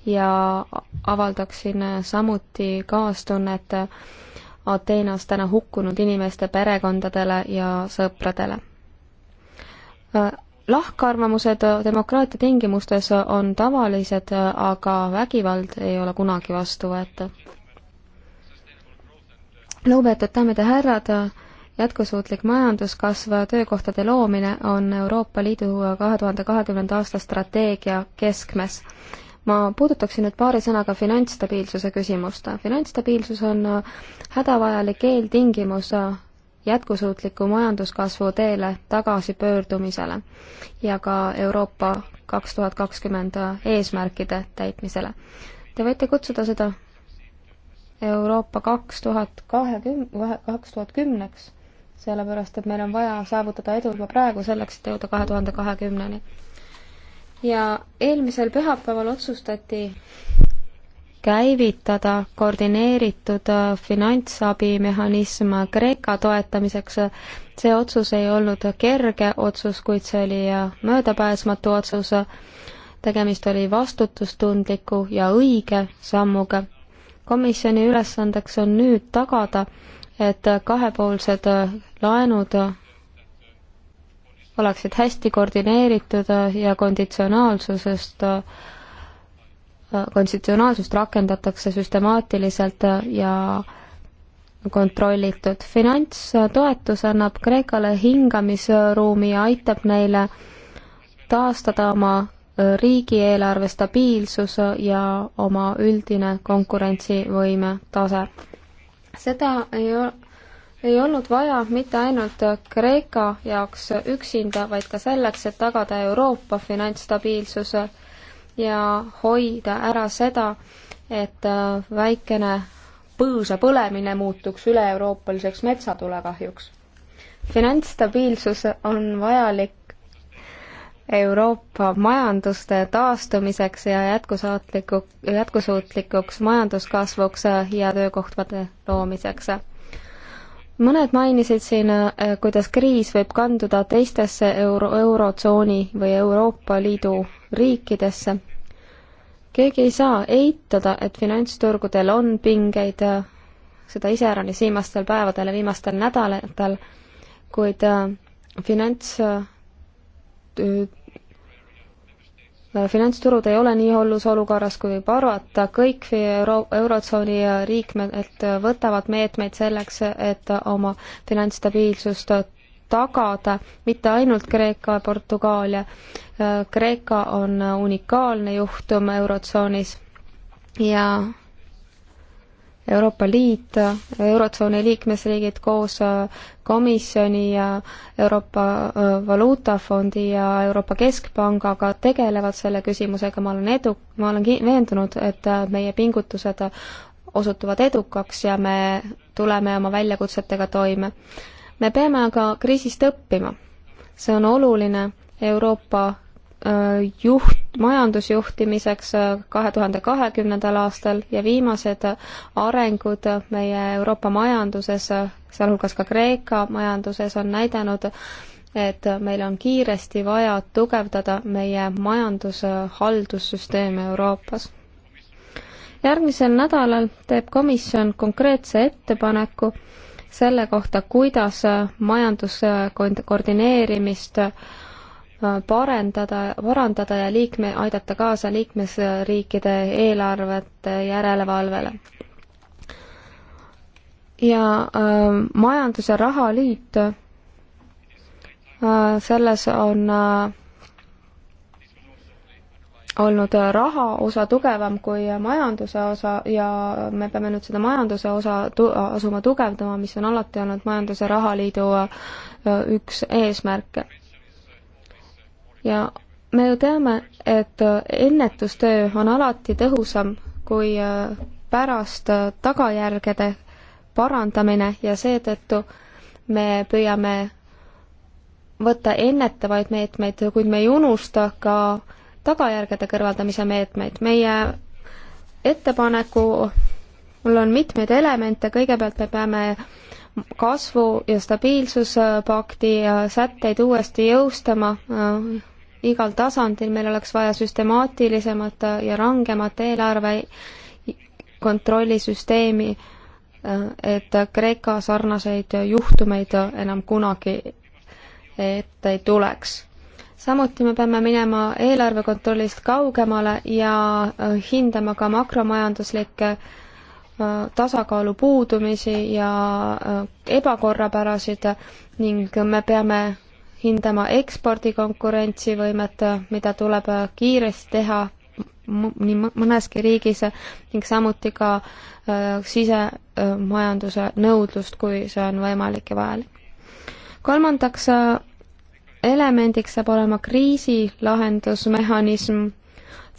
[SPEAKER 4] ja avaldaksin samuti kaastunnet Ateenas täna hukkunud inimeste perekondadele ja sõpradele. Äh, lahkarvamused demokraatia tingimustes on tavalised, aga vägivald ei ole kunagi vastuvõetav. lugupeetud daamid ja härrad, jätkusuutlik majanduskasv, töökohtade loomine on Euroopa Liidu kahe tuhande kahekümnenda aasta strateegia keskmes ma puudutaksin nüüd paari sõnaga finantsstabiilsuse küsimust. finantsstabiilsus on äh, hädavajalik eeltingimus äh, jätkusuutliku majanduskasvu teele tagasipöördumisele ja ka Euroopa kaks tuhat kakskümmend eesmärkide täitmisele. Te võite kutsuda seda Euroopa kaks tuhat kahekümne, kaks tuhat kümneks, sellepärast et meil on vaja saavutada edu juba praegu selleks, et jõuda kahe tuhande kahekümneni ja eelmisel pühapäeval otsustati käivitada koordineeritud äh, finantsabimehhanism Kreeka toetamiseks. see otsus ei olnud kerge otsus, kuid see oli äh, möödapääsmatu otsus. tegemist oli vastutustundliku ja õige sammuga. komisjoni ülesandeks on nüüd tagada, et kahepoolsed äh, laenud oleksid hästi koordineeritud ja konditsionaalsusest, konditsionaalsust rakendatakse süstemaatiliselt ja kontrollitud. finantstoetus annab Kreekale hingamisruumi ja aitab neile taastada oma riigieelarve stabiilsus ja oma üldine konkurentsivõime tase. seda ei ole ei olnud vaja mitte ainult Kreeka jaoks üksinda, vaid ka selleks, et tagada Euroopa finantsstabiilsuse ja hoida ära seda, et äh, väikene põõsa põlemine muutuks üle-euroopaliseks metsatulekahjuks. finantsstabiilsus on vajalik Euroopa majanduste taastumiseks ja jätkusaatliku, jätkusuutlikuks majanduskasvuks ja töökohtade loomiseks mõned mainisid siin, äh, kuidas kriis võib kanduda teistesse euro, eurotsooni või Euroopa Liidu riikidesse. keegi ei saa eitada, et finantsturgudel on pingeid, äh, seda iseäranis viimastel päevadel ja viimastel nädalatel, kuid äh, finants finantsturud ei ole nii hullus olukorras, kui võib arvata, kõik euro, eurotsooni liikmed võtavad meetmeid selleks, et oma finantsstabiilsust tagada, mitte ainult Kreeka ja Portugaalia. Kreeka on unikaalne juhtum eurotsoonis ja Euroopa Liit, Eurotsooni liikmesriigid koos äh, komisjoni ja Euroopa äh, Valuutafondi ja Euroopa Keskpangaga tegelevad selle küsimusega, ma olen edu, ma olen veendunud, et äh, meie pingutused osutuvad edukaks ja me tuleme oma väljakutsetega toime. me peame aga kriisist õppima. see on oluline Euroopa Äh, juht, majandusjuhtimiseks äh, kahe tuhande kahekümnendal aastal ja viimased äh, arengud meie Euroopa majanduses, sealhulgas ka Kreeka majanduses, on näidanud, et meil on kiiresti vaja tugevdada meie majanduse haldussüsteeme Euroopas. järgmisel nädalal teeb komisjon konkreetse ettepaneku selle kohta, kuidas majanduse koordineerimist parendada, parandada ja liikme, aidata kaasa liikmesriikide eelarvete järelevalvele. ja äh, Majandus- ja Rahaliit äh,, selles on äh, olnud äh, raha osa tugevam kui majanduse osa ja me peame nüüd seda majanduse osa tu-, asuma tugevdama, mis on alati olnud Majandus- ja Rahaliidu äh, üks eesmärke ja me ju teame, et äh, ennetustöö on alati tõhusam kui äh, pärast äh, tagajärgede parandamine ja seetõttu me püüame võtta ennetavaid meetmeid, kuid me ei unusta ka tagajärgede kõrvaldamise meetmeid. meie ettepaneku, mul on mitmeid elemente, kõigepealt me peame kasvu- ja stabiilsuspakti sätteid uuesti jõustama igal tasandil, meil oleks vaja süstemaatilisemat ja rangemat eelarve kontrollisüsteemi, et Kreeka sarnaseid juhtumeid enam kunagi ette ei tuleks. samuti me peame minema eelarve kontrollist kaugemale ja hindama ka makromajanduslikke äh, tasakaalu puudumisi ja äh, ebakorrapärasid ning me peame hindama ekspordi konkurentsivõimet, mida tuleb kiiresti teha nii mõneski riigis ning samuti ka äh, sisemajanduse nõudlust, kui see on võimalik ja vajalik. kolmandaks äh, elemendiks saab olema kriisi lahendusmehhanism,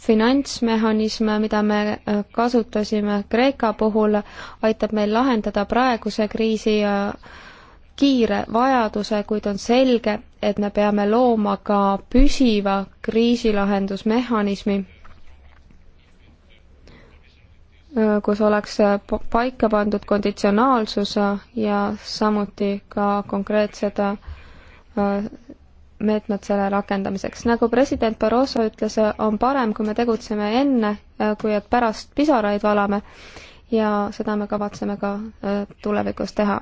[SPEAKER 4] finantsmehhanism, mida me äh, kasutasime Kreeka puhul, aitab meil lahendada praeguse kriisi kiire vajaduse, kuid on selge, et me peame looma ka püsiva kriisilahendusmehhanismi, kus oleks paika pandud konditsionaalsus ja samuti ka konkreetsed äh, meetmed selle rakendamiseks. nagu president Barroso ütles, on parem, kui me tegutseme enne, äh, kui et pärast pisaraid valame ja seda me kavatseme ka äh, tulevikus teha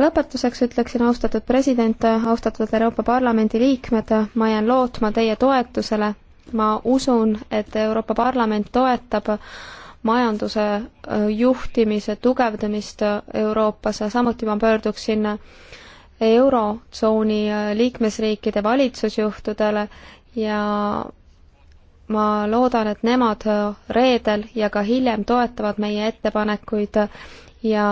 [SPEAKER 4] lõpetuseks ütleksin, austatud president, austatud Euroopa Parlamendi liikmed, ma jään lootma teie toetusele, ma usun, et Euroopa Parlament toetab majanduse äh, juhtimise tugevdamist Euroopas, samuti ma pöörduksin Eurotsooni äh, liikmesriikide valitsusjuhtudele ja ma loodan, et nemad äh, reedel ja ka hiljem toetavad meie ettepanekuid ja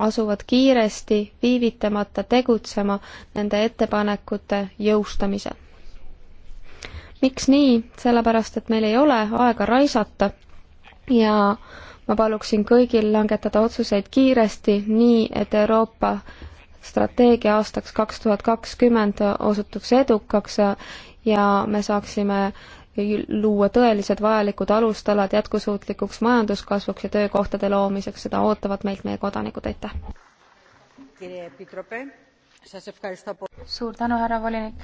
[SPEAKER 4] asuvad kiiresti viivitamata tegutsema nende ettepanekute jõustamisel. miks nii? sellepärast, et meil ei ole aega raisata ja ma paluksin kõigil langetada otsuseid kiiresti, nii et Euroopa strateegia aastaks kaks tuhat kakskümmend osutuks edukaks ja me saaksime luua tõelised vajalikud alustalad jätkusuutlikuks majanduskasvuks ja töökohtade loomiseks, seda ootavad meilt meie kodanikud, aitäh!
[SPEAKER 6] suur tänu, härra volinik!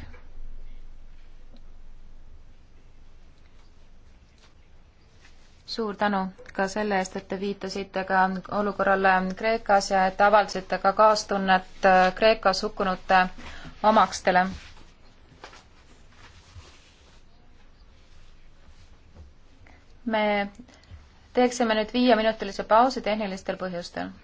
[SPEAKER 6] suur tänu ka selle eest, et te viitasite ka olukorrale Kreekas ja et avaldasite ka kaastunnet Kreekas hukkunute omakstele me teeksime nüüd viieminutilise pausi tehnilistel põhjustel